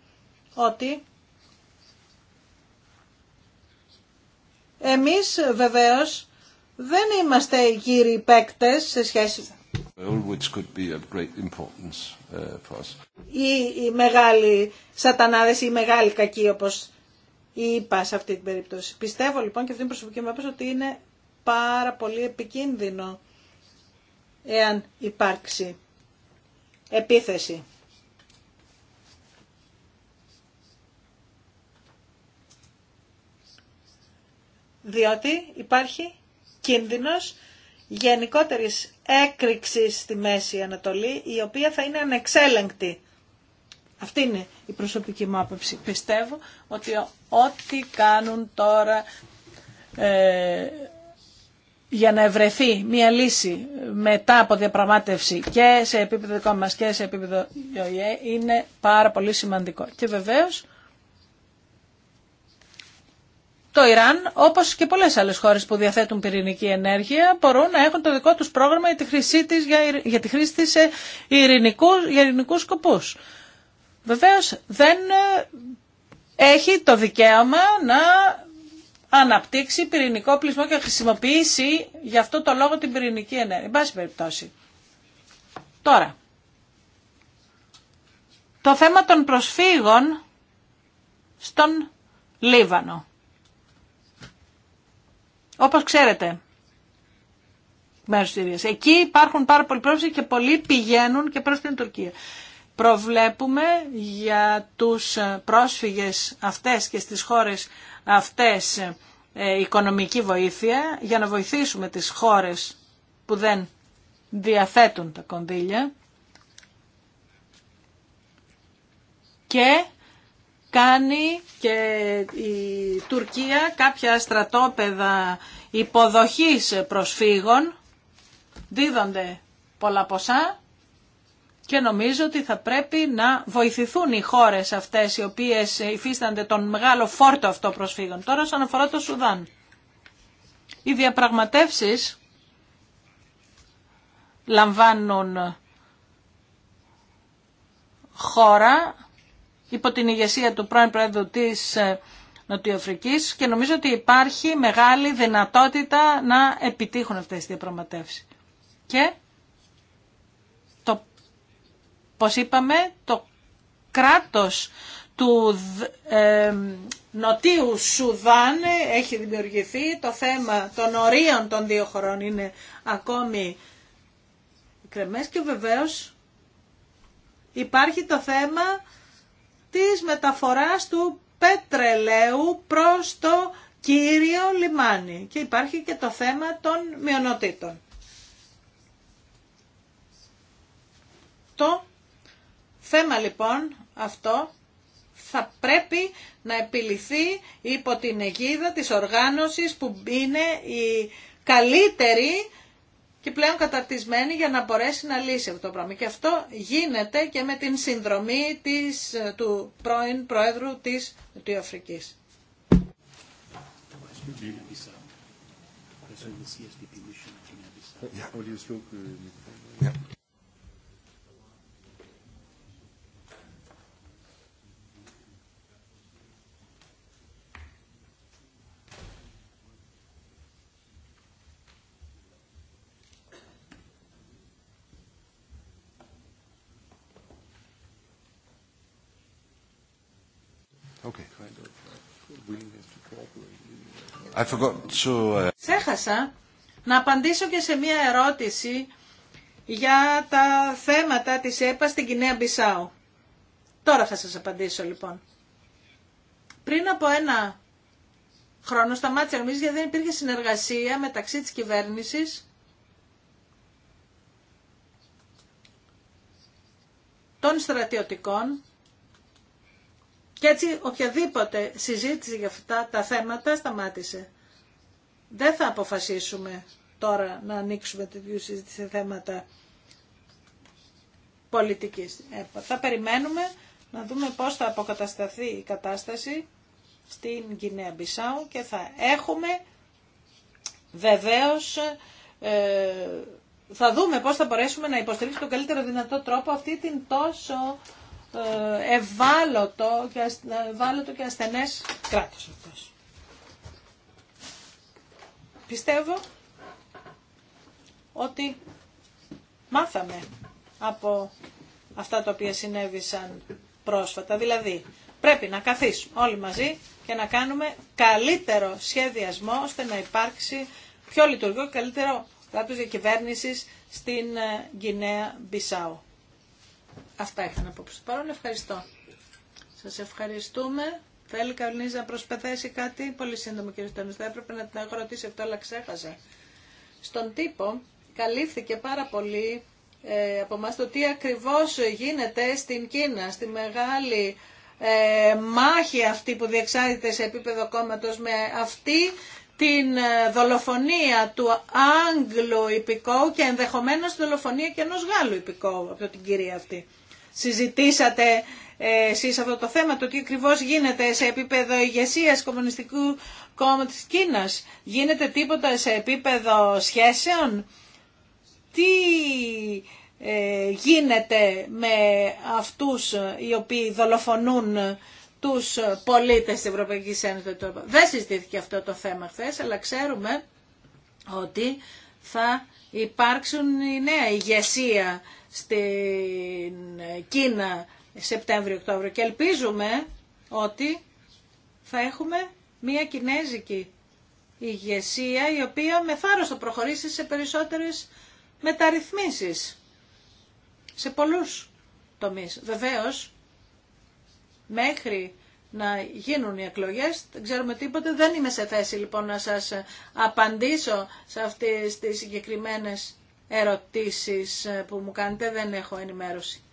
ότι εμείς βεβαίως δεν είμαστε κύριοι παίκτε σε σχέση... Which could be of great importance uh, for us. Ή οι μεγάλοι σατανάδες ή οι μεγάλοι κακοί όπω είπα σε αυτή την περίπτωση. Πιστεύω λοιπόν και αυτή την προσωπική μου ότι είναι πάρα πολύ επικίνδυνο εάν υπάρξει επίθεση. Διότι υπάρχει κίνδυνος γενικότερης έκρηξης στη Μέση Ανατολή, η οποία θα είναι ανεξέλεγκτη. Αυτή είναι η προσωπική μου άποψη. Πιστεύω ότι ό,τι κάνουν τώρα ε, για να ευρεθεί μια λύση μετά από διαπραγμάτευση και σε επίπεδο δικό μας και σε επίπεδο ΙΟΙΕ είναι πάρα πολύ σημαντικό. Και βεβαίως το Ιράν, όπως και πολλές άλλες χώρες που διαθέτουν πυρηνική ενέργεια, μπορούν να έχουν το δικό τους πρόγραμμα για τη χρήση της, για, τη χρήση σε ειρηνικούς, για ειρηνικούς σκοπούς. Βεβαίως δεν ε, έχει το δικαίωμα να αναπτύξει πυρηνικό πλεισμό και χρησιμοποιήσει γι' αυτό το λόγο την πυρηνική ενέργεια. Εν πάση περιπτώσει. Τώρα, το θέμα των προσφύγων στον Λίβανο. Όπως ξέρετε, μέρος της Συρίας. Εκεί υπάρχουν πάρα πολλοί πρόσφυγες και πολλοί πηγαίνουν και προς την Τουρκία. Προβλέπουμε για τους πρόσφυγες αυτές και στις χώρες αυτές ε, οικονομική βοήθεια για να βοηθήσουμε τις χώρες που δεν διαθέτουν τα κονδύλια και κάνει και η Τουρκία κάποια στρατόπεδα υποδοχής προσφύγων, δίδονται πολλά ποσά και νομίζω ότι θα πρέπει να βοηθηθούν οι χώρες αυτές οι οποίες υφίστανται τον μεγάλο φόρτο αυτό προσφύγων. Τώρα σαν αφορά το Σουδάν. Οι διαπραγματεύσεις λαμβάνουν χώρα υπό την ηγεσία του πρώην Πρόεδρου της ε, Νοτιοαφρικής και νομίζω ότι υπάρχει μεγάλη δυνατότητα να επιτύχουν αυτές τις διαπραγματεύσεις. Και, το, πώς είπαμε, το κράτος του ε, Νοτίου Σουδάν έχει δημιουργηθεί. Το θέμα των ορίων των δύο χωρών είναι ακόμη κρεμές και βεβαίως υπάρχει το θέμα της μεταφοράς του πετρελαίου προς το κύριο λιμάνι. Και υπάρχει και το θέμα των μειονοτήτων. Το θέμα λοιπόν αυτό θα πρέπει να επιληθεί υπό την αιγίδα της οργάνωσης που είναι η καλύτερη και πλέον καταρτισμένη για να μπορέσει να λύσει αυτό το πράγμα. Και αυτό γίνεται και με την συνδρομή της, του πρώην Προέδρου της Νοτιοαφρικής. Yeah. Okay. I forgot uh, να απαντήσω και σε μία ερώτηση για τα θέματα της ΕΠΑ στην Κινέα Μπισάου. Τώρα θα σας απαντήσω λοιπόν. Πριν από ένα χρόνο σταμάτησε νομίζω γιατί δεν υπήρχε συνεργασία μεταξύ της κυβέρνησης των στρατιωτικών και έτσι οποιαδήποτε συζήτηση για αυτά τα θέματα σταμάτησε. Δεν θα αποφασίσουμε τώρα να ανοίξουμε τη συζήτηση σε θέματα πολιτικής. Ε, θα περιμένουμε να δούμε πώς θα αποκατασταθεί η κατάσταση στην Κινέα Μπισάου και θα έχουμε βεβαίως ε, θα δούμε πώς θα μπορέσουμε να υποστηρίξουμε τον καλύτερο δυνατό τρόπο αυτή την τόσο ε, ευάλωτο και, ε, ευάλωτο και ασθενές κράτος αυτός. Πιστεύω ότι μάθαμε από αυτά τα οποία συνέβησαν πρόσφατα. Δηλαδή, πρέπει να καθίσουμε όλοι μαζί και να κάνουμε καλύτερο σχεδιασμό ώστε να υπάρξει πιο λειτουργικό και καλύτερο κράτος διακυβέρνησης στην ε, Γκινέα Μπισάου. Αυτά είχα να πω προς παρόν. Ευχαριστώ. Σας ευχαριστούμε. Θέλει κανείς να προσπαθήσει κάτι. Πολύ σύντομο κύριε Στέμις. Θα έπρεπε να την αγροτήσει αυτό, αλλά ξέχασα. Στον τύπο καλύφθηκε πάρα πολύ ε, από εμάς το τι ακριβώς γίνεται στην Κίνα, στη μεγάλη ε, μάχη αυτή που διεξάγεται σε επίπεδο κόμματος με αυτή την ε, δολοφονία του Άγγλου υπηκόου και ενδεχομένως τη δολοφονία και ενός Γάλλου υπηκόου από την κυρία αυτή συζητήσατε ε, εσείς αυτό το θέμα, το τι ακριβώ γίνεται σε επίπεδο ηγεσία Κομμουνιστικού Κόμματο της Κίνας. Γίνεται τίποτα σε επίπεδο σχέσεων. Τι ε, γίνεται με αυτούς οι οποίοι δολοφονούν τους πολίτες της Ευρωπαϊκής Ένωσης. Δεν συζητήθηκε αυτό το θέμα χθε, αλλά ξέρουμε ότι θα υπάρξουν η νέα ηγεσία στην Κίνα Σεπτέμβριο-Οκτώβριο και ελπίζουμε ότι θα έχουμε μια κινέζικη ηγεσία η οποία με θάρρος θα προχωρήσει σε περισσότερες μεταρρυθμίσεις σε πολλούς τομείς. Βεβαίως, μέχρι να γίνουν οι εκλογές, δεν ξέρουμε τίποτε, δεν είμαι σε θέση λοιπόν να σας απαντήσω σε αυτές τις συγκεκριμένες ερωτήσεις ε, που μου κάνετε. Δεν έχω ενημέρωση.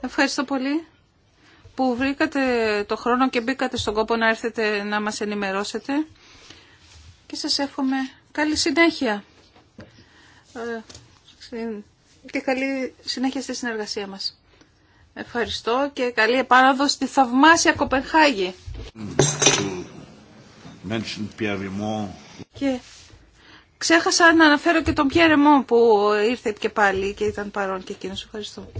Ευχαριστώ πολύ που βρήκατε το χρόνο και μπήκατε στον κόπο να έρθετε να μας ενημερώσετε και σας εύχομαι καλή συνέχεια ε, και καλή συνέχεια στη συνεργασία μας. Ευχαριστώ και καλή επάνωδο στη θαυμάσια Κοπενχάγη. Και ξέχασα να αναφέρω και τον Πιέρεμον που ήρθε και πάλι και ήταν παρόν και εκείνος. Ευχαριστώ.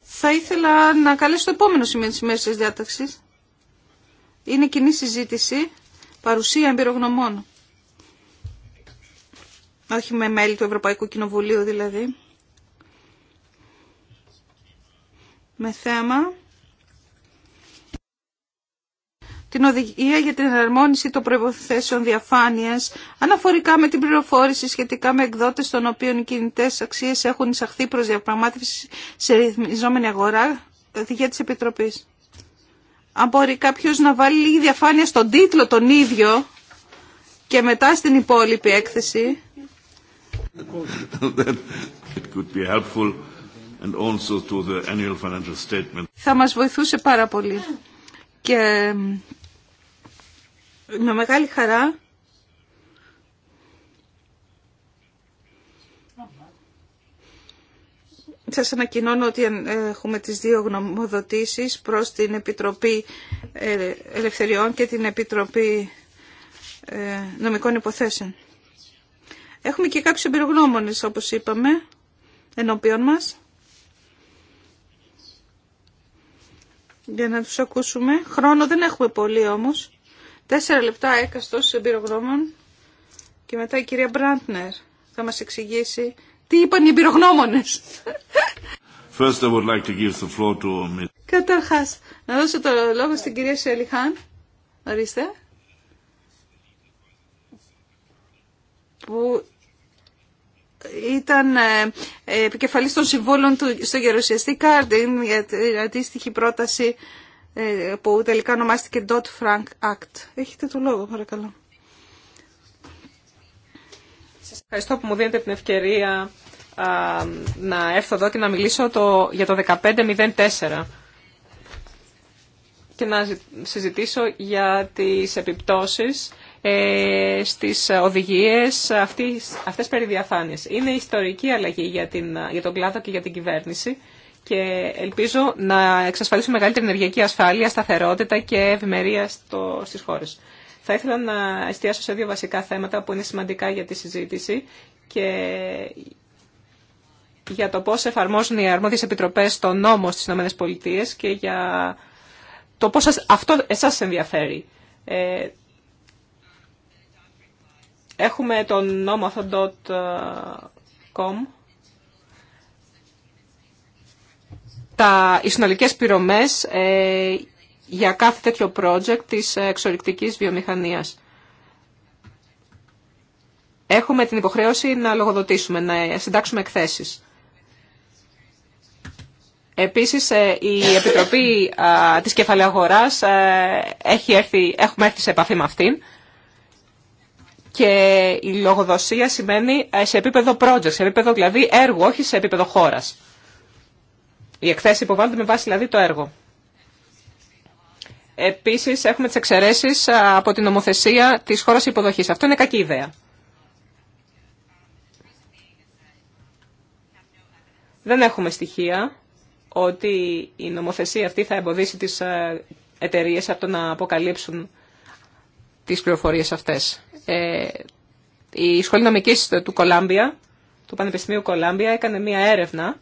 Θα ήθελα να καλέσω το επόμενο σημείο της ημέρας της διάταξης. Είναι κοινή συζήτηση, παρουσία εμπειρογνωμών. Όχι με μέλη του Ευρωπαϊκού Κοινοβουλίου δηλαδή. Με θέμα την οδηγία για την εναρμόνιση των προϋποθέσεων διαφάνειας αναφορικά με την πληροφόρηση σχετικά με εκδότες των οποίων οι κινητές αξίες έχουν εισαχθεί προς διαπραγμάτευση σε ρυθμιζόμενη αγορά, οδηγία της Επιτροπής. Αν μπορεί κάποιο να βάλει λίγη διαφάνεια στον τίτλο τον ίδιο και μετά στην υπόλοιπη έκθεση. Θα μας βοηθούσε πάρα πολύ. Και με μεγάλη χαρά Σας ανακοινώνω ότι έχουμε τις δύο γνωμοδοτήσεις προς την Επιτροπή ε, Ελευθεριών και την Επιτροπή ε, Νομικών Υποθέσεων. Έχουμε και κάποιους εμπειρογνώμονες, όπως είπαμε, ενώπιον μας. Για να τους ακούσουμε. Χρόνο δεν έχουμε πολύ όμως. Τέσσερα λεπτά έκαστος εμπειρογνώμων και μετά η κυρία Μπραντνερ θα μας εξηγήσει τι είπαν οι εμπειρογνώμονες. First, I would like to give the floor to... Καταρχάς, να δώσω το λόγο στην κυρία Σελιχάν. Ορίστε. Που ήταν ε, επικεφαλής των συμβούλων του, στο γερουσιαστή Κάρντιν για την αντίστοιχη πρόταση ε, που τελικά Dot Dodd-Frank Act. Έχετε το λόγο, παρακαλώ. Σα ευχαριστώ που μου δίνετε την ευκαιρία να έρθω εδώ και να μιλήσω το, για το 1504 και να συζητήσω για τις επιπτώσεις ε, στις οδηγίες αυτής, αυτές περί διαφάνειας. Είναι ιστορική αλλαγή για, την, για τον κλάδο και για την κυβέρνηση και ελπίζω να εξασφαλίσουμε μεγαλύτερη ενεργειακή ασφάλεια, σταθερότητα και ευημερία στο, στις χώρες. Θα ήθελα να εστιάσω σε δύο βασικά θέματα που είναι σημαντικά για τη συζήτηση και για το πώς εφαρμόζουν οι αρμόδιες επιτροπές το νόμο στις ΗΠΑ και για το πώς αυτό εσάς ενδιαφέρει. Ε, έχουμε τον νόμο τα, οι συνολικές ε, για κάθε τέτοιο project της εξορρυκτικής βιομηχανίας. Έχουμε την υποχρέωση να λογοδοτήσουμε, να συντάξουμε εκθέσεις. Επίσης, ε, η Επιτροπή α, της Κεφαλαιαγοράς ε, έχει έρθει, έχουμε έρθει σε επαφή με αυτήν και η λογοδοσία σημαίνει ε, σε επίπεδο project, σε επίπεδο δηλαδή έργου, όχι σε επίπεδο χώρας. Οι εκθέσει υποβάλλονται με βάση δηλαδή το έργο. Επίση, έχουμε τι εξαιρέσει από την νομοθεσία τη χώρα υποδοχή. Αυτό είναι κακή ιδέα. Δεν έχουμε στοιχεία ότι η νομοθεσία αυτή θα εμποδίσει τις εταιρείες από το να αποκαλύψουν τις πληροφορίες αυτές. Ε, η Σχολή Νομικής του Κολάμπια, του Πανεπιστημίου Κολάμπια, έκανε μία έρευνα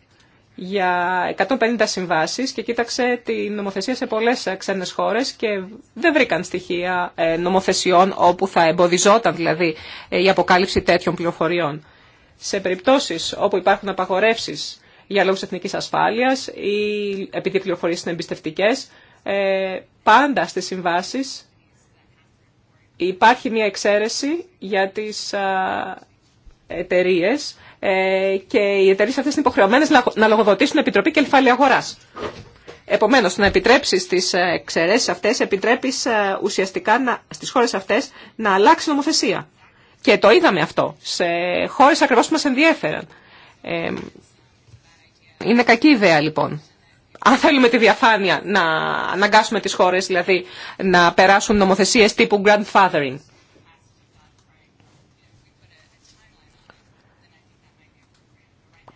για 150 συμβάσεις και κοίταξε την νομοθεσία σε πολλές ξένες χώρες και δεν βρήκαν στοιχεία ε, νομοθεσιών όπου θα εμποδιζόταν δηλαδή ε, η αποκάλυψη τέτοιων πληροφοριών. Σε περιπτώσεις όπου υπάρχουν απαγορεύσεις για λόγους εθνικής ασφάλειας ή επειδή οι πληροφορίες είναι εμπιστευτικέ, ε, πάντα στις συμβάσεις υπάρχει μια εξαίρεση για τις εταιρείες ε, και οι εταιρείε αυτέ είναι υποχρεωμένε να λογοδοτήσουν Επιτροπή Κεφάλαια Αγορά. Επομένω, να επιτρέψει τι ε, εξαιρέσει αυτέ, επιτρέπει ε, ουσιαστικά στι χώρε αυτέ να αλλάξει νομοθεσία. Και το είδαμε αυτό σε χώρε ακριβώ που μα ενδιέφεραν. είναι κακή ιδέα λοιπόν. Αν θέλουμε τη διαφάνεια να αναγκάσουμε τις χώρες δηλαδή να περάσουν νομοθεσίες τύπου grandfathering.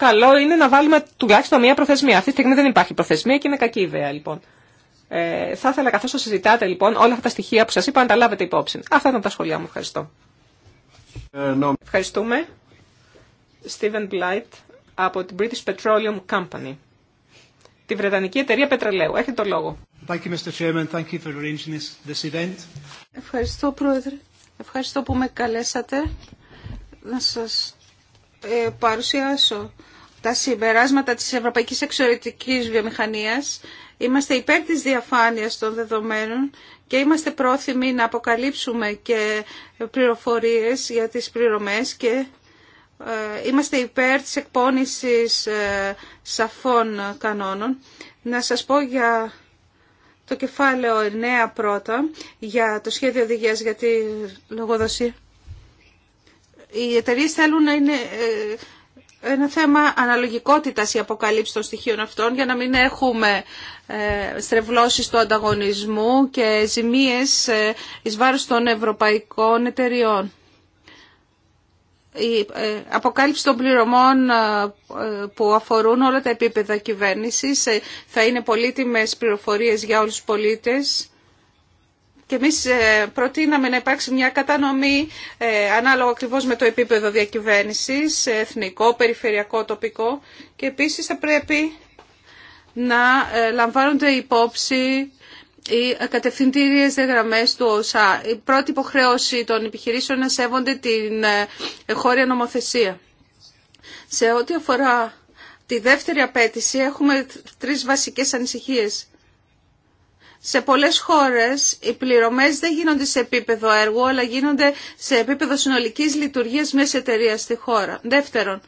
καλό είναι να βάλουμε τουλάχιστον μία προθεσμία. Αυτή τη στιγμή δεν υπάρχει προθεσμία και είναι κακή ιδέα λοιπόν. Ε, θα ήθελα καθώ συζητάτε λοιπόν όλα αυτά τα στοιχεία που σα είπα να τα λάβετε υπόψη. Αυτά ήταν τα σχολιά μου. Ευχαριστώ. Ε, Ευχαριστούμε. Στίβεν Μπλάιτ από την British Petroleum Company. Τη Βρετανική Εταιρεία Πετρελαίου. Έχετε το λόγο. Thank you, Mr. Thank you for this, event. Ευχαριστώ, Πρόεδρε. Ευχαριστώ που με καλέσατε να σας ε, παρουσιάσω τα συμπεράσματα της Ευρωπαϊκής Εξωρετικής Βιομηχανίας. Είμαστε υπέρ της διαφάνειας των δεδομένων και είμαστε πρόθυμοι να αποκαλύψουμε και πληροφορίες για τις πληρωμές και ε, είμαστε υπέρ της εκπόνησης ε, σαφών κανόνων. Να σας πω για το κεφάλαιο 9 πρώτα, για το σχέδιο οδηγίας για τη λογοδοσία. Οι εταιρείε θέλουν να είναι ε, ένα θέμα αναλογικότητας η αποκαλύψη των στοιχείων αυτών για να μην έχουμε ε, στρεβλώσεις του ανταγωνισμού και ζημίες ε, εις βάρος των ευρωπαϊκών εταιριών. Η ε, αποκάλυψη των πληρωμών που αφορούν όλα τα επίπεδα κυβέρνησης θα είναι πολύτιμες πληροφορίες για όλους τους πολίτες και εμείς ε, προτείναμε να υπάρξει μια κατανομή ε, ανάλογα ακριβώς με το επίπεδο διακυβέρνησης, εθνικό, περιφερειακό, τοπικό και επίσης θα πρέπει να ε, λαμβάνονται υπόψη οι κατευθυντήριε διαγραμμέ του ΟΣΑ. Η πρώτη υποχρέωση των επιχειρήσεων να σέβονται την χώρια νομοθεσία. Σε ό,τι αφορά τη δεύτερη απέτηση έχουμε τρει βασικές ανησυχίε. Σε πολλές χώρες οι πληρωμές δεν γίνονται σε επίπεδο έργου, αλλά γίνονται σε επίπεδο συνολικής λειτουργίας μιας εταιρεία στη χώρα. Δεύτερον,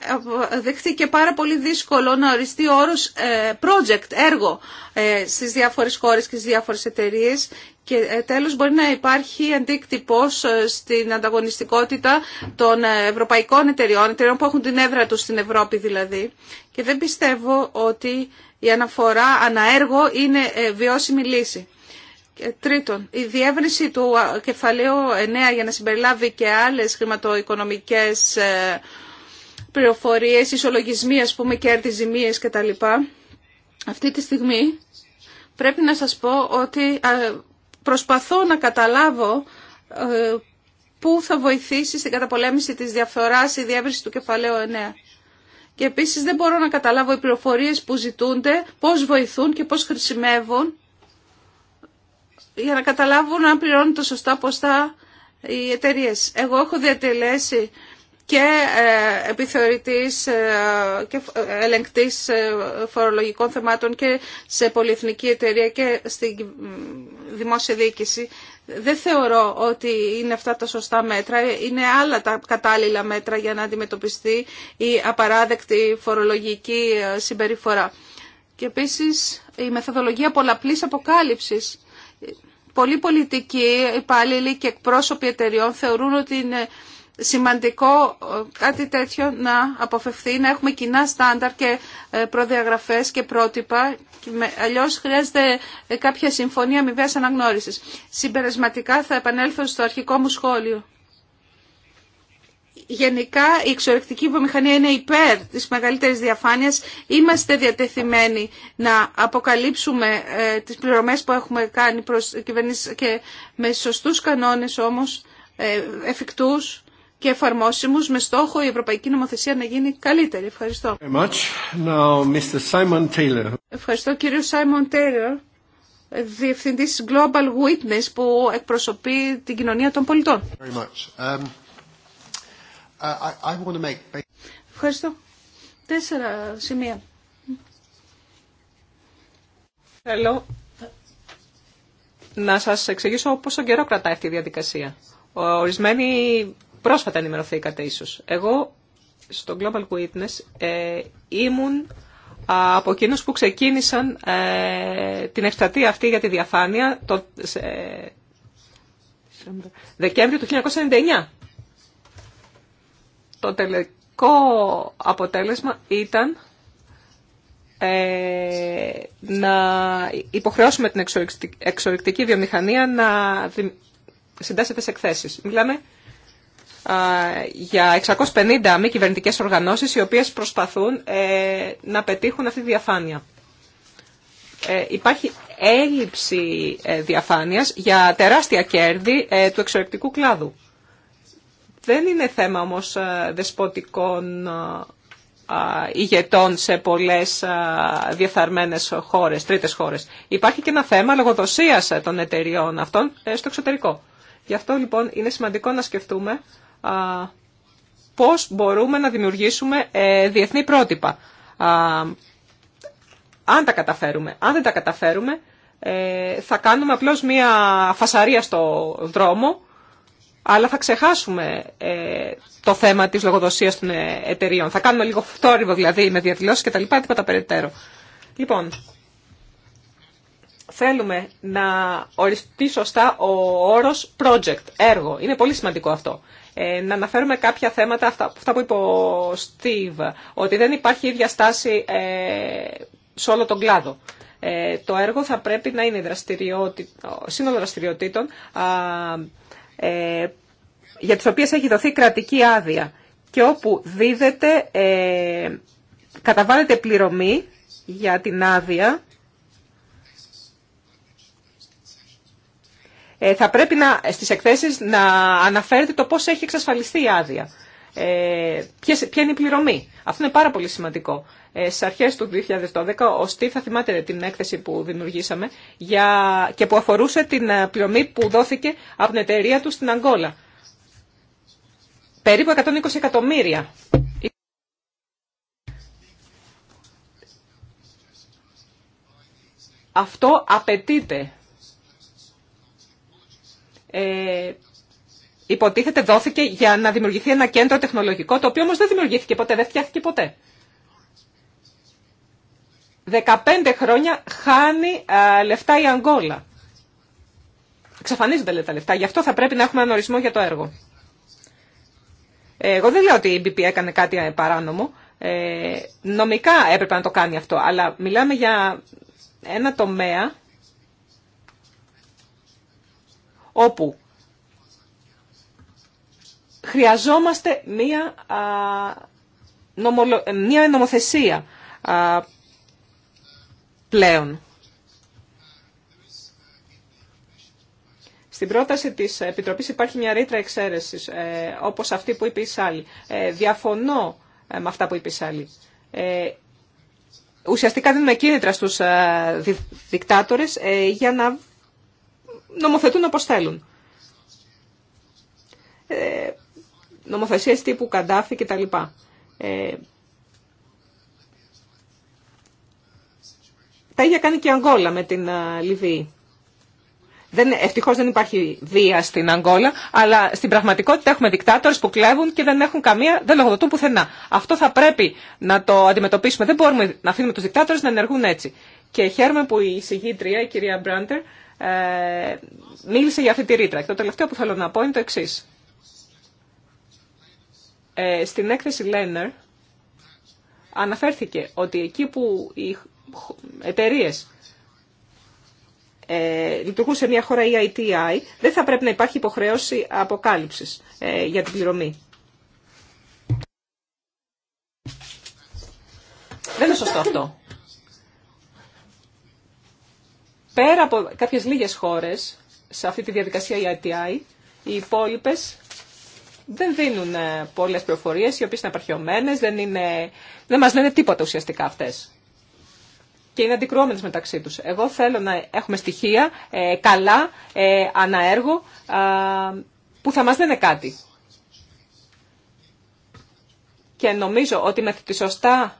ε, δεχτεί και πάρα πολύ δύσκολο να οριστεί ο όρος ε, project, έργο, ε, στις διάφορες χώρες και στις διάφορες εταιρείε. Και τέλος μπορεί να υπάρχει αντίκτυπος στην ανταγωνιστικότητα των ευρωπαϊκών εταιριών, εταιριών που έχουν την έδρα τους στην Ευρώπη δηλαδή. Και δεν πιστεύω ότι η αναφορά αναέργο είναι ε, βιώσιμη λύση. Τρίτον, η διεύρυνση του κεφαλαίου 9 για να συμπεριλάβει και άλλες χρηματοοικονομικές ε, πληροφορίες, ισολογισμοί, ας πούμε, κέρδη, ζημίες κτλ. Αυτή τη στιγμή πρέπει να σας πω ότι προσπαθώ να καταλάβω ε, πού θα βοηθήσει στην καταπολέμηση της διαφθοράς η διεύρυνση του κεφαλαίου 9. Και επίσης δεν μπορώ να καταλάβω οι πληροφορίες που ζητούνται, πώς βοηθούν και πώς χρησιμεύουν για να καταλάβουν αν πληρώνουν το σωστά ποστά οι εταιρείε. Εγώ έχω διατελέσει και ε, επιθεωρητής ε, και ε, ελεγκτής φορολογικών θεμάτων και σε πολυεθνική εταιρεία και στη δημόσια διοίκηση δεν θεωρώ ότι είναι αυτά τα σωστά μέτρα. Είναι άλλα τα κατάλληλα μέτρα για να αντιμετωπιστεί η απαράδεκτη φορολογική ε, συμπεριφορά. Και επίσης η μεθοδολογία πολλαπλής αποκάλυψης. Πολλοί πολιτικοί, υπάλληλοι και εκπρόσωποι εταιριών θεωρούν ότι είναι σημαντικό ε, κάτι τέτοιο να αποφευθεί, να έχουμε κοινά στάνταρ και ε, προδιαγραφές και πρότυπα, Αλλιώ χρειάζεται ε, κάποια συμφωνία αμοιβέ αναγνώριση. Συμπερασματικά θα επανέλθω στο αρχικό μου σχόλιο. Γενικά η εξορρεκτική βιομηχανία είναι υπέρ της μεγαλύτερης διαφάνειας. Είμαστε διατεθειμένοι να αποκαλύψουμε τις πληρωμές που έχουμε κάνει προς κυβερνήσεις και με σωστούς κανόνες όμως εφικτούς και εφαρμόσιμους με στόχο η Ευρωπαϊκή Νομοθεσία να γίνει καλύτερη. Ευχαριστώ. Now, Mr. Simon Taylor. Ευχαριστώ κύριο Σάιμον Τέιλερ, Διευθυντής Global Witness που εκπροσωπεί την κοινωνία των πολιτών. Um, uh, I, want to make... Ευχαριστώ. Τέσσερα σημεία. Θέλω να σας εξηγήσω πόσο καιρό κρατάει αυτή η διαδικασία. Ορισμένοι πρόσφατα ενημερωθήκατε ίσως. Εγώ στο Global Witness ε, ήμουν από εκείνους που ξεκίνησαν ε, την ευστατεία αυτή για τη διαφάνεια το Δεκέμβριο του 1999. Το τελικό αποτέλεσμα ήταν ε, να υποχρεώσουμε την εξορρυκτική βιομηχανία να συντάσσεται σε εκθέσεις. Μιλάμε για 650 μη κυβερνητικές οργανώσεις οι οποίες προσπαθούν ε, να πετύχουν αυτή τη διαφάνεια. Ε, υπάρχει έλλειψη ε, διαφάνειας για τεράστια κέρδη του εξωρεκτικού κλάδου. Δεν είναι θέμα όμως δεσποτικών ηγετών σε πολλές διεφθαρμένες χώρες, τρίτες χώρες. Υπάρχει και ένα θέμα λογοδοσίας των εταιριών αυτών στο εξωτερικό. Γι' αυτό λοιπόν είναι σημαντικό να σκεφτούμε πώς μπορούμε να δημιουργήσουμε ε, διεθνή πρότυπα. Αν τα καταφέρουμε. Αν δεν τα καταφέρουμε, ε, θα κάνουμε απλώς μία φασαρία στο δρόμο, αλλά θα ξεχάσουμε ε, το θέμα της λογοδοσίας των εταιριών. Θα κάνουμε λίγο φτώριβο δηλαδή με διαδηλώσεις και τα λοιπά, τίποτα περαιτέρω. Λοιπόν, θέλουμε να οριστεί σωστά ο όρος project, έργο. Είναι πολύ σημαντικό αυτό. Ε, να αναφέρουμε κάποια θέματα, αυτά, αυτά που είπε ο Στίβ, ότι δεν υπάρχει ίδια στάση ε, σε όλο τον κλάδο. Ε, το έργο θα πρέπει να είναι σύνολο δραστηριοτήτων για τις οποίες έχει δοθεί κρατική άδεια και όπου δίδεται, ε, καταβάλλεται πληρωμή για την άδεια Ε, θα πρέπει να, στις εκθέσεις να αναφέρεται το πώς έχει εξασφαλιστεί η άδεια. Ε, ποια είναι η πληρωμή. Αυτό είναι πάρα πολύ σημαντικό. Ε, Στι αρχέ του 2012, ο θα θυμάται την έκθεση που δημιουργήσαμε για, και που αφορούσε την ε, πληρωμή που δόθηκε από την εταιρεία του στην Αγγόλα. Περίπου 120 εκατομμύρια. Αυτό απαιτείται ε, υποτίθεται δόθηκε για να δημιουργηθεί ένα κέντρο τεχνολογικό, το οποίο όμως δεν δημιουργήθηκε ποτέ, δεν φτιάχθηκε ποτέ. 15 χρόνια χάνει λεφτά η Αγγόλα. Εξαφανίζονται λέει, τα λεφτά. Γι' αυτό θα πρέπει να έχουμε έναν ορισμό για το έργο. Ε, εγώ δεν λέω ότι η BP έκανε κάτι παράνομο. Ε, νομικά έπρεπε να το κάνει αυτό. Αλλά μιλάμε για ένα τομέα όπου χρειαζόμαστε μία, μία νομοθεσία πλέον. Στην πρόταση της Επιτροπής υπάρχει μια ρήτρα εξαίρεσης, ε, όπως αυτή που είπε η ε, Διαφωνώ ε, με αυτά που είπε η Σάλη. Ουσιαστικά δίνουμε κίνητρα στους δικτάτορες για να νομοθετούν όπως θέλουν. Ε, νομοθεσίες τύπου Καντάφη κτλ. Ε, τα ίδια κάνει και η Αγγόλα με την ε, Λιβύη. Δεν, ευτυχώς δεν υπάρχει βία στην Αγγόλα, αλλά στην πραγματικότητα έχουμε δικτάτορες που κλέβουν και δεν έχουν καμία, δεν λογοδοτούν πουθενά. Αυτό θα πρέπει να το αντιμετωπίσουμε. Δεν μπορούμε να αφήνουμε τους δικτάτορες να ενεργούν έτσι. Και χαίρομαι που η συγγήτρια, η κυρία Μπράντερ, ε, μίλησε για αυτή τη ρήτρα. Και το τελευταίο που θέλω να πω είναι το εξή. Ε, στην έκθεση Λένερ αναφέρθηκε ότι εκεί που οι εταιρείε ε, λειτουργούν σε μια χώρα EITI δεν θα πρέπει να υπάρχει υποχρέωση αποκάλυψης ε, για την πληρωμή. Δεν είναι σωστό αυτό. Πέρα από κάποιες λίγες χώρες σε αυτή τη διαδικασία η e ITI, οι υπόλοιπε δεν δίνουν ε, πολλές προφορίες, οι οποίες είναι απαρχαιωμένες, δεν, είναι, δεν μας λένε τίποτα ουσιαστικά αυτές. Και είναι αντικρουόμενες μεταξύ τους. Εγώ θέλω να έχουμε στοιχεία ε, καλά, ε, αναέργο, ε, που θα μας λένε κάτι. Και νομίζω ότι με τη σωστά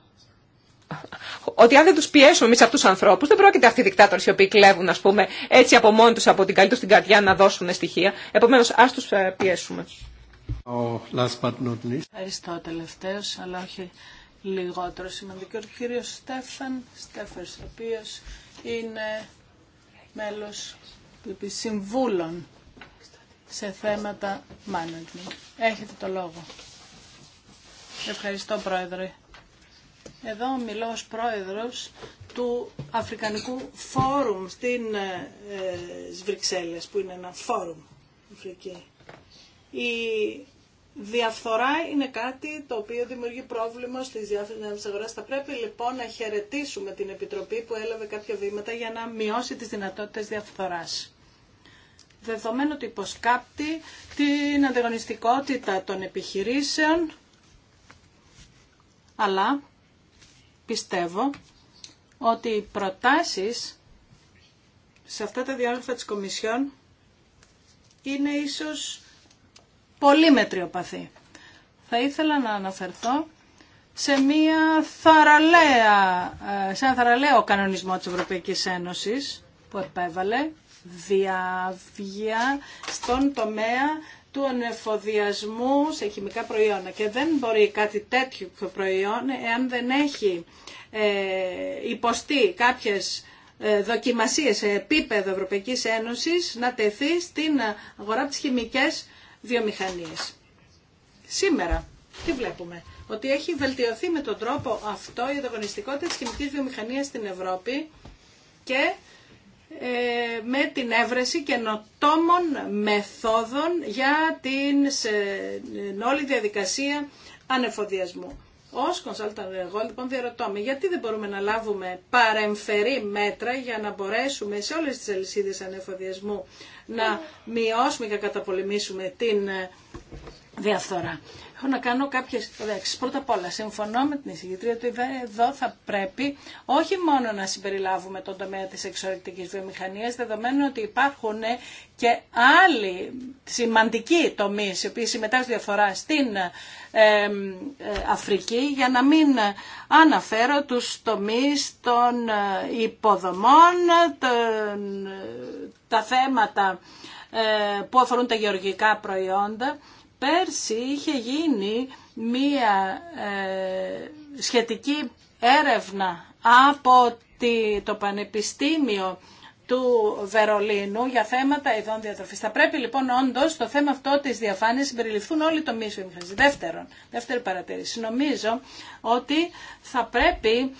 ότι αν δεν του πιέσουμε εμεί αυτού του ανθρώπου, δεν πρόκειται αυτοί οι δικτάτορε οι οποίοι κλέβουν, α πούμε, έτσι από μόνοι του από την καλή του την καρδιά να δώσουν στοιχεία. Επομένω, α του ε, πιέσουμε. last but not least. Ευχαριστώ τελευταίο, αλλά όχι λιγότερο σημαντικό, ο κύριο Στέφαν Στέφερ, ο οποίο είναι μέλο συμβούλων σε θέματα management. Έχετε το λόγο. Ευχαριστώ, Πρόεδρε. Εδώ μιλώ ως πρόεδρος του Αφρικανικού Φόρουμ στην ε, ε Βρυξέλλες, που είναι ένα φόρουμ Αφρική. Η διαφθορά είναι κάτι το οποίο δημιουργεί πρόβλημα στις διάφορες αγορές. Θα πρέπει λοιπόν να χαιρετήσουμε την Επιτροπή που έλαβε κάποια βήματα για να μειώσει τις δυνατότητες διαφθοράς δεδομένου ότι υποσκάπτει την ανταγωνιστικότητα των επιχειρήσεων, αλλά πιστεύω ότι οι προτάσεις σε αυτά τα διάγραφα της Κομισιόν είναι ίσως πολύ μετριοπαθή. Θα ήθελα να αναφερθώ σε, μια θαραλέα, ε, σε ένα θαραλέο κανονισμό της Ευρωπαϊκής Ένωσης που επέβαλε διάβια στον τομέα του ανεφοδιασμού σε χημικά προϊόντα. Και δεν μπορεί κάτι τέτοιο προϊόν, εάν δεν έχει ε, υποστεί κάποιες ε, δοκιμασίες σε επίπεδο Ευρωπαϊκής Ένωσης, να τεθεί στην αγορά της χημικές βιομηχανίες. Σήμερα, τι βλέπουμε, ότι έχει βελτιωθεί με τον τρόπο αυτό η ανταγωνιστικότητα της χημικής βιομηχανίας στην Ευρώπη και ε, με την έβρεση καινοτόμων μεθόδων για την σε, όλη διαδικασία ανεφοδιασμού. Ω κονσάλτα εγώ λοιπόν διαρωτώ με γιατί δεν μπορούμε να λάβουμε παρεμφερή μέτρα για να μπορέσουμε σε όλες τις αλυσίδες ανεφοδιασμού να μειώσουμε και να καταπολεμήσουμε την ε, διαφθορά. Έχω να κάνω κάποιε. Πρώτα απ' όλα, συμφωνώ με την εισηγητρία ότι εδώ θα πρέπει όχι μόνο να συμπεριλάβουμε τον τομέα της εξορρυκτικής βιομηχανία, δεδομένου ότι υπάρχουν και άλλοι σημαντικοί τομείς, οι οποίοι συμμετάσχουν διαφορά στην ε, Αφρική, για να μην αναφέρω τους τομείς των ε, υποδομών, ε, τα θέματα που αφορούν τα γεωργικά προϊόντα, Πέρσι είχε γίνει μία ε, σχετική έρευνα από το Πανεπιστήμιο του Βερολίνου για θέματα ειδών διατροφή. Θα πρέπει λοιπόν όντω το θέμα αυτό τη διαφάνεια συμπεριληφθούν όλοι το μίσο Δεύτερον, δεύτερη παρατήρηση. Νομίζω ότι θα πρέπει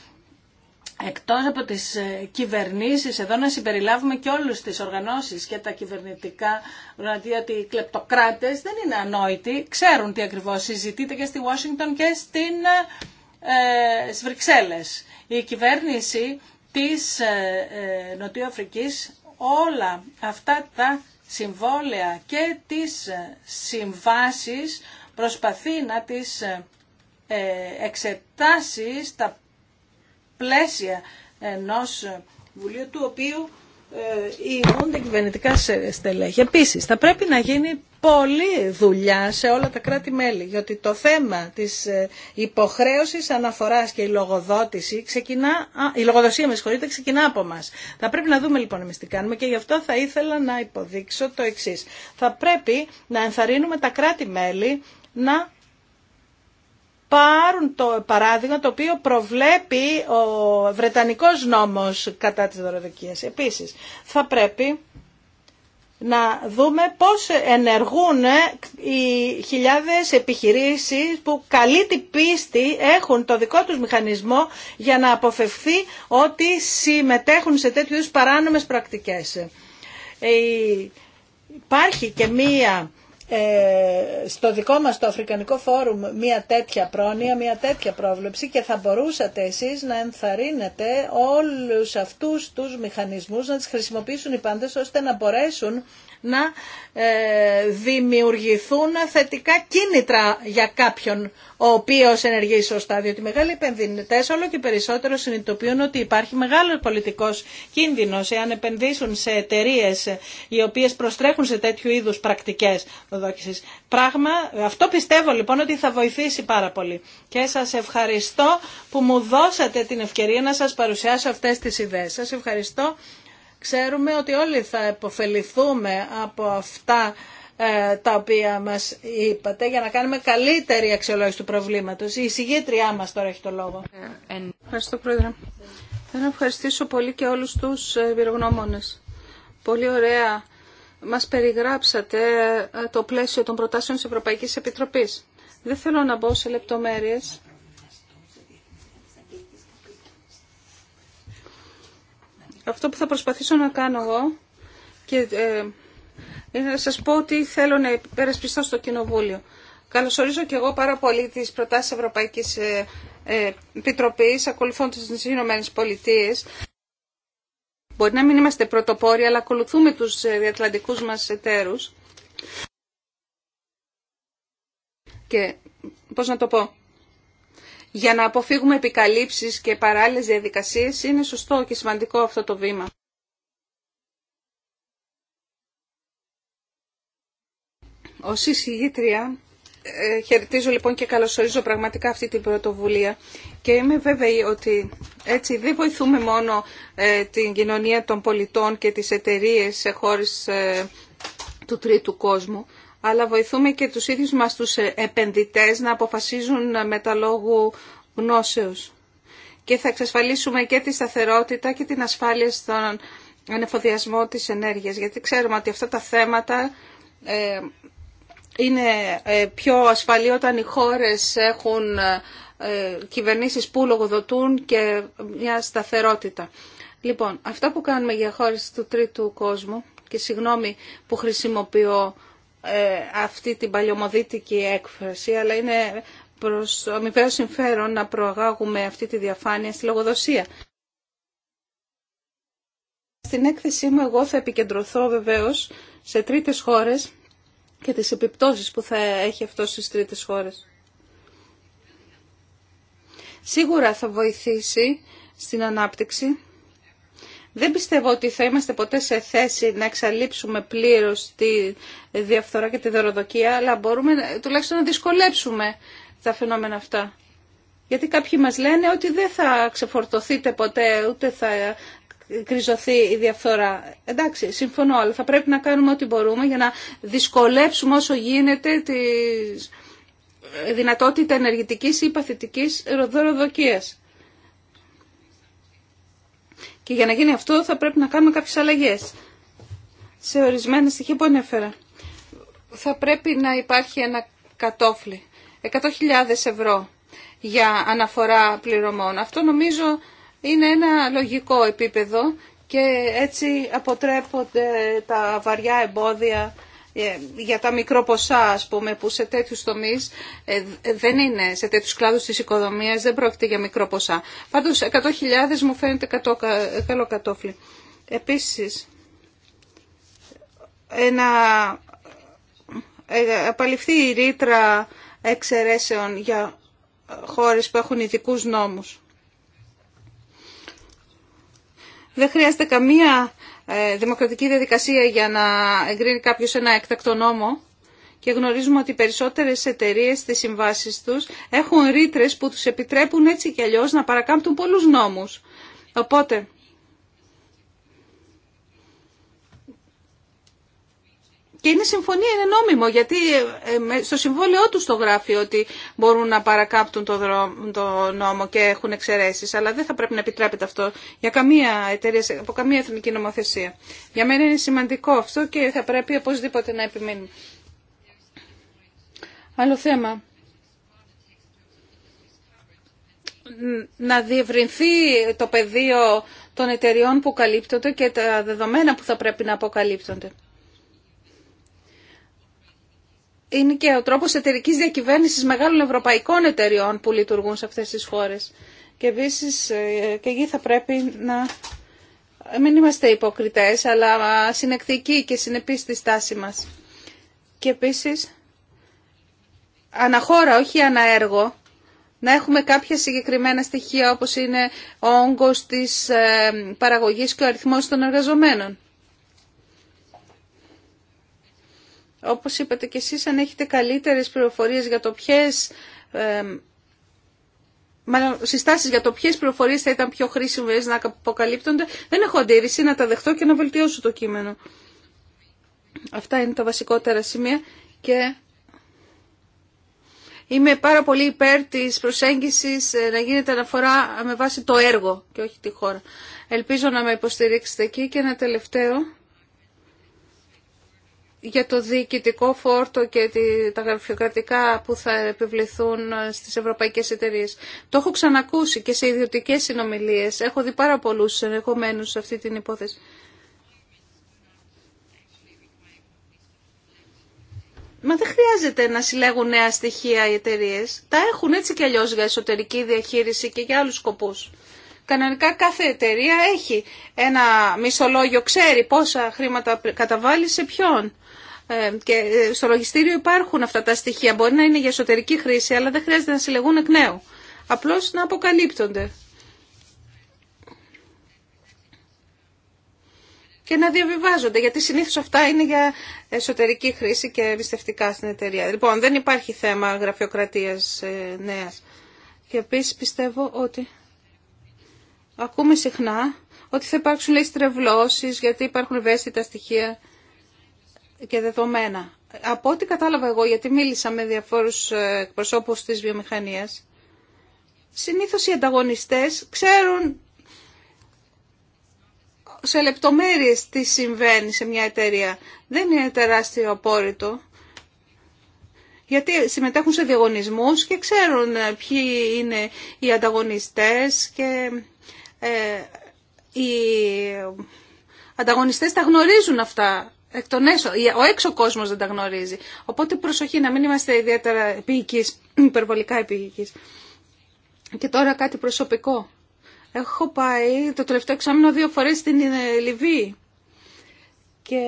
εκτός από τις ε, κυβερνήσεις, εδώ να συμπεριλάβουμε και όλους τις οργανώσεις και τα κυβερνητικά, δηλαδή ότι οι κλεπτοκράτες δεν είναι ανόητοι, ξέρουν τι ακριβώς συζητείται και στη Washington και στην, ε, ε στις Η κυβέρνηση της ε, ε, Νοτιοαφρικής όλα αυτά τα συμβόλαια και τις ε, συμβάσεις προσπαθεί να τις εξετάσει στα πλαίσια ενός Βουλίου του οποίου ε, ηγούνται κυβερνητικά στελέχη. Επίσης, θα πρέπει να γίνει πολλή δουλειά σε όλα τα κράτη-μέλη, γιατί το θέμα της ε, υποχρέωσης αναφοράς και η λογοδότηση ξεκινά, η λογοδοσία με συγχωρείτε, ξεκινά από μας. Θα πρέπει να δούμε λοιπόν εμείς τι κάνουμε και γι' αυτό θα ήθελα να υποδείξω το εξής. Θα πρέπει να ενθαρρύνουμε τα κράτη-μέλη να πάρουν το παράδειγμα το οποίο προβλέπει ο Βρετανικός νόμος κατά της δωροδοκίας. Επίσης, θα πρέπει να δούμε πώς ενεργούν οι χιλιάδες επιχειρήσεις που καλή την πίστη έχουν το δικό τους μηχανισμό για να αποφευθεί ότι συμμετέχουν σε τέτοιου παράνομες πρακτικές. Ε, υπάρχει και μία ε, στο δικό μας το Αφρικανικό Φόρουμ μια τέτοια πρόνοια, μια τέτοια πρόβλεψη και θα μπορούσατε εσείς να ενθαρρύνετε όλους αυτούς τους μηχανισμούς να τις χρησιμοποιήσουν οι πάντες ώστε να μπορέσουν να ε, δημιουργηθούν θετικά κίνητρα για κάποιον ο οποίος ενεργεί σωστά, διότι οι μεγάλοι επενδυτές όλο και περισσότερο συνειδητοποιούν ότι υπάρχει μεγάλος πολιτικός κίνδυνος εάν επενδύσουν σε εταιρείε οι οποίες προστρέχουν σε τέτοιου είδους πρακτικές. Πράγμα, αυτό πιστεύω λοιπόν ότι θα βοηθήσει πάρα πολύ. Και σας ευχαριστώ που μου δώσατε την ευκαιρία να σας παρουσιάσω αυτές τις ιδέες. Σας ευχαριστώ. Ξέρουμε ότι όλοι θα επωφεληθούμε από αυτά ε, τα οποία μας είπατε για να κάνουμε καλύτερη αξιολόγηση του προβλήματος. Η εισηγήτριά μας τώρα έχει το λόγο. Ευχαριστώ Πρόεδρε. Θέλω να ευχαριστήσω πολύ και όλους τους εμπειρογνώμονες. Πολύ ωραία μας περιγράψατε ε, το πλαίσιο των προτάσεων της Ευρωπαϊκής Επιτροπής. Δεν θέλω να μπω σε λεπτομέρειες. Αυτό που θα προσπαθήσω να κάνω εγώ και, ε, είναι να σας πω ότι θέλω να υπερασπιστώ στο Κοινοβούλιο. Καλωσορίζω και εγώ πάρα πολύ τις προτάσεις Ευρωπαϊκής ε, ε, Επιτροπής, ακολουθώντας τις Ηνωμένες Πολιτείες. Μπορεί να μην είμαστε πρωτοπόροι, αλλά ακολουθούμε τους ε, διατλαντικούς μας εταίρους. Και πώς να το πω, για να αποφύγουμε επικαλύψεις και παράλληλες διαδικασίες είναι σωστό και σημαντικό αυτό το βήμα. Ως εισηγήτρια ε, χαιρετίζω λοιπόν και καλωσορίζω πραγματικά αυτή την πρωτοβουλία και είμαι βέβαιη ότι έτσι δεν βοηθούμε μόνο ε, την κοινωνία των πολιτών και τις εταιρείε σε χώρες ε, του τρίτου κόσμου, αλλά βοηθούμε και τους ίδιους μας τους επενδυτές να αποφασίζουν με τα λόγου γνώσεως. Και θα εξασφαλίσουμε και τη σταθερότητα και την ασφάλεια στον ανεφοδιασμό της ενέργειας, γιατί ξέρουμε ότι αυτά τα θέματα είναι ε, πιο ασφαλή όταν οι χώρες έχουν ε, κυβερνήσεις που λογοδοτούν και μια σταθερότητα. Λοιπόν, αυτά που κάνουμε για χώρες του τρίτου κόσμου και συγγνώμη που χρησιμοποιώ ε, αυτή την παλιωμοδίτικη έκφραση, αλλά είναι προς αμοιβαίο συμφέρον να προαγάγουμε αυτή τη διαφάνεια στη λογοδοσία. Στην έκθεσή μου εγώ θα επικεντρωθώ βεβαίως σε τρίτες χώρες και τις επιπτώσεις που θα έχει αυτό στις τρίτες χώρες. Σίγουρα θα βοηθήσει στην ανάπτυξη. Δεν πιστεύω ότι θα είμαστε ποτέ σε θέση να εξαλείψουμε πλήρως τη διαφθορά και τη δωροδοκία, αλλά μπορούμε τουλάχιστον να δυσκολέψουμε τα φαινόμενα αυτά. Γιατί κάποιοι μας λένε ότι δεν θα ξεφορτωθείτε ποτέ, ούτε θα κρυζωθεί η διαφθορά. Εντάξει, συμφωνώ, αλλά θα πρέπει να κάνουμε ό,τι μπορούμε για να δυσκολέψουμε όσο γίνεται τη ε, δυνατότητα ενεργητικής ή παθητικής ροδοροδοκίας. Και για να γίνει αυτό θα πρέπει να κάνουμε κάποιες αλλαγές σε ορισμένα στοιχεία που ανέφερα. Θα πρέπει να υπάρχει ένα κατόφλι, 100.000 ευρώ για αναφορά πληρωμών. Αυτό νομίζω είναι ένα λογικό επίπεδο και έτσι αποτρέπονται τα βαριά εμπόδια ε, για τα ποσά, ας πούμε, που σε τέτοιους τομείς ε, δεν είναι, σε τέτοιους κλάδους της οικοδομίας δεν πρόκειται για μικρό ποσά. Πάντως, 100.000 μου φαίνεται κατώ, καλό κατόφλι. Επίσης, να ε, απαλληφθεί η ρήτρα εξαιρέσεων για χώρες που έχουν ειδικού νόμους. Δεν χρειάζεται καμία ε, δημοκρατική διαδικασία για να εγκρίνει κάποιο ένα έκτακτο νόμο και γνωρίζουμε ότι οι περισσότερες εταιρείες στις συμβάσεις τους έχουν ρήτρε που τους επιτρέπουν έτσι και αλλιώ να παρακάμπτουν πολλούς νόμους. Οπότε Και είναι συμφωνία, είναι νόμιμο, γιατί ε, ε, στο συμβόλαιό του το γράφει ότι μπορούν να παρακάπτουν το, το νόμο και έχουν εξαιρέσει, αλλά δεν θα πρέπει να επιτρέπεται αυτό για καμία εταιρεία, από καμία εθνική νομοθεσία. Για μένα είναι σημαντικό αυτό και θα πρέπει οπωσδήποτε να επιμείνουμε. Άλλο θέμα. Να διευρυνθεί το πεδίο των εταιριών που καλύπτονται και τα δεδομένα που θα πρέπει να αποκαλύπτονται είναι και ο τρόπος εταιρικής διακυβέρνησης μεγάλων ευρωπαϊκών εταιριών που λειτουργούν σε αυτές τις χώρες. Και επίση ε, και εκεί θα πρέπει να ε, μην είμαστε υποκριτές, αλλά συνεκτικοί και συνεπείς στη στάση μας. Και επίσης, αναχώρα, όχι αναέργο, να έχουμε κάποια συγκεκριμένα στοιχεία όπως είναι ο όγκος της ε, παραγωγής και ο αριθμός των εργαζομένων. Όπως είπατε και εσείς, αν έχετε καλύτερες πληροφορίες για το ποιες... Ε, συστάσεις για το ποιες πληροφορίες θα ήταν πιο χρήσιμες να αποκαλύπτονται, δεν έχω αντίρρηση να τα δεχτώ και να βελτιώσω το κείμενο. Αυτά είναι τα βασικότερα σημεία και είμαι πάρα πολύ υπέρ της προσέγγισης ε, να γίνεται αναφορά με βάση το έργο και όχι τη χώρα. Ελπίζω να με υποστηρίξετε εκεί και ένα τελευταίο για το διοικητικό φόρτο και τα γραφειοκρατικά που θα επιβληθούν ε, στις ευρωπαϊκές εταιρείες. Το έχω ξανακούσει και σε ιδιωτικές συνομιλίες. Έχω δει πάρα πολλούς ενεχομένους σε αυτή την υπόθεση. Μα δεν χρειάζεται να συλλέγουν νέα στοιχεία οι εταιρείε. Τα έχουν έτσι κι αλλιώς για εσωτερική διαχείριση και για άλλους σκοπούς. Κανονικά κάθε εταιρεία έχει ένα μισολόγιο, ξέρει πόσα χρήματα καταβάλει σε ποιον. Ε, και στο λογιστήριο υπάρχουν αυτά τα στοιχεία. Μπορεί να είναι για εσωτερική χρήση, αλλά δεν χρειάζεται να συλλεγούν εκ νέου. Απλώς να αποκαλύπτονται. και να διαβιβάζονται, γιατί συνήθως αυτά είναι για εσωτερική χρήση και εμπιστευτικά στην εταιρεία. Λοιπόν, δεν υπάρχει θέμα γραφειοκρατίας ε, νέας. Και επίσης πιστεύω ότι ακούμε συχνά ότι θα υπάρξουν λέει στρεβλώσεις γιατί υπάρχουν ευαίσθητα στοιχεία και δεδομένα. Από ό,τι κατάλαβα εγώ, γιατί μίλησα με διαφόρους ε, προσώπους της βιομηχανίας, συνήθως οι ανταγωνιστές ξέρουν σε λεπτομέρειες τι συμβαίνει σε μια εταιρεία. Δεν είναι τεράστιο απόρριτο. Γιατί συμμετέχουν σε διαγωνισμούς και ξέρουν ε, ποιοι είναι οι ανταγωνιστές και ε, οι ανταγωνιστές τα γνωρίζουν αυτά εκ Ο έξω κόσμος δεν τα γνωρίζει. Οπότε προσοχή να μην είμαστε ιδιαίτερα υπερβολικά επίοικείς. Και τώρα κάτι προσωπικό. Έχω πάει το τελευταίο εξάμεινο δύο φορές στην ε, Λιβύη και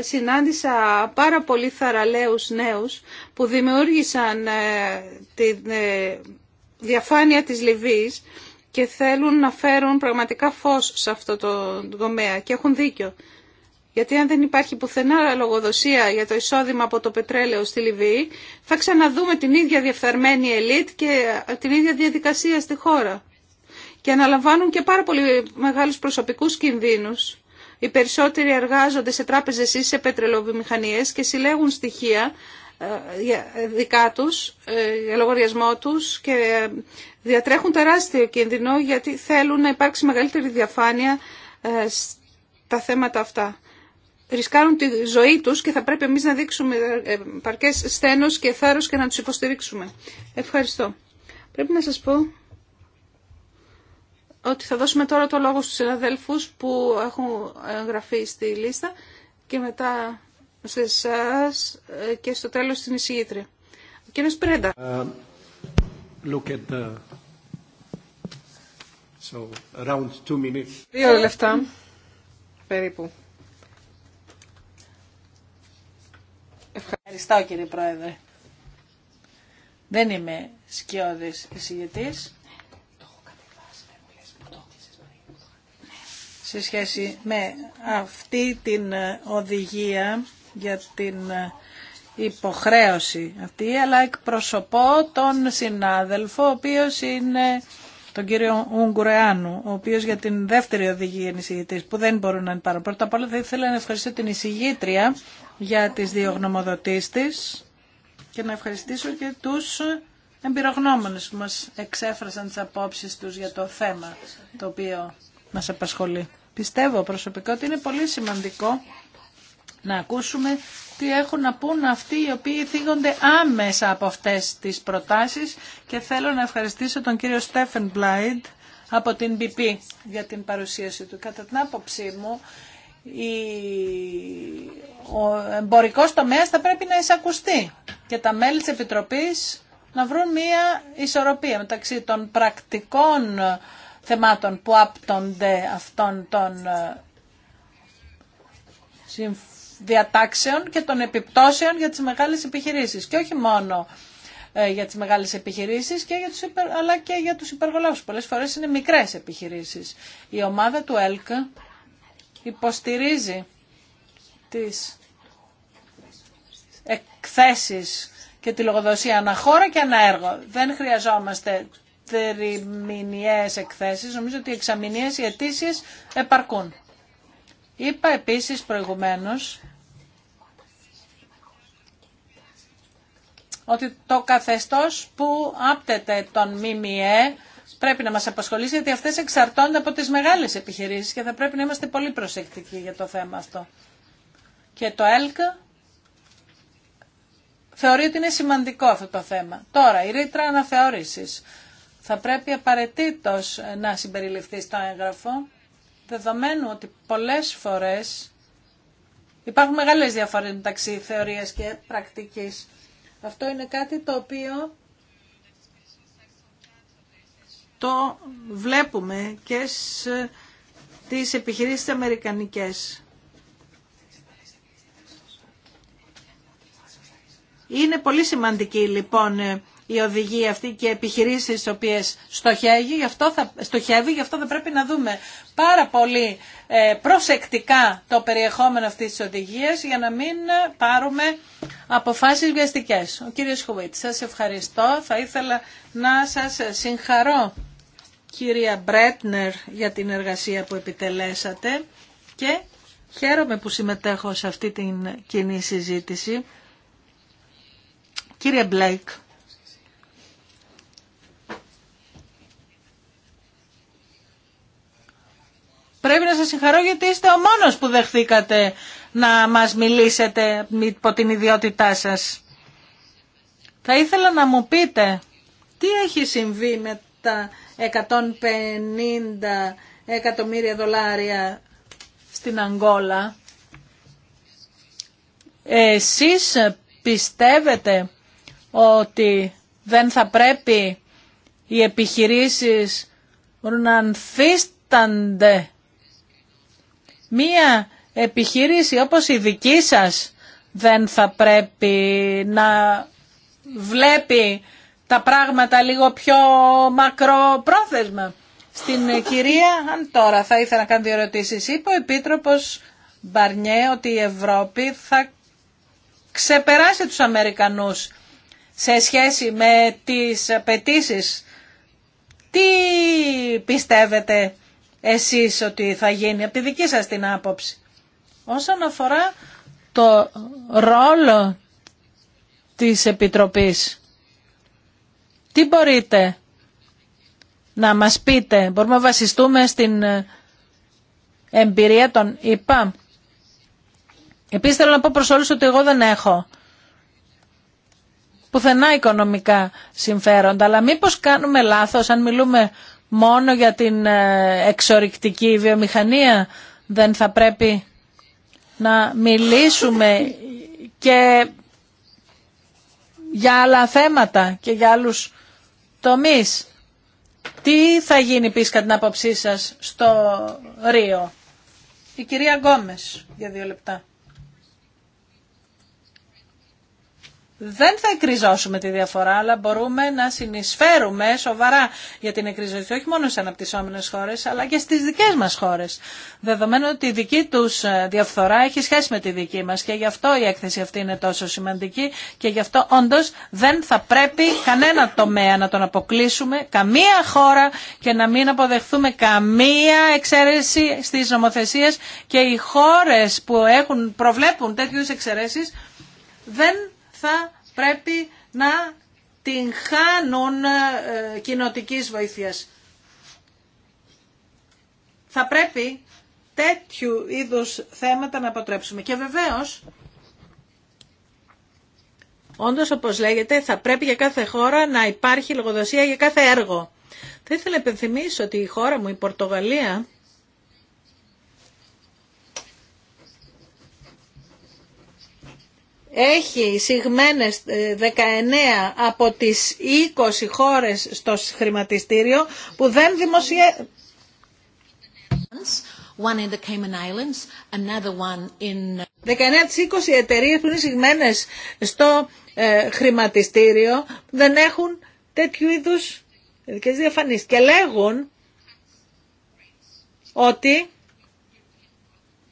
συνάντησα πάρα πολύ θαραλέους νέους που δημιούργησαν ε, τη διαφάνεια της Λιβύης και θέλουν να φέρουν πραγματικά φως σε αυτό το τομέα και έχουν δίκιο. Γιατί αν δεν υπάρχει πουθενά λογοδοσία για το εισόδημα από το πετρέλαιο στη Λιβύη, θα ξαναδούμε την ίδια διεφθαρμένη ελίτ και την ίδια διαδικασία στη χώρα. Και αναλαμβάνουν και πάρα πολύ μεγάλους προσωπικούς κινδύνους. Οι περισσότεροι εργάζονται σε τράπεζες ή σε πετρελοβιομηχανίες και συλλέγουν στοιχεία ε, δικά τους, ε, για λογαριασμό τους και διατρέχουν τεράστιο κίνδυνο γιατί θέλουν να υπάρξει μεγαλύτερη διαφάνεια ε, στα θέματα αυτά. Ρισκάρουν τη ζωή τους και θα πρέπει εμείς να δείξουμε ε, παρκές στένος και θάρρος και να τους υποστηρίξουμε. Ευχαριστώ. Πρέπει να σας πω ότι θα δώσουμε τώρα το λόγο στους συναδέλφους που έχουν γραφεί στη λίστα και μετά σε εσά ε, και στο τέλος στην εισηγήτρια. Ο κ. Πρέντα. Uh, So, around Δύο λεφτά, περίπου. Ευχαριστώ κύριε Πρόεδρε. Δεν είμαι σκιώδης εισηγητής. Σε σχέση με αυτή την οδηγία για την υποχρέωση αυτή, αλλά εκπροσωπώ τον συνάδελφο, ο οποίος είναι τον κύριο Ουγγουρεάνου, ο οποίο για την δεύτερη οδηγία εισηγητή, που δεν μπορούν να είναι πάρα Πρώτα απ' όλα θα ήθελα να ευχαριστήσω την εισηγήτρια για τι δύο γνωμοδοτήσει τη και να ευχαριστήσω και του εμπειρογνώμονες που μα εξέφρασαν τι απόψει του για το θέμα το οποίο μα απασχολεί. Πιστεύω προσωπικά ότι είναι πολύ σημαντικό να ακούσουμε τι έχουν να πούν αυτοί οι οποίοι θίγονται άμεσα από αυτές τις προτάσεις και θέλω να ευχαριστήσω τον κύριο Στέφεν Μπλάιντ από την BP για την παρουσίαση του. Κατά την άποψή μου, ο εμπορικός τομέας θα πρέπει να εισακουστεί και τα μέλη της Επιτροπής να βρουν μία ισορροπία μεταξύ των πρακτικών θεμάτων που άπτονται αυτών των ε, συμφωνίων διατάξεων και των επιπτώσεων για τις μεγάλες επιχειρήσεις. Και όχι μόνο ε, για τις μεγάλες επιχειρήσεις, και για τους αλλά και για τους υπεργολάβους. Πολλές φορές είναι μικρές επιχειρήσεις. Η ομάδα του ΕΛΚ υποστηρίζει τις εκθέσεις και τη λογοδοσία αναχώρα και έργο Δεν χρειαζόμαστε τριμηνιαίες εκθέσεις. Νομίζω ότι οι εξαμηνίες, οι αιτήσει επαρκούν. Είπα επίσης προηγουμένως ότι το καθεστώς που άπτεται τον ΜΜΕ πρέπει να μας απασχολήσει γιατί αυτές εξαρτώνται από τις μεγάλες επιχειρήσεις και θα πρέπει να είμαστε πολύ προσεκτικοί για το θέμα αυτό. Και το ΕΛΚ θεωρεί ότι είναι σημαντικό αυτό το θέμα. Τώρα, η ρήτρα αναθεώρησης θα πρέπει απαραίτητο να συμπεριληφθεί στο έγγραφο δεδομένου ότι πολλές φορές υπάρχουν μεγάλες διαφορές μεταξύ θεωρίας και πρακτικής. Αυτό είναι κάτι το οποίο το βλέπουμε και στις επιχειρήσεις αμερικανικές. Είναι πολύ σημαντική λοιπόν ε, η οδηγία αυτή και επιχειρήσεις τις οποίες στοχεύει, γι' αυτό θα, στοχεύει, γι αυτό θα πρέπει να δούμε πάρα πολύ ε, προσεκτικά το περιεχόμενο αυτής της οδηγίας για να μην ε, πάρουμε αποφάσεις βιαστικές. Ο κύριος Χουίτ, σας ευχαριστώ. Θα ήθελα να σας συγχαρώ κυρία Μπρέτνερ για την εργασία που επιτελέσατε και χαίρομαι που συμμετέχω σε αυτή την κοινή συζήτηση. Κύριε Μπλέικ, Πρέπει να σας συγχαρώ γιατί είστε ο μόνος που δεχθήκατε να μας μιλήσετε υπό την ιδιότητά σας. Θα ήθελα να μου πείτε τι έχει συμβεί με τα 150 εκατομμύρια δολάρια στην Αγγόλα. Εσείς πιστεύετε ότι δεν θα πρέπει οι επιχειρήσεις να ανθίστανται μία επιχείρηση όπως η δική σας δεν θα πρέπει να βλέπει τα πράγματα λίγο πιο μακροπρόθεσμα. Στην κυρία, αν τώρα θα ήθελα να κάνω δύο ερωτήσει, είπε ο Επίτροπος Μπαρνιέ ότι η Ευρώπη θα ξεπεράσει τους Αμερικανούς σε σχέση με τις απαιτήσει. Τι πιστεύετε εσείς ότι θα γίνει από τη δική σας την άποψη. Όσον αφορά το ρόλο της Επιτροπής, τι μπορείτε να μας πείτε, μπορούμε να βασιστούμε στην εμπειρία των ΙΠΑ. Επίσης θέλω να πω προς όλους ότι εγώ δεν έχω πουθενά οικονομικά συμφέροντα, αλλά μήπως κάνουμε λάθος αν μιλούμε μόνο για την ε, εξορρυκτική βιομηχανία δεν θα πρέπει να μιλήσουμε και για άλλα θέματα και για άλλους τομείς. Τι θα γίνει πίσω κατά την άποψή σας στο Ρίο. Η κυρία Γκόμες για δύο λεπτά. δεν θα εκριζώσουμε τη διαφορά, αλλά μπορούμε να συνεισφέρουμε σοβαρά για την εκριζώση όχι μόνο στι αναπτυσσόμενε χώρε, αλλά και στι δικέ μα χώρε. Δεδομένου ότι η δική του ε, διαφθορά έχει σχέση με τη δική μα και γι' αυτό η έκθεση αυτή είναι τόσο σημαντική και γι' αυτό όντω δεν θα πρέπει κανένα τομέα να τον αποκλείσουμε, καμία χώρα και να μην αποδεχθούμε καμία εξαίρεση στι νομοθεσίε και οι χώρε που έχουν, προβλέπουν τέτοιου εξαιρέσει δεν θα πρέπει να την χάνουν ε, κοινοτικής βοήθειας. Θα πρέπει τέτοιου είδους θέματα να αποτρέψουμε. Και βεβαίως, όντως όπως λέγεται, θα πρέπει για κάθε χώρα να υπάρχει λογοδοσία για κάθε έργο. Θα ήθελα να ότι η χώρα μου, η Πορτογαλία, έχει συγμένες 19 ε, από τις 20 χώρες στο χρηματιστήριο που δεν δημοσιεύουν. Uh, 19 τις 20 εταιρείες που είναι συγμένες στο ε, χρηματιστήριο δεν έχουν τέτοιου είδους ειδικές διαφανείς και λέγουν ότι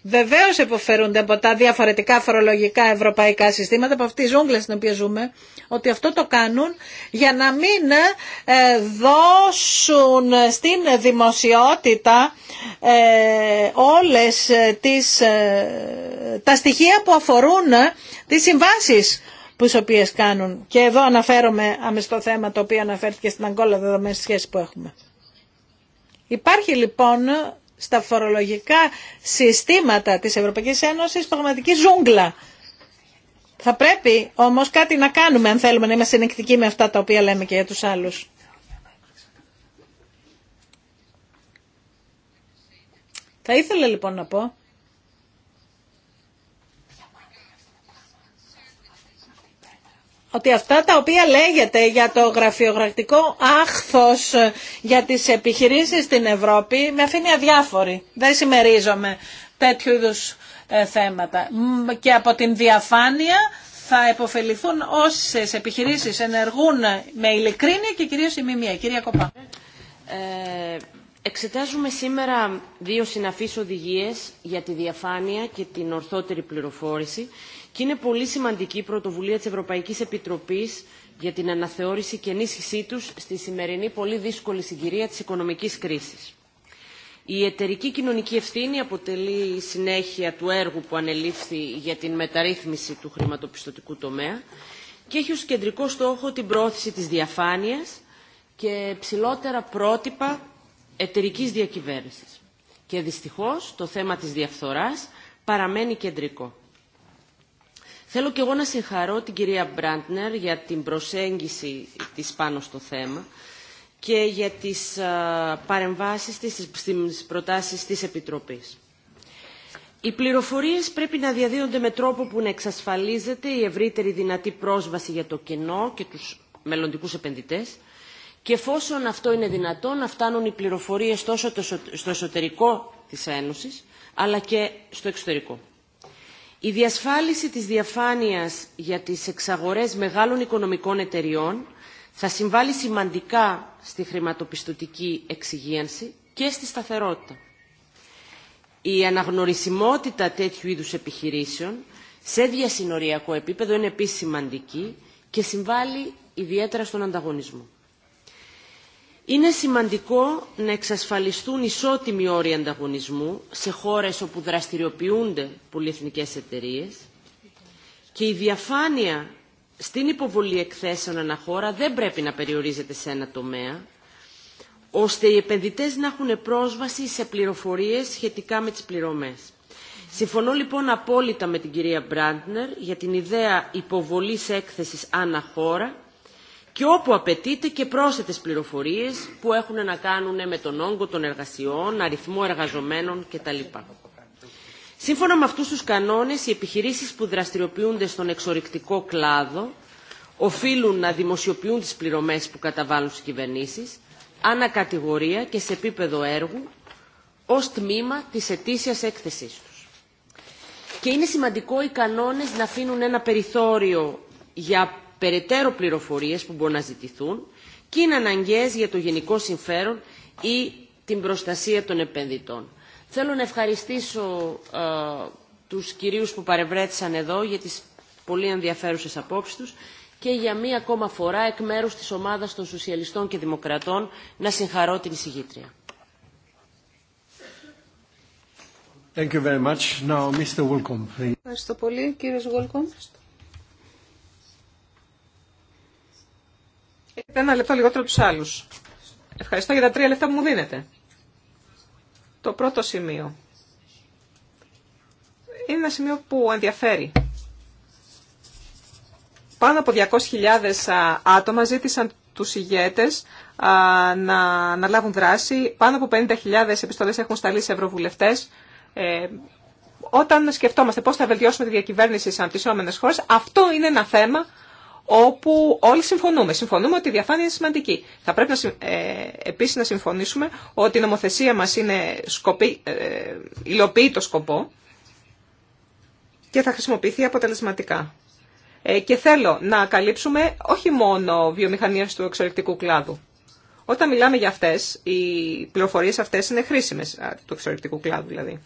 Βεβαίω υποφέρονται από τα διαφορετικά φορολογικά ευρωπαϊκά συστήματα, από αυτή τη ζούγκλα στην οποία ζούμε, ότι αυτό το κάνουν για να μην ε, δώσουν στην δημοσιότητα ε, όλες τις, ε, τα στοιχεία που αφορούν τις συμβάσεις που τις οποίες κάνουν. Και εδώ αναφέρομαι άμεστο θέμα το οποίο αναφέρθηκε στην Αγκόλα δεδομένες σχέσεις που έχουμε. Υπάρχει λοιπόν στα φορολογικά συστήματα της Ευρωπαϊκής Ένωσης πραγματική ζούγκλα. Θα πρέπει όμως κάτι να κάνουμε αν θέλουμε να είμαστε συνεκτικοί με αυτά τα οποία λέμε και για τους άλλους. Θα ήθελα λοιπόν να πω ότι αυτά τα οποία λέγεται για το γραφειοκρατικό άχθος ε, για τις επιχειρήσεις στην Ευρώπη με αφήνει αδιάφορη. Δεν συμμερίζομαι τέτοιου είδους ε, θέματα. Και από την διαφάνεια θα επωφεληθούν όσες επιχειρήσεις ενεργούν με ειλικρίνεια και κυρίως η μιμία. Κυρία Κοπά. Ε, εξετάζουμε σήμερα δύο συναφείς οδηγίες για τη διαφάνεια και την ορθότερη πληροφόρηση και είναι πολύ σημαντική η πρωτοβουλία της Ευρωπαϊκής Επιτροπής για την αναθεώρηση και ενίσχυσή τους στη σημερινή πολύ δύσκολη συγκυρία της οικονομικής κρίσης. Η εταιρική κοινωνική ευθύνη αποτελεί συνέχεια του έργου που ανελήφθη για την μεταρρύθμιση του χρηματοπιστωτικού τομέα και έχει ως κεντρικό στόχο την πρόθεση της διαφάνειας και ψηλότερα πρότυπα εταιρικής διακυβέρνησης. Και δυστυχώς το θέμα της διαφθοράς παραμένει κεντρικό. Θέλω και εγώ να συγχαρώ την κυρία Μπραντνερ για την προσέγγιση της πάνω στο θέμα και για τις παρεμβάσεις της στις προτάσεις της Επιτροπής. Οι πληροφορίες πρέπει να διαδίδονται με τρόπο που να εξασφαλίζεται η ευρύτερη δυνατή πρόσβαση για το κοινό και τους μελλοντικούς επενδυτές και εφόσον αυτό είναι δυνατό να φτάνουν οι πληροφορίες τόσο στο εσωτερικό της Ένωσης αλλά και στο εξωτερικό. Η διασφάλιση της διαφάνειας για τις εξαγορές μεγάλων οικονομικών εταιριών θα συμβάλλει σημαντικά στη χρηματοπιστωτική εξυγίανση και στη σταθερότητα. Η αναγνωρισιμότητα τέτοιου είδους επιχειρήσεων σε διασυνοριακό επίπεδο είναι επίσης σημαντική και συμβάλλει ιδιαίτερα στον ανταγωνισμό. Είναι σημαντικό να εξασφαλιστούν ισότιμοι όροι ανταγωνισμού σε χώρες όπου δραστηριοποιούνται πολυεθνικές εταιρείες και η διαφάνεια στην υποβολή εκθέσεων χώρα δεν πρέπει να περιορίζεται σε ένα τομέα, ώστε οι επενδυτές να έχουν πρόσβαση σε πληροφορίες σχετικά με τις πληρωμές. Συμφωνώ λοιπόν απόλυτα με την κυρία Μπράντνερ για την ιδέα υποβολής έκθεσης χώρα και όπου απαιτείται και πρόσθετες πληροφορίες που έχουν να κάνουν με τον όγκο των εργασιών, αριθμό εργαζομένων κτλ. Σύμφωνα με αυτούς τους κανόνες, οι επιχειρήσεις που δραστηριοποιούνται στον εξορρυκτικό κλάδο οφείλουν να δημοσιοποιούν τις πληρωμές που καταβάλουν στις κυβερνήσεις, ανακατηγορία και σε επίπεδο έργου, ως τμήμα της ετήσιας έκθεσής τους. Και είναι σημαντικό οι κανόνες να αφήνουν ένα περιθώριο για περαιτέρω πληροφορίες που μπορούν να ζητηθούν και είναι αναγκαίες για το γενικό συμφέρον ή την προστασία των επενδυτών. Θέλω να ευχαριστήσω ε, τους κυρίους που παρευρέθησαν εδώ για τις πολύ ενδιαφέρουσες απόψεις τους και για μία ακόμα φορά εκ μέρους της ομάδας των Σοσιαλιστών και Δημοκρατών να συγχαρώ την εισηγήτρια. Thank you very much. Now, Mr. Ευχαριστώ πολύ, κύριος Έχετε ένα λεπτό λιγότερο τους άλλους. Ευχαριστώ για τα τρία λεπτά που μου δίνετε. Το πρώτο σημείο. Είναι ένα σημείο που ενδιαφέρει. Πάνω από 200.000 άτομα ζήτησαν τους ηγέτες να λάβουν δράση. Πάνω από 50.000 επιστολές έχουν σταλεί σε ευρωβουλευτές. Ε, όταν σκεφτόμαστε πώς θα βελτιώσουμε τη διακυβέρνηση στις αναπτυσσόμενες χώρες, αυτό είναι ένα θέμα όπου όλοι συμφωνούμε. Συμφωνούμε ότι η διαφάνεια είναι σημαντική. Θα πρέπει να, ε, επίσης να συμφωνήσουμε ότι η νομοθεσία μας είναι σκοπή, ε, υλοποιεί το σκοπό και θα χρησιμοποιηθεί αποτελεσματικά. Ε, και θέλω να καλύψουμε όχι μόνο βιομηχανίες του εξορρυκτικού κλάδου. Όταν μιλάμε για αυτές, οι πληροφορίες αυτές είναι χρήσιμες, του εξορρυκτικού κλάδου δηλαδή.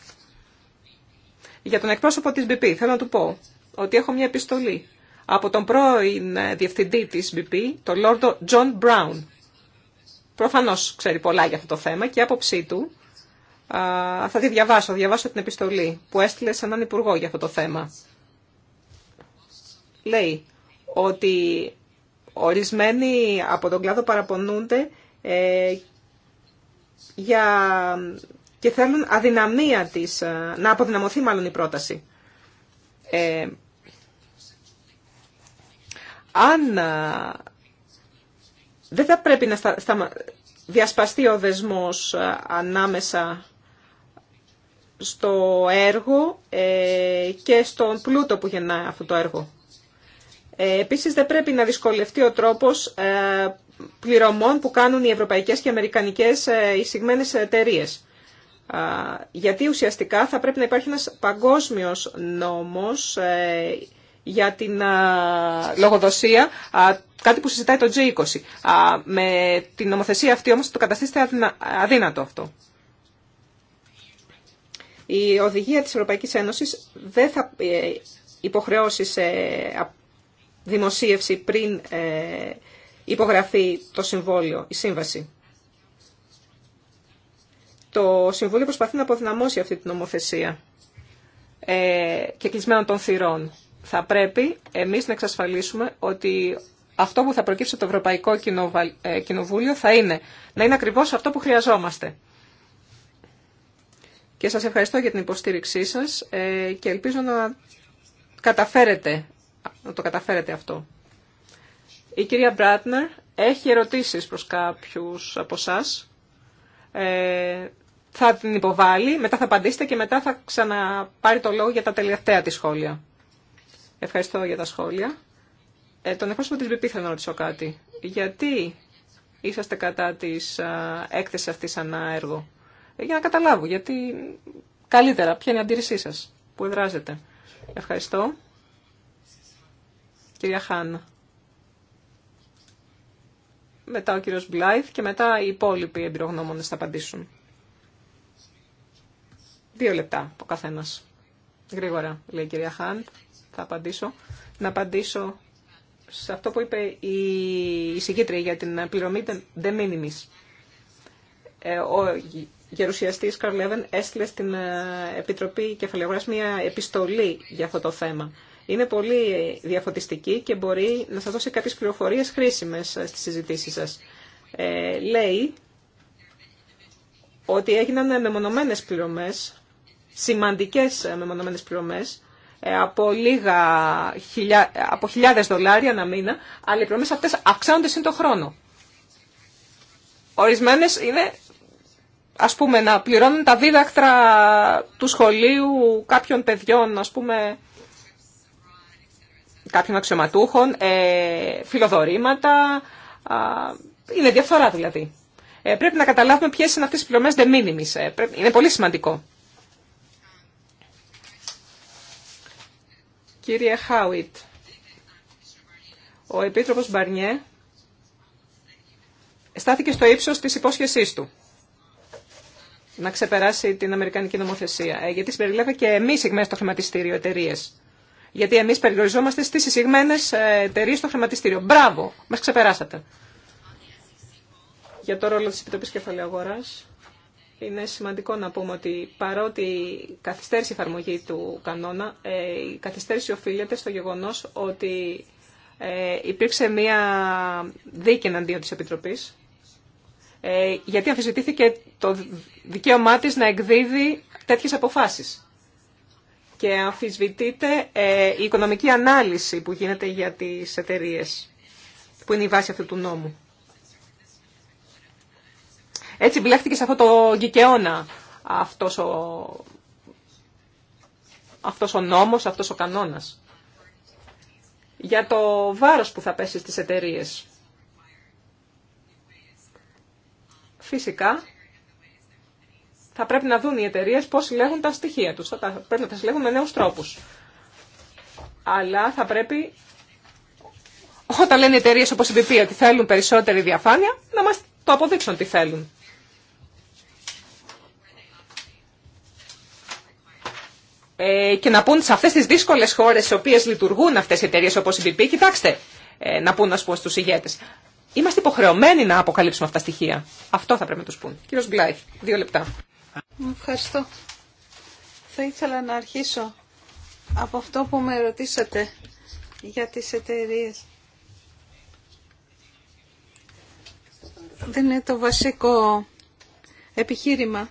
Για τον εκπρόσωπο της BP θέλω να του πω ότι έχω μια επιστολή από τον πρώην ε, διευθυντή της BP, τον Λόρδο Τζον Μπράουν. Προφανώς ξέρει πολλά για αυτό το θέμα και άποψή του θα τη διαβάσω, διαβάσω την επιστολή που έστειλε σε έναν υπουργό για αυτό το θέμα. Λέει ότι ορισμένοι από τον κλάδο παραπονούνται ε, για... και θέλουν αδυναμία της, ε, να αποδυναμωθεί μάλλον η πρόταση. Ε, αν δεν θα πρέπει να στα, διασπαστεί ο δεσμός ανάμεσα στο έργο ε, και στον πλούτο που γεννά αυτό το έργο. Ε, επίσης δεν πρέπει να δυσκολευτεί ο τρόπος ε, πληρωμών που κάνουν οι ευρωπαϊκές και αμερικανικές ε, εισηγμένες εταιρείε. γιατί ουσιαστικά θα πρέπει να υπάρχει ένας παγκόσμιος νόμος για την λογοδοσία, κάτι που συζητάει το G20. Με την νομοθεσία αυτή όμως το καταστήσετε αδύνατο αυτό. Η οδηγία της Ευρωπαϊκής Ένωσης δεν θα ε, υποχρεώσει σε δημοσίευση πριν ε, υπογραφεί το συμβόλιο, η σύμβαση. Το Συμβούλιο προσπαθεί να αποδυναμώσει αυτή την νομοθεσία ε, και κλεισμένων των θυρών θα πρέπει εμείς να εξασφαλίσουμε ότι αυτό που θα προκύψει από το Ευρωπαϊκό ε, Κοινοβούλιο θα είναι να είναι ακριβώς αυτό που χρειαζόμαστε. Και σας ευχαριστώ για την υποστήριξή σας ε, και ελπίζω να, καταφέρετε, να το καταφέρετε αυτό. Η κυρία Μπράτνερ έχει ερωτήσεις προς κάποιους από εσά. Θα την υποβάλει, μετά θα απαντήσετε και μετά θα ξαναπάρει το λόγο για τα τελευταία της σχόλια. Ευχαριστώ για τα σχόλια. Ε, τον εκπρόσωπο της ΒΠ θέλω να ρωτήσω κάτι. Γιατί είσαστε κατά της έκθεση έκθεσης αυτής ανά έργο. Ε, για να καταλάβω, γιατί καλύτερα, ποια είναι η αντίρρησή σας που εδράζετε. Ευχαριστώ. Κυρία Χάν. Μετά ο κύριος Μπλάιθ και μετά οι υπόλοιποι εμπειρογνώμονες θα απαντήσουν. Δύο λεπτά ο καθένας. Γρήγορα, λέει η κυρία Χάν θα απαντήσω. Να απαντήσω σε αυτό που είπε η συγκήτρια για την πληρωμή de minimis. Ε, ο γερουσιαστής Καρλέβεν έστειλε στην ε, Επιτροπή Κεφαλαιογράς μια επιστολή για αυτό το θέμα. Είναι πολύ διαφωτιστική και μπορεί να σας δώσει κάποιες πληροφορίες χρήσιμες ε, στις συζητήσεις σας. λέει ότι έγιναν μεμονωμένες πληρωμές, σημαντικές μεμονωμένες πληρωμές, ε, από, λίγα, από χιλιάδες δολάρια ένα μήνα, αλλά οι πληρωμές αυτές αυξάνονται σύν το χρόνο. Ορισμένες είναι, ας πούμε, να πληρώνουν τα δίδακτρα του σχολείου κάποιων παιδιών, ας πούμε, κάποιων αξιωματούχων, ε, φιλοδορήματα, είναι διαφορά δηλαδή. Ε, πρέπει να καταλάβουμε ποιες είναι αυτές οι πληρωμές de ε, είναι πολύ σημαντικό. Κύριε Χάουιτ, ο Επίτροπος Μπαρνιέ στάθηκε στο ύψος της υπόσχεσής του να ξεπεράσει την Αμερικανική νομοθεσία. Ε, γιατί συμπεριλάβει και εμεί συγμένες στο χρηματιστήριο εταιρείε. Γιατί εμεί περιοριζόμαστε στι συγμένε εταιρείε στο χρηματιστήριο. Μπράβο, μα ξεπεράσατε. Για το ρόλο τη Επιτροπή Κεφαλαίου Αγορά. Είναι σημαντικό να πούμε ότι παρότι καθυστέρησε η εφαρμογή του κανόνα, ε, η καθυστέρηση οφείλεται στο γεγονός ότι ε, υπήρξε μία δίκη εναντίον της Επιτροπής, ε, γιατί αμφισβητήθηκε το δικαίωμά της να εκδίδει τέτοιες αποφάσεις. Και αμφισβητείται η οικονομική ανάλυση που γίνεται για τις εταιρείε που είναι η βάση αυτού του νόμου. Έτσι μπλέχτηκε σε αυτό το γκικαιώνα αυτός ο, αυτός ο νόμος, αυτός ο κανόνας. Για το βάρος που θα πέσει στις εταιρείε. Φυσικά, θα πρέπει να δουν οι εταιρείε πώς συλλέγουν τα στοιχεία τους. Θα πρέπει να τα συλλέγουν με νέους τρόπους. Αλλά θα πρέπει, όταν λένε οι εταιρείε όπως η BP ότι θέλουν περισσότερη διαφάνεια, να μας το αποδείξουν τι θέλουν. Ε, και να πούν σε αυτές τις δύσκολες χώρες σε οποίες λειτουργούν αυτές οι εταιρείες όπως η BP, κοιτάξτε, ε, να πούν ας πούμε στους ηγέτες. Είμαστε υποχρεωμένοι να αποκαλύψουμε αυτά τα στοιχεία. Αυτό θα πρέπει να τους πούν. Κύριος Μπλάιχ, δύο λεπτά. Ευχαριστώ. Θα ήθελα να αρχίσω από αυτό που με ρωτήσατε για τις εταιρείε. Δεν είναι το βασικό επιχείρημα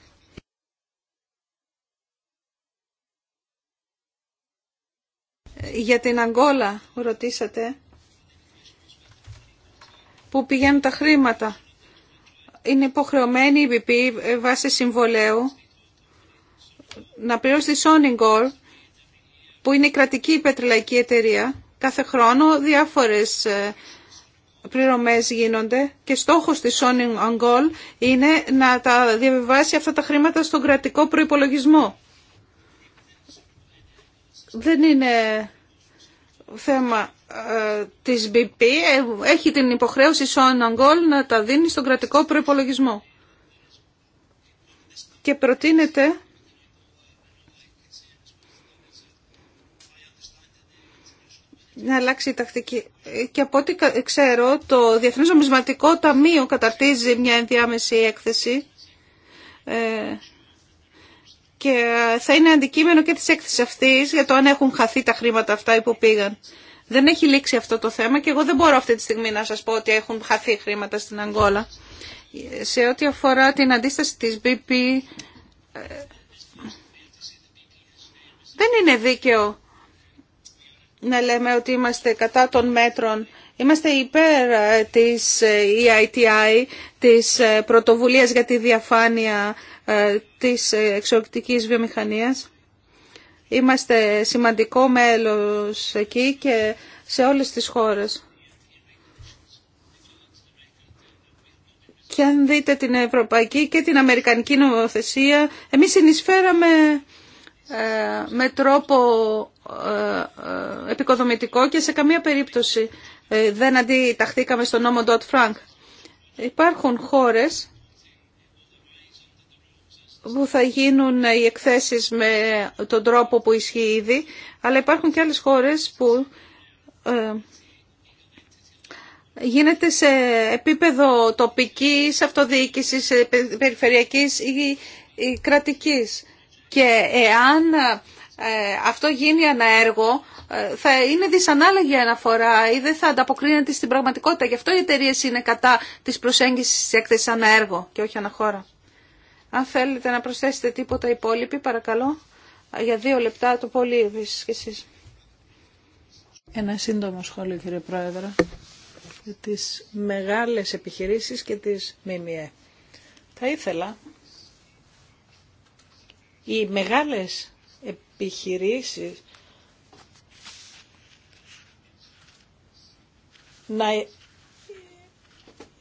για την Αγγόλα ρωτήσατε που πηγαίνουν τα χρήματα. Είναι υποχρεωμένη η BP ε, βάσει συμβολέου να πληρώσει τη Σόνιγκορ, που είναι η κρατική πετρελαϊκή εταιρεία. Κάθε χρόνο διάφορες ε, πληρωμές γίνονται και στόχος της Sony είναι να τα διαβιβάσει αυτά τα χρήματα στον κρατικό προϋπολογισμό. Δεν είναι θέμα ε, της BP ε, έχει την υποχρέωση Σόν Αγκόλ να τα δίνει στον κρατικό προϋπολογισμό. Και προτείνεται να αλλάξει η τακτική. Και από ό,τι ξέρω, το Διεθνές Ομισματικό Ταμείο καταρτίζει μια ενδιάμεση έκθεση ε, και θα είναι αντικείμενο και της έκθεσης αυτής για το αν έχουν χαθεί τα χρήματα αυτά που πήγαν. Δεν έχει λήξει αυτό το θέμα και εγώ δεν μπορώ αυτή τη στιγμή να σας πω ότι έχουν χαθεί χρήματα στην Αγγόλα. Σε ό,τι αφορά την αντίσταση της BP, ε, δεν είναι δίκαιο να λέμε ότι είμαστε κατά των μέτρων. Είμαστε υπέρ ε, της EITI, ε, της πρωτοβουλίας για τη διαφάνεια ε, της εξωτικής βιομηχανίας. Είμαστε σημαντικό μέλος εκεί και σε όλες τις χώρες. Και αν δείτε την ευρωπαϊκή και την αμερικανική νομοθεσία, εμείς συνεισφέραμε ε, με τρόπο ε, επικοδομητικό και σε καμία περίπτωση δεν αντιταχθήκαμε στον νόμο Dodd Frank. Υπάρχουν χώρες που θα γίνουν οι εκθέσεις με τον τρόπο που ισχύει ήδη, αλλά υπάρχουν και άλλες χώρες που ε, γίνεται σε επίπεδο τοπικής αυτοδιοίκησης, περιφερειακής ή κρατικής. Και εάν ε, αυτό γίνει αναέργο, ε, θα είναι δυσανάλογη αναφορά ή δεν θα ανταποκρίνεται στην πραγματικότητα. Γι' αυτό οι εταιρείε είναι κατά της προσέγγισης της έκθεσης αναέργο και όχι αναχώρα. Αν θέλετε να προσθέσετε τίποτα υπόλοιποι, παρακαλώ, για δύο λεπτά το πολύ και εσείς. Ένα σύντομο σχόλιο, κύριε Πρόεδρε, για τις μεγάλες επιχειρήσεις και τις ΜΜΕ. Θα ήθελα οι μεγάλες επιχειρήσεις να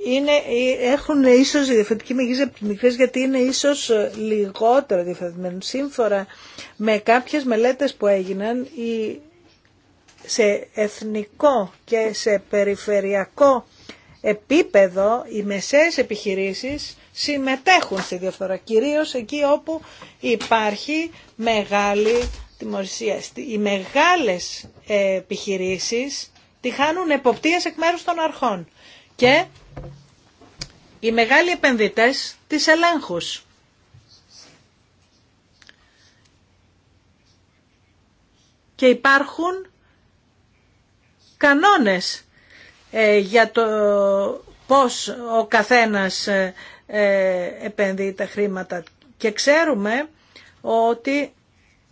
είναι, ε, έχουν ίσως διαφορετική μεγίζα από γιατί είναι ίσω ε, λιγότερο διαφορετημένοι. Σύμφωνα με κάποιες μελέτες που έγιναν σε εθνικό και σε περιφερειακό επίπεδο οι μεσαίε επιχειρήσεις συμμετέχουν στη διαφορά, Κυρίω εκεί όπου υπάρχει μεγάλη τιμωρησία. Οι μεγάλες ε, επιχειρήσεις τη χάνουν εποπτείας εκ μέρου των αρχών και οι μεγάλοι επενδυτές της ελέγχους. Και υπάρχουν κανόνες ε, για το πώς ο καθένας ε, ε, επενδύει τα χρήματα. Και ξέρουμε ότι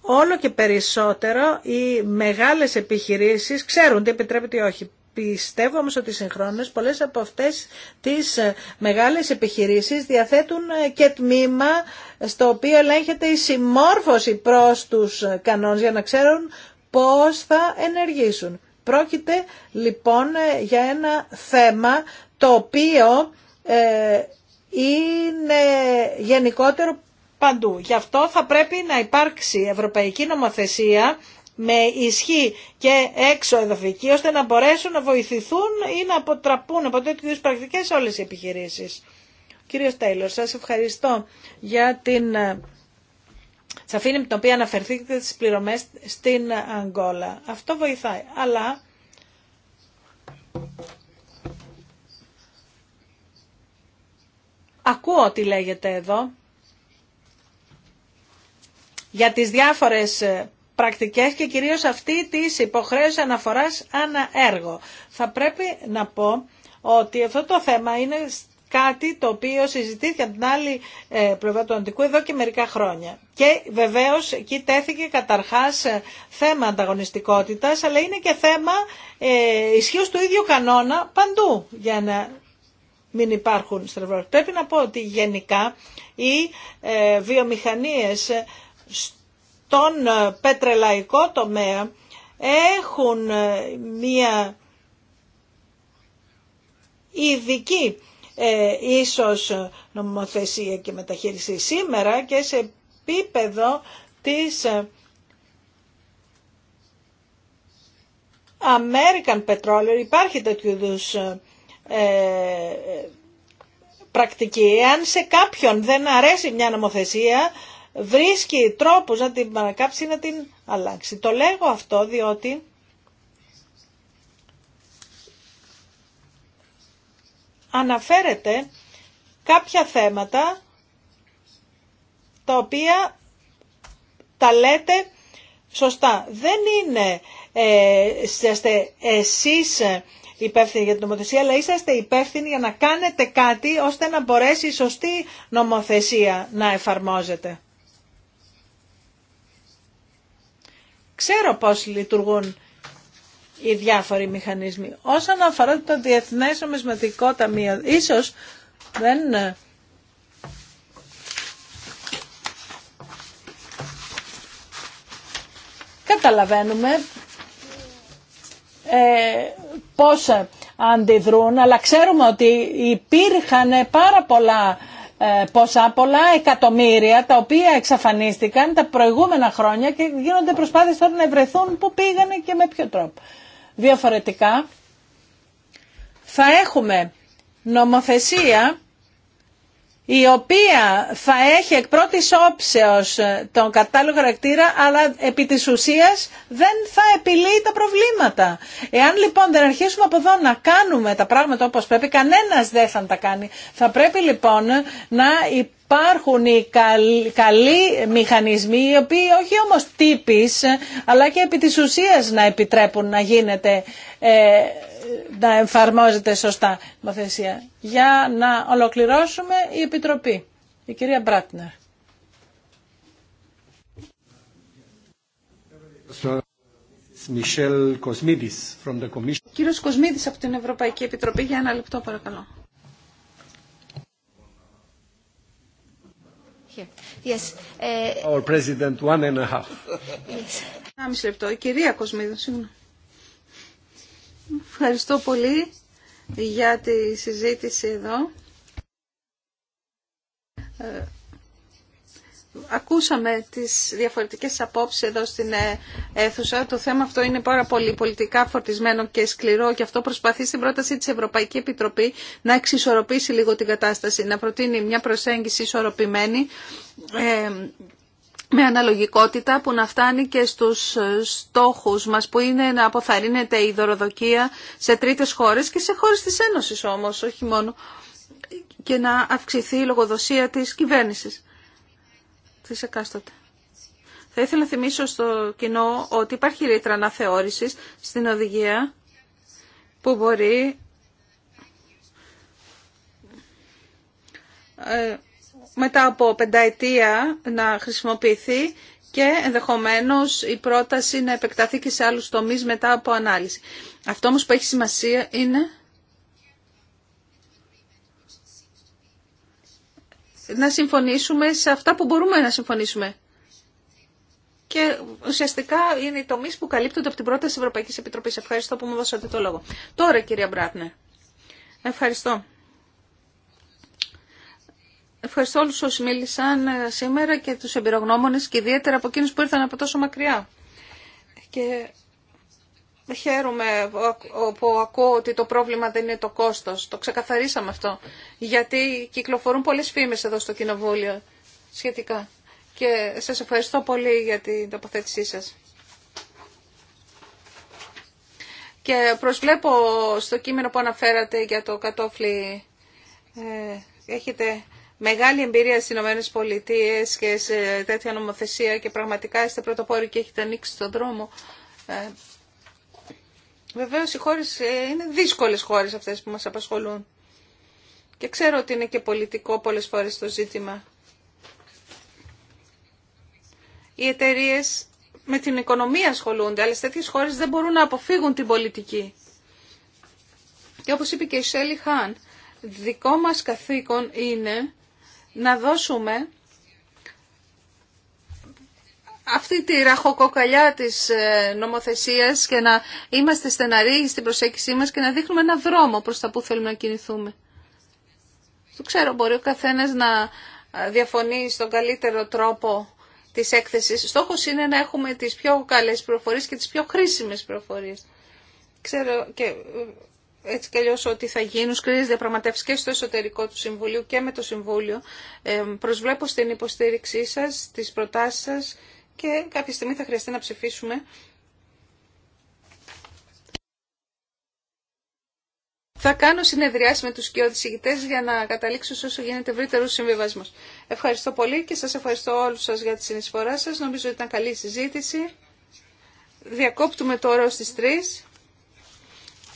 όλο και περισσότερο οι μεγάλες επιχειρήσεις ξέρουν τι επιτρέπεται ή όχι. Πιστεύω όμως ότι συγχρόνως πολλές από αυτές τις ε, μεγάλες επιχειρήσεις διαθέτουν ε, και τμήμα στο οποίο ελέγχεται η συμμόρφωση προς τους ε, κανόνες για να ξέρουν πώς θα ενεργήσουν. Πρόκειται λοιπόν για ένα θέμα το οποίο είναι γενικότερο παντού. Γι' αυτό θα πρέπει να υπάρξει ευρωπαϊκή νομοθεσία με ισχύ και έξω εδαφική ώστε να μπορέσουν να βοηθηθούν ή να αποτραπούν από τέτοιου είδου πρακτικέ όλε οι επιχειρήσει. Κύριο Τέιλορ, σα ευχαριστώ για την ε, σαφήνεια με την οποία αναφερθήκατε στι πληρωμέ στην Αγγόλα. Αυτό βοηθάει. Αλλά ακούω τι λέγεται εδώ για τις διάφορες ε, πρακτικές και κυρίως αυτή της υποχρέωσης αναφοράς ανά έργο. Θα πρέπει να πω ότι αυτό το θέμα είναι κάτι το οποίο συζητήθηκε από την άλλη ε, πλευρά του Αντικού εδώ και μερικά χρόνια. Και βεβαίως εκεί τέθηκε καταρχάς ε, θέμα ανταγωνιστικότητας, αλλά είναι και θέμα ε, του ίδιου κανόνα παντού για να μην υπάρχουν στρεβλώσεις. Πρέπει να πω ότι γενικά οι ε, βιομηχανίες στον ε, πετρελαϊκό τομέα έχουν ε, μία ειδική ε, ίσως νομοθεσία και μεταχείριση σήμερα και σε επίπεδο της ε, American Petroleum υπάρχει τέτοιου είδους ε, πρακτική. Εάν σε κάποιον δεν αρέσει μια νομοθεσία βρίσκει τρόπους να την παρακάψει να την αλλάξει. Το λέγω αυτό διότι αναφέρεται κάποια θέματα τα οποία τα λέτε σωστά. Δεν είναι ε, είσαστε εσείς υπεύθυνοι για την νομοθεσία, αλλά είσαστε υπεύθυνοι για να κάνετε κάτι ώστε να μπορέσει η σωστή νομοθεσία να εφαρμόζεται. ξέρω πώς λειτουργούν οι διάφοροι μηχανισμοί. Όσον αφορά το Διεθνές Νομισματικό Ταμείο, ίσως δεν ε, καταλαβαίνουμε ε, πώς αντιδρούν, αλλά ξέρουμε ότι υπήρχαν πάρα πολλά ε, ποσά πολλά εκατομμύρια τα οποία εξαφανίστηκαν τα προηγούμενα χρόνια και γίνονται προσπάθειες τώρα να βρεθούν που πήγανε και με ποιο τρόπο. Διαφορετικά θα έχουμε νομοθεσία η οποία θα έχει εκ πρώτης όψεως τον κατάλληλο χαρακτήρα, αλλά επί της ουσίας δεν θα επιλύει τα προβλήματα. Εάν λοιπόν δεν αρχίσουμε από εδώ να κάνουμε τα πράγματα όπως πρέπει, κανένας δεν θα τα κάνει. Θα πρέπει λοιπόν να υπάρχουν οι καλοί μηχανισμοί, οι οποίοι όχι όμως τύπης, αλλά και επί της ουσίας να επιτρέπουν να γίνεται... Ε, να εμφαρμόζεται σωστά η νομοθεσία. Για να ολοκληρώσουμε η Επιτροπή, η κυρία Μπράτνερ. Ο κύριος Κοσμίδης από την Ευρωπαϊκή Επιτροπή για ένα λεπτό παρακαλώ. Yes. Ε, Our president, one and a half. Yes. λεπτό. Η κυρία Κοσμίδη, συγγνώμη. Ευχαριστώ πολύ για τη συζήτηση εδώ. Ε, ακούσαμε τις διαφορετικές απόψεις εδώ στην ε, αίθουσα. Το θέμα αυτό είναι πάρα πολύ πολιτικά φορτισμένο και σκληρό και αυτό προσπαθεί στην πρόταση της Ευρωπαϊκή Επιτροπή να εξισορροπήσει λίγο την κατάσταση, να προτείνει μια προσέγγιση ισορροπημένη ε, με αναλογικότητα που να φτάνει και στους ε, στόχους μας που είναι να αποθαρρύνεται η δωροδοκία σε τρίτες χώρες και σε χώρες της Ένωσης όμως, όχι μόνο, και να αυξηθεί η λογοδοσία της κυβέρνησης της εκάστοτε. Θα ήθελα να θυμίσω στο κοινό ότι υπάρχει ρήτρα αναθεώρησης στην οδηγία που μπορεί ε, μετά από πενταετία να χρησιμοποιηθεί και ενδεχομένως η πρόταση να επεκταθεί και σε άλλους τομείς μετά από ανάλυση. Αυτό όμως που έχει σημασία είναι να συμφωνήσουμε σε αυτά που μπορούμε να συμφωνήσουμε. Και ουσιαστικά είναι οι τομεί που καλύπτονται από την πρόταση Ευρωπαϊκής Επιτροπής. Ευχαριστώ που μου δώσατε το λόγο. Τώρα, κυρία Μπράτνερ. Ευχαριστώ. Ευχαριστώ όλους όσοι μίλησαν ε, σήμερα και τους εμπειρογνώμονες και ιδιαίτερα από εκείνους που ήρθαν από τόσο μακριά. Και χαίρομαι που ακούω ότι το πρόβλημα δεν είναι το κόστος. Το ξεκαθαρίσαμε αυτό. Γιατί κυκλοφορούν πολλές φήμες εδώ στο Κοινοβούλιο σχετικά. Και σας ευχαριστώ πολύ για την τοποθέτησή σας. Και προσβλέπω στο κείμενο που αναφέρατε για το κατόφλι ε, έχετε μεγάλη εμπειρία στι Ηνωμένε Πολιτείε και σε τέτοια νομοθεσία και πραγματικά είστε πρωτοπόροι και έχετε ανοίξει τον δρόμο. Ε, βεβαίως οι χώρες ε, είναι δύσκολε χώρε αυτέ που μα απασχολούν. Και ξέρω ότι είναι και πολιτικό πολλέ φορέ το ζήτημα. Οι εταιρείε με την οικονομία ασχολούνται, αλλά σε τέτοιε χώρε δεν μπορούν να αποφύγουν την πολιτική. Και όπως είπε και η Σέλι Χάν, δικό μας καθήκον είναι να δώσουμε αυτή τη ραχοκοκαλιά της ε, νομοθεσίας και να είμαστε στεναροί στην προσέγγιση μας και να δείχνουμε ένα δρόμο προς τα που θέλουμε να κινηθούμε. Το ξέρω, μπορεί ο καθένας να ε, διαφωνεί στον καλύτερο τρόπο της έκθεσης. Στόχος είναι να έχουμε τις πιο καλές προφορίες και τις πιο χρήσιμες προφορίες. Ξέρω και ε, έτσι κι αλλιώς ότι θα γίνουν σκληρές διαπραγματεύσεις και στο εσωτερικό του Συμβουλίου και με το Συμβούλιο. Ε, προσβλέπω στην υποστήριξή σας, τις προτάσεις σας και κάποια στιγμή θα χρειαστεί να ψηφίσουμε. Θα κάνω συνεδριάσει με τους κοιότητες για να καταλήξω σε όσο γίνεται ευρύτερου συμβιβασμός Ευχαριστώ πολύ και σας ευχαριστώ όλους σας για τη συνεισφορά σας. Νομίζω ότι ήταν καλή συζήτηση. Διακόπτουμε τώρα στις 3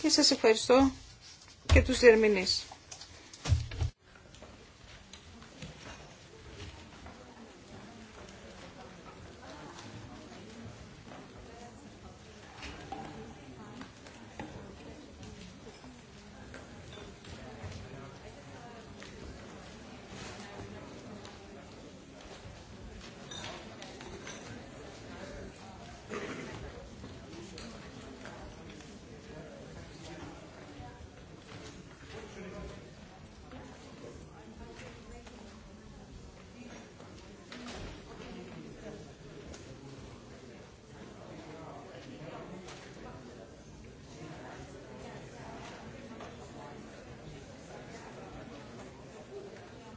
και σας ευχαριστώ και τους διερμηνείς.